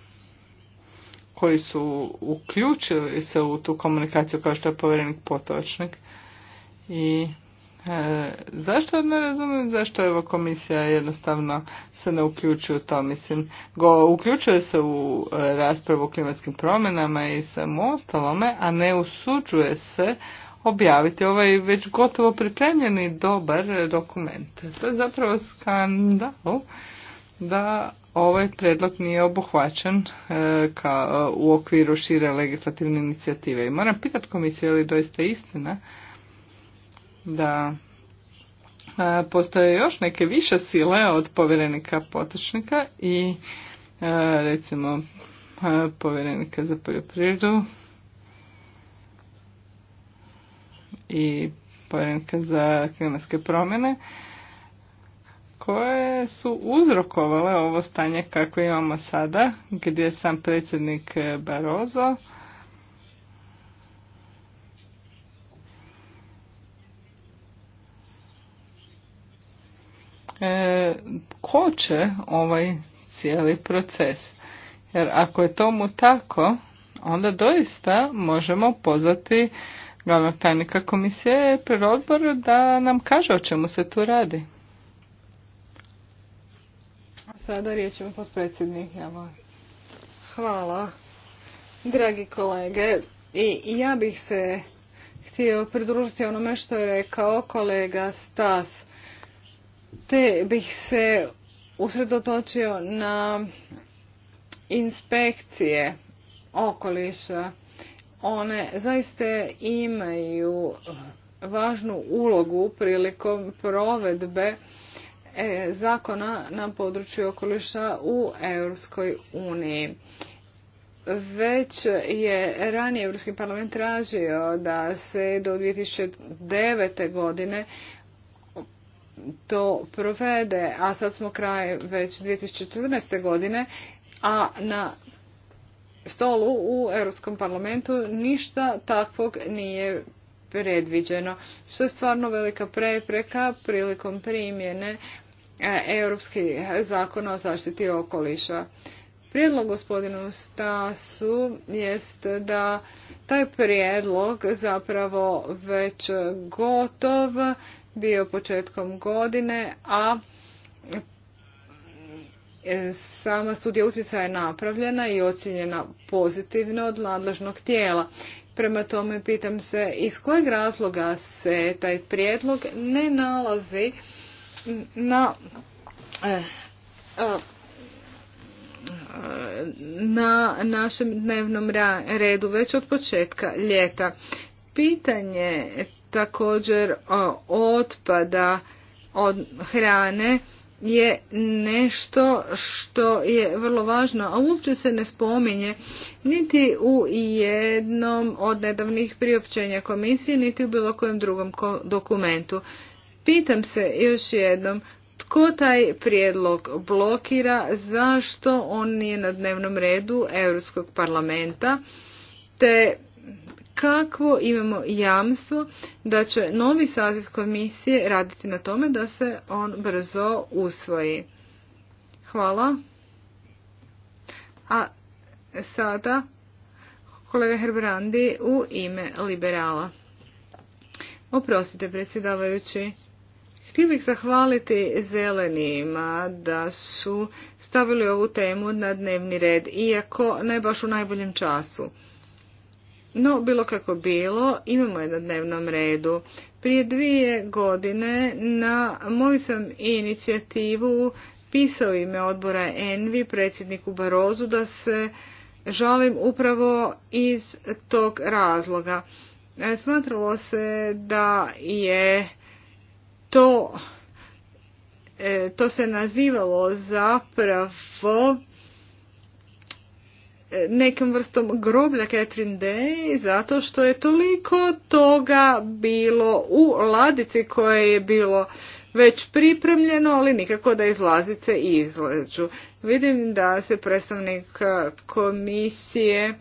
[SPEAKER 1] koji su uključili se u tu komunikaciju kao što je povjerenik potočnik i E, zašto ne razumijem zašto evo komisija jednostavno se ne uključuje u to, mislim, go, uključuje se u e, raspravu o klimatskim promjenama i svemu ostalome, a ne usuđuje se objaviti ovaj već gotovo pripremljeni dobar dokument. To je zapravo skandal da ovaj predlog nije obuhvaćen e, ka, u okviru šire legislativne inicijative. I moram pitati komisiju je li doista istina da e, postoje još neke više sile od povjerenika potočnika i e, recimo e, povjerenika za poljoprivredu i povjerenika za klimatske promjene koje su uzrokovale ovo stanje kako imamo sada gdje sam predsjednik Barozo E, koče ovaj cijeli proces. Jer ako je tomu tako, onda doista možemo pozvati glavnog tajnika komisije pred odboru da nam kaže o čemu se tu radi.
[SPEAKER 3] A sada riječ ima potpredsjednik evo Hvala. Dragi kolege, i ja bih se htio pridružiti onome što je rekao kolega Stas te bih se usredotočio na inspekcije okoliša. One zaista imaju važnu ulogu prilikom provedbe e, zakona na području okoliša u Europskoj uniji. Već je ranije Europski parlament tražio da se do 2009. godine to provede, a sad smo kraj već 2014. godine, a na stolu u Europskom parlamentu ništa takvog nije predviđeno, što je stvarno velika prepreka prilikom primjene e, europskih zakona o zaštiti okoliša. Prijedlog gospodinu Stasu jest da taj prijedlog zapravo već gotov bio početkom godine, a e, sama studija utjecaja je napravljena i ocjenjena pozitivno od nadležnog tijela. Prema tome pitam se iz kojeg razloga se taj prijedlog ne nalazi na e, na našem dnevnom redu već od početka ljeta. Pitanje također otpada od hrane je nešto što je vrlo važno, a uopće se ne spominje niti u jednom od nedavnih priopćenja komisije, niti u bilo kojem drugom dokumentu. Pitam se još jednom, tko taj prijedlog blokira, zašto on nije na dnevnom redu Europskog parlamenta, te kakvo imamo jamstvo da će novi saziv komisije raditi na tome da se on brzo usvoji. Hvala. A sada kolega Herbrandi u ime liberala. Oprostite, predsjedavajući. Htio bih zahvaliti zelenima da su stavili ovu temu na dnevni red, iako ne baš u najboljem času. No, bilo kako bilo, imamo je na dnevnom redu. Prije dvije godine na moju sam inicijativu pisao ime odbora Envi predsjedniku Barozu da se žalim upravo iz tog razloga. E, smatralo se da je to, e, to se nazivalo zapravo nekim vrstom groblja Catherine Day zato što je toliko toga bilo u ladici koje je bilo već pripremljeno, ali nikako da izlazice i izleđu. Vidim da se predstavnik komisije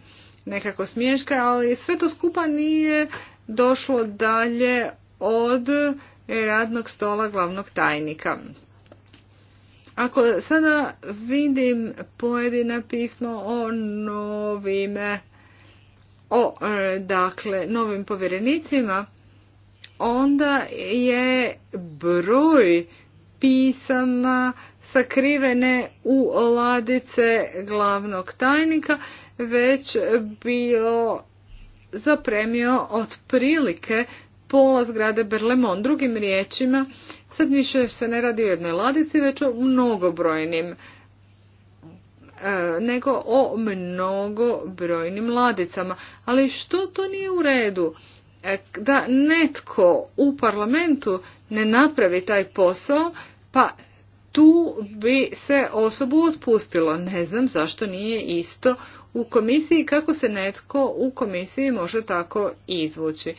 [SPEAKER 3] nekako smješka, ali sve to skupa nije došlo dalje od radnog stola glavnog tajnika. Ako sada vidim pojedina pismo o novim o e, dakle novim povjerenicima onda je broj pisama sakrivene u ladice glavnog tajnika već bio zapremio otprilike pola zgrade Berlemon. Drugim riječima, Sad više se ne radi o jednoj ladici, već o mnogobrojnim e, nego o mnogobrojnim ladicama. Ali što to nije u redu? E, da netko u parlamentu ne napravi taj posao, pa tu bi se osobu otpustilo. Ne znam zašto nije isto u komisiji kako se netko u komisiji može tako izvući.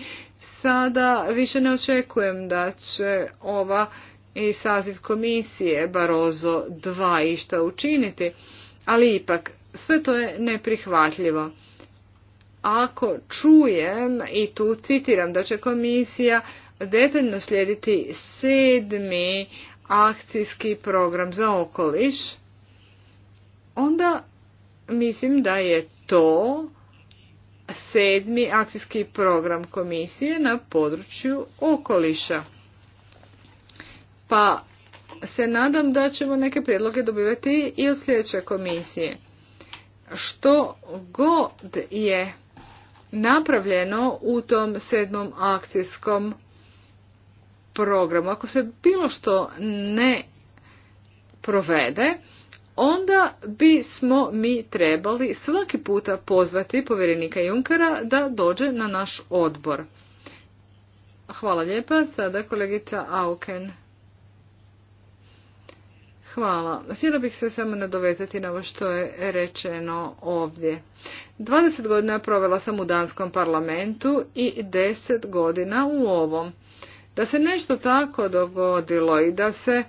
[SPEAKER 3] Sada više ne očekujem da će ova i saziv komisije Barozo 2 išta učiniti, ali ipak sve to je neprihvatljivo. Ako čujem, i tu citiram da će komisija detaljno slijediti sedmi akcijski program za okoliš, onda Mislim da je to sedmi akcijski program komisije na području okoliša. Pa se nadam da ćemo neke prijedloge dobivati i od sljedeće komisije. Što god je napravljeno u tom sedmom akcijskom programu, ako se bilo što ne provede, onda bismo mi trebali svaki puta pozvati povjerenika Junkera da dođe na naš odbor. Hvala lijepa. Sada kolegica Auken. Hvala. Htjela bih se samo nadovezati na ovo što je rečeno ovdje. 20 godina provela sam u Danskom parlamentu i 10 godina u ovom. Da se nešto tako dogodilo i da se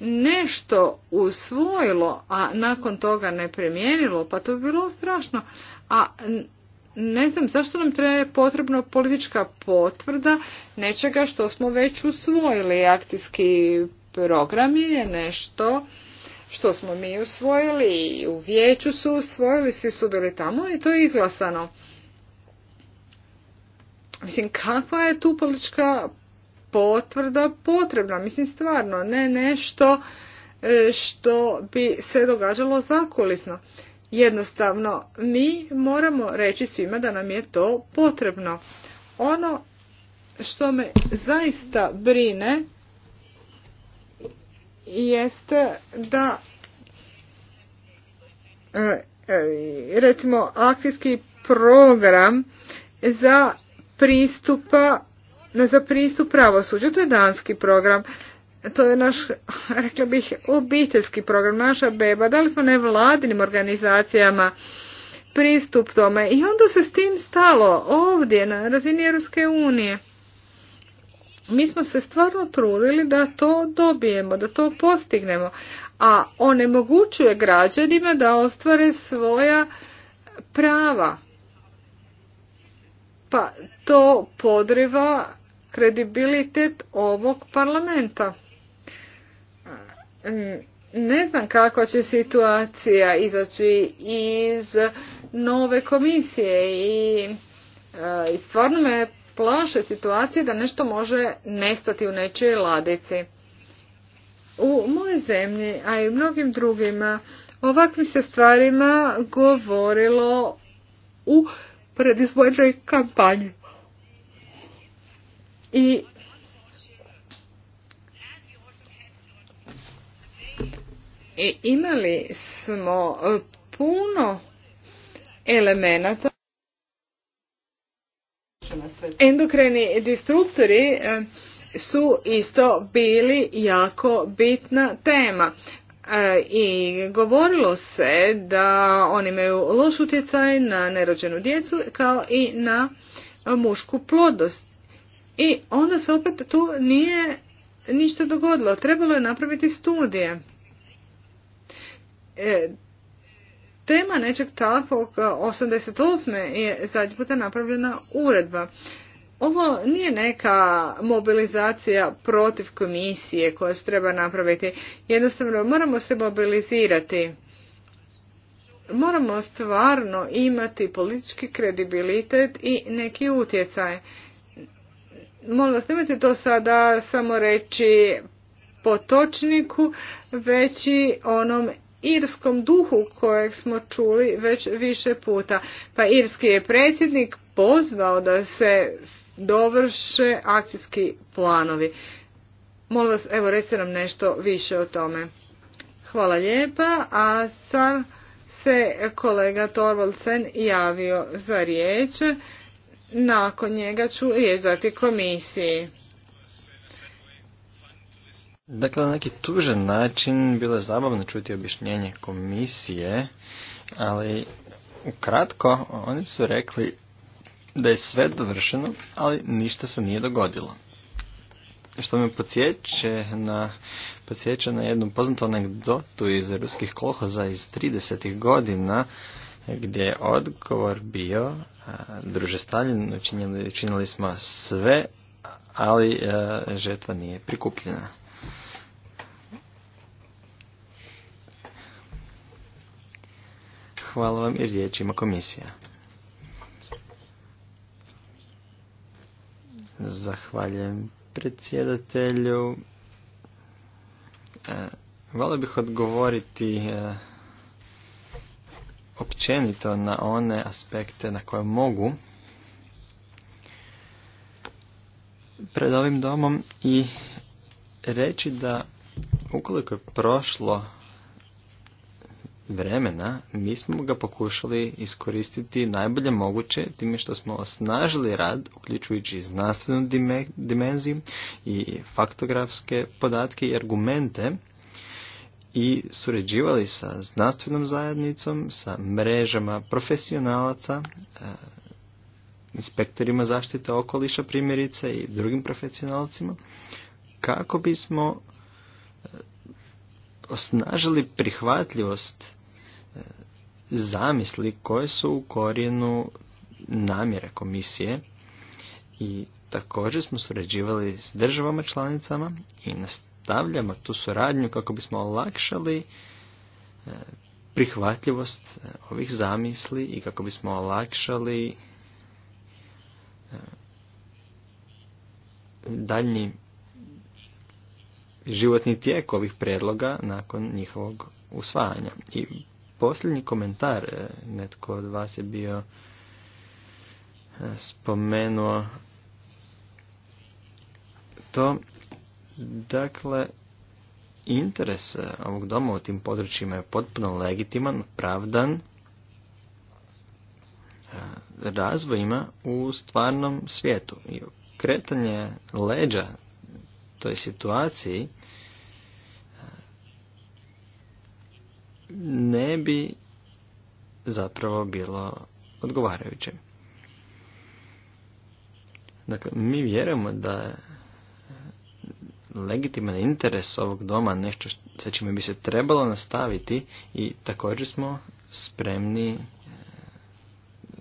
[SPEAKER 3] nešto usvojilo, a nakon toga ne primijenilo, pa to bi bilo strašno. A ne znam zašto nam treba potrebno politička potvrda nečega što smo već usvojili. Akcijski program je nešto što smo mi usvojili i u vijeću su usvojili, svi su bili tamo i to je izglasano. Mislim, kakva je tu politička potvrda potrebna. Mislim stvarno, ne nešto e, što bi se događalo zakulisno. Jednostavno, mi moramo reći svima da nam je to potrebno. Ono što me zaista brine jeste da e, e, recimo akcijski program za pristupa za pristup pravosuđu. To je danski program. To je naš, rekla bih, obiteljski program, naša beba. Dali smo nevladinim organizacijama pristup tome i onda se s tim stalo ovdje na razini Europske unije. Mi smo se stvarno trudili da to dobijemo, da to postignemo, a onemogućuje građanima da ostvare svoja prava pa to podriva kredibilitet ovog parlamenta. Ne znam kako će situacija izaći iz nove komisije e, i stvarno me plaše situacije da nešto može nestati u nečijoj ladici. U mojoj zemlji, a i u mnogim drugima, ovakvim se stvarima govorilo u predizbornoj kampanje I imali smo e, puno elemenata endokreni distruktori e, su isto bili jako bitna tema E, i govorilo se da oni imaju loš utjecaj na nerođenu djecu kao i na mušku plodost. I onda se opet tu nije ništa dogodilo. Trebalo je napraviti studije. E, tema nečeg takvog 88. je zadnji puta napravljena uredba. Ovo nije neka mobilizacija protiv komisije koja se treba napraviti. Jednostavno moramo se mobilizirati. Moramo stvarno imati politički kredibilitet i neki utjecaj. Molim vas, nemojte to sada samo reći točniku već i onom irskom duhu kojeg smo čuli već više puta. Pa irski je predsjednik pozvao da se dovrše akcijski planovi. Molim vas, evo recite nam nešto više o tome. Hvala lijepa, a sad se kolega Torvaldsen javio za riječ. Nakon njega ću riječ dati komisiji.
[SPEAKER 4] Dakle, na neki tužan način bilo je zabavno čuti objašnjenje komisije, ali ukratko oni su rekli da je sve dovršeno, ali ništa se nije dogodilo. Što me podsjeće na, podsjeća na jednu poznatu anegdotu iz ruskih kolhoza iz 30. godina, gdje je odgovor bio, a, druže Stalin, učinili, smo sve, ali žetva nije prikupljena. Hvala vam i riječ komisija. Zahvaljujem predsjedatelju. E, volio bih odgovoriti e, općenito na one aspekte na koje mogu pred ovim domom i reći da ukoliko je prošlo vremena mi smo ga pokušali iskoristiti najbolje moguće time što smo osnažili rad uključujući znanstvenu dimenziju i faktografske podatke i argumente i surađivali sa znanstvenom zajednicom, sa mrežama profesionalaca, e, inspektorima zaštite okoliša primjerice i drugim profesionalcima kako bismo e, osnažili prihvatljivost zamisli koje su u korijenu namjere komisije i također smo surađivali s državama članicama i nastavljamo tu suradnju kako bismo olakšali e, prihvatljivost e, ovih zamisli i kako bismo olakšali e, daljnji životni tijek ovih predloga nakon njihovog usvajanja. I posljednji komentar, e, netko od vas je bio e, spomenuo to, dakle, interes e, ovog doma u tim područjima je potpuno legitiman, pravdan, razvoj ima u stvarnom svijetu. I kretanje leđa toj situaciji ne bi zapravo bilo odgovarajuće. Dakle, mi vjerujemo da je legitiman interes ovog doma nešto sa čime bi se trebalo nastaviti i također smo spremni e,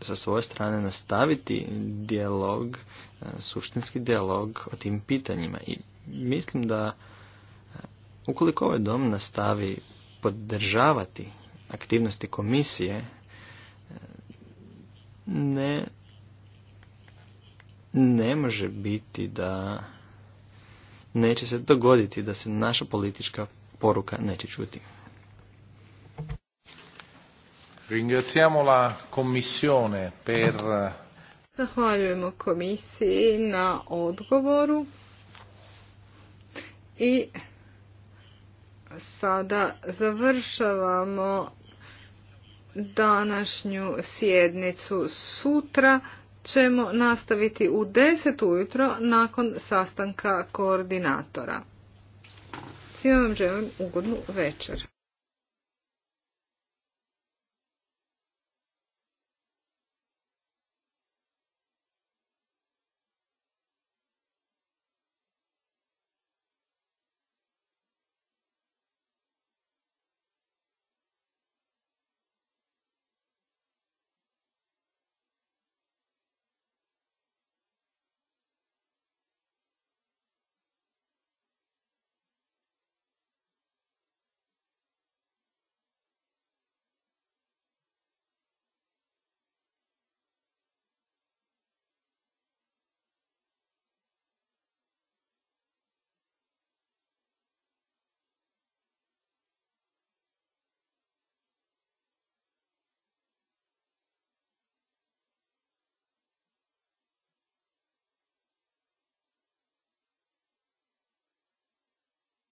[SPEAKER 4] sa svoje strane nastaviti dijalog, e, suštinski dijalog o tim pitanjima. I mislim da e, ukoliko ovaj dom nastavi podržavati aktivnosti komisije e, ne ne može biti da neće se dogoditi da se naša politička poruka
[SPEAKER 2] neće čuti. Ringraziamo la commissione per
[SPEAKER 3] Zahvaljujemo komisiji na odgovoru i sada završavamo današnju sjednicu. Sutra ćemo nastaviti u 10 ujutro nakon sastanka koordinatora. Svima vam želim ugodnu večer.